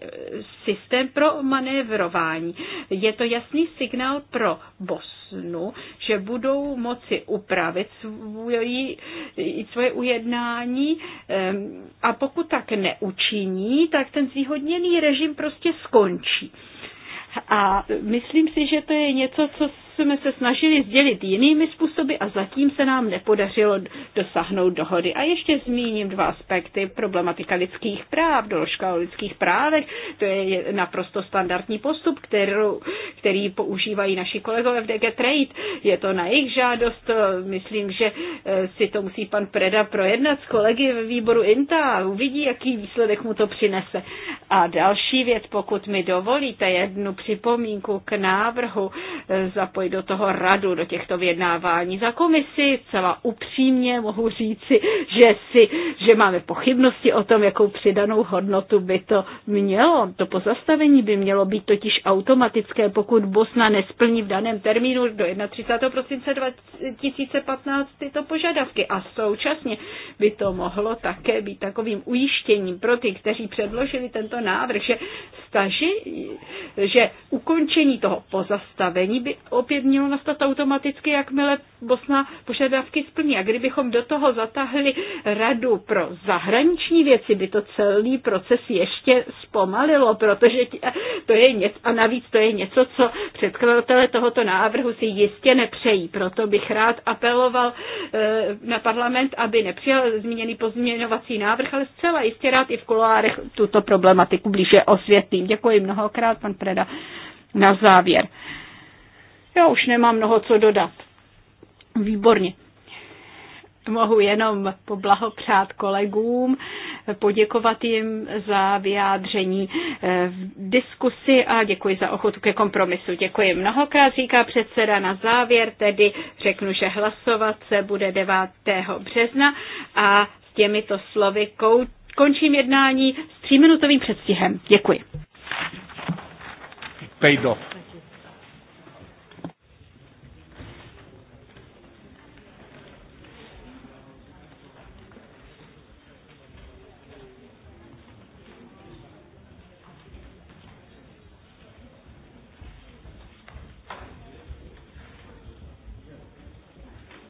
systém pro manévrování. Je to jasný signál pro BOS březnu, že budou moci upravit svoji, svoje ujednání a pokud tak neučiní, tak ten zvýhodněný režim prostě skončí. A myslím si, že to je něco, co jsme se snažili sdělit jinými způsoby a zatím se nám nepodařilo dosáhnout dohody. A ještě zmíním dva aspekty. Problematika lidských práv, doložka o lidských právech, to je naprosto standardní postup, kterou, který používají naši kolegové v DG Trade. Je to na jejich žádost, myslím, že eh, si to musí pan Preda projednat s kolegy ve výboru INTA, uvidí, jaký výsledek mu to přinese. A další věc, pokud mi dovolíte jednu připomínku k návrhu eh, zapojení zapojit do toho radu, do těchto vyjednávání. Za komisi celá upřímně mohu říci, že, si, že máme pochybnosti o tom, jakou přidanou hodnotu by to mělo. To pozastavení by mělo být totiž automatické, pokud Bosna nesplní v daném termínu do 31. prosince 2015 tyto požadavky. A současně by to mohlo také být takovým ujištěním pro ty, kteří předložili tento návrh, že staži, že ukončení toho pozastavení by opět by mělo nastat automaticky, jakmile Bosna požadavky splní. A kdybychom do toho zatahli radu pro zahraniční věci, by to celý proces ještě zpomalilo, protože to je něco, a navíc to je něco, co předkladatele tohoto návrhu si jistě nepřejí. Proto bych rád apeloval eh, na parlament, aby nepřijal zmíněný pozměňovací návrh, ale zcela jistě rád i v kuloárech tuto problematiku blíže osvětlím. Děkuji mnohokrát, pan Preda, na závěr. Já už nemám mnoho co dodat. Výborně. Mohu jenom poblahopřát kolegům, poděkovat jim za vyjádření eh, v diskusi a děkuji za ochotu ke kompromisu. Děkuji mnohokrát, říká předseda na závěr, tedy řeknu, že hlasovat se bude 9. března a s těmito slovy končím jednání s tříminutovým předstihem. Děkuji. Pejdo.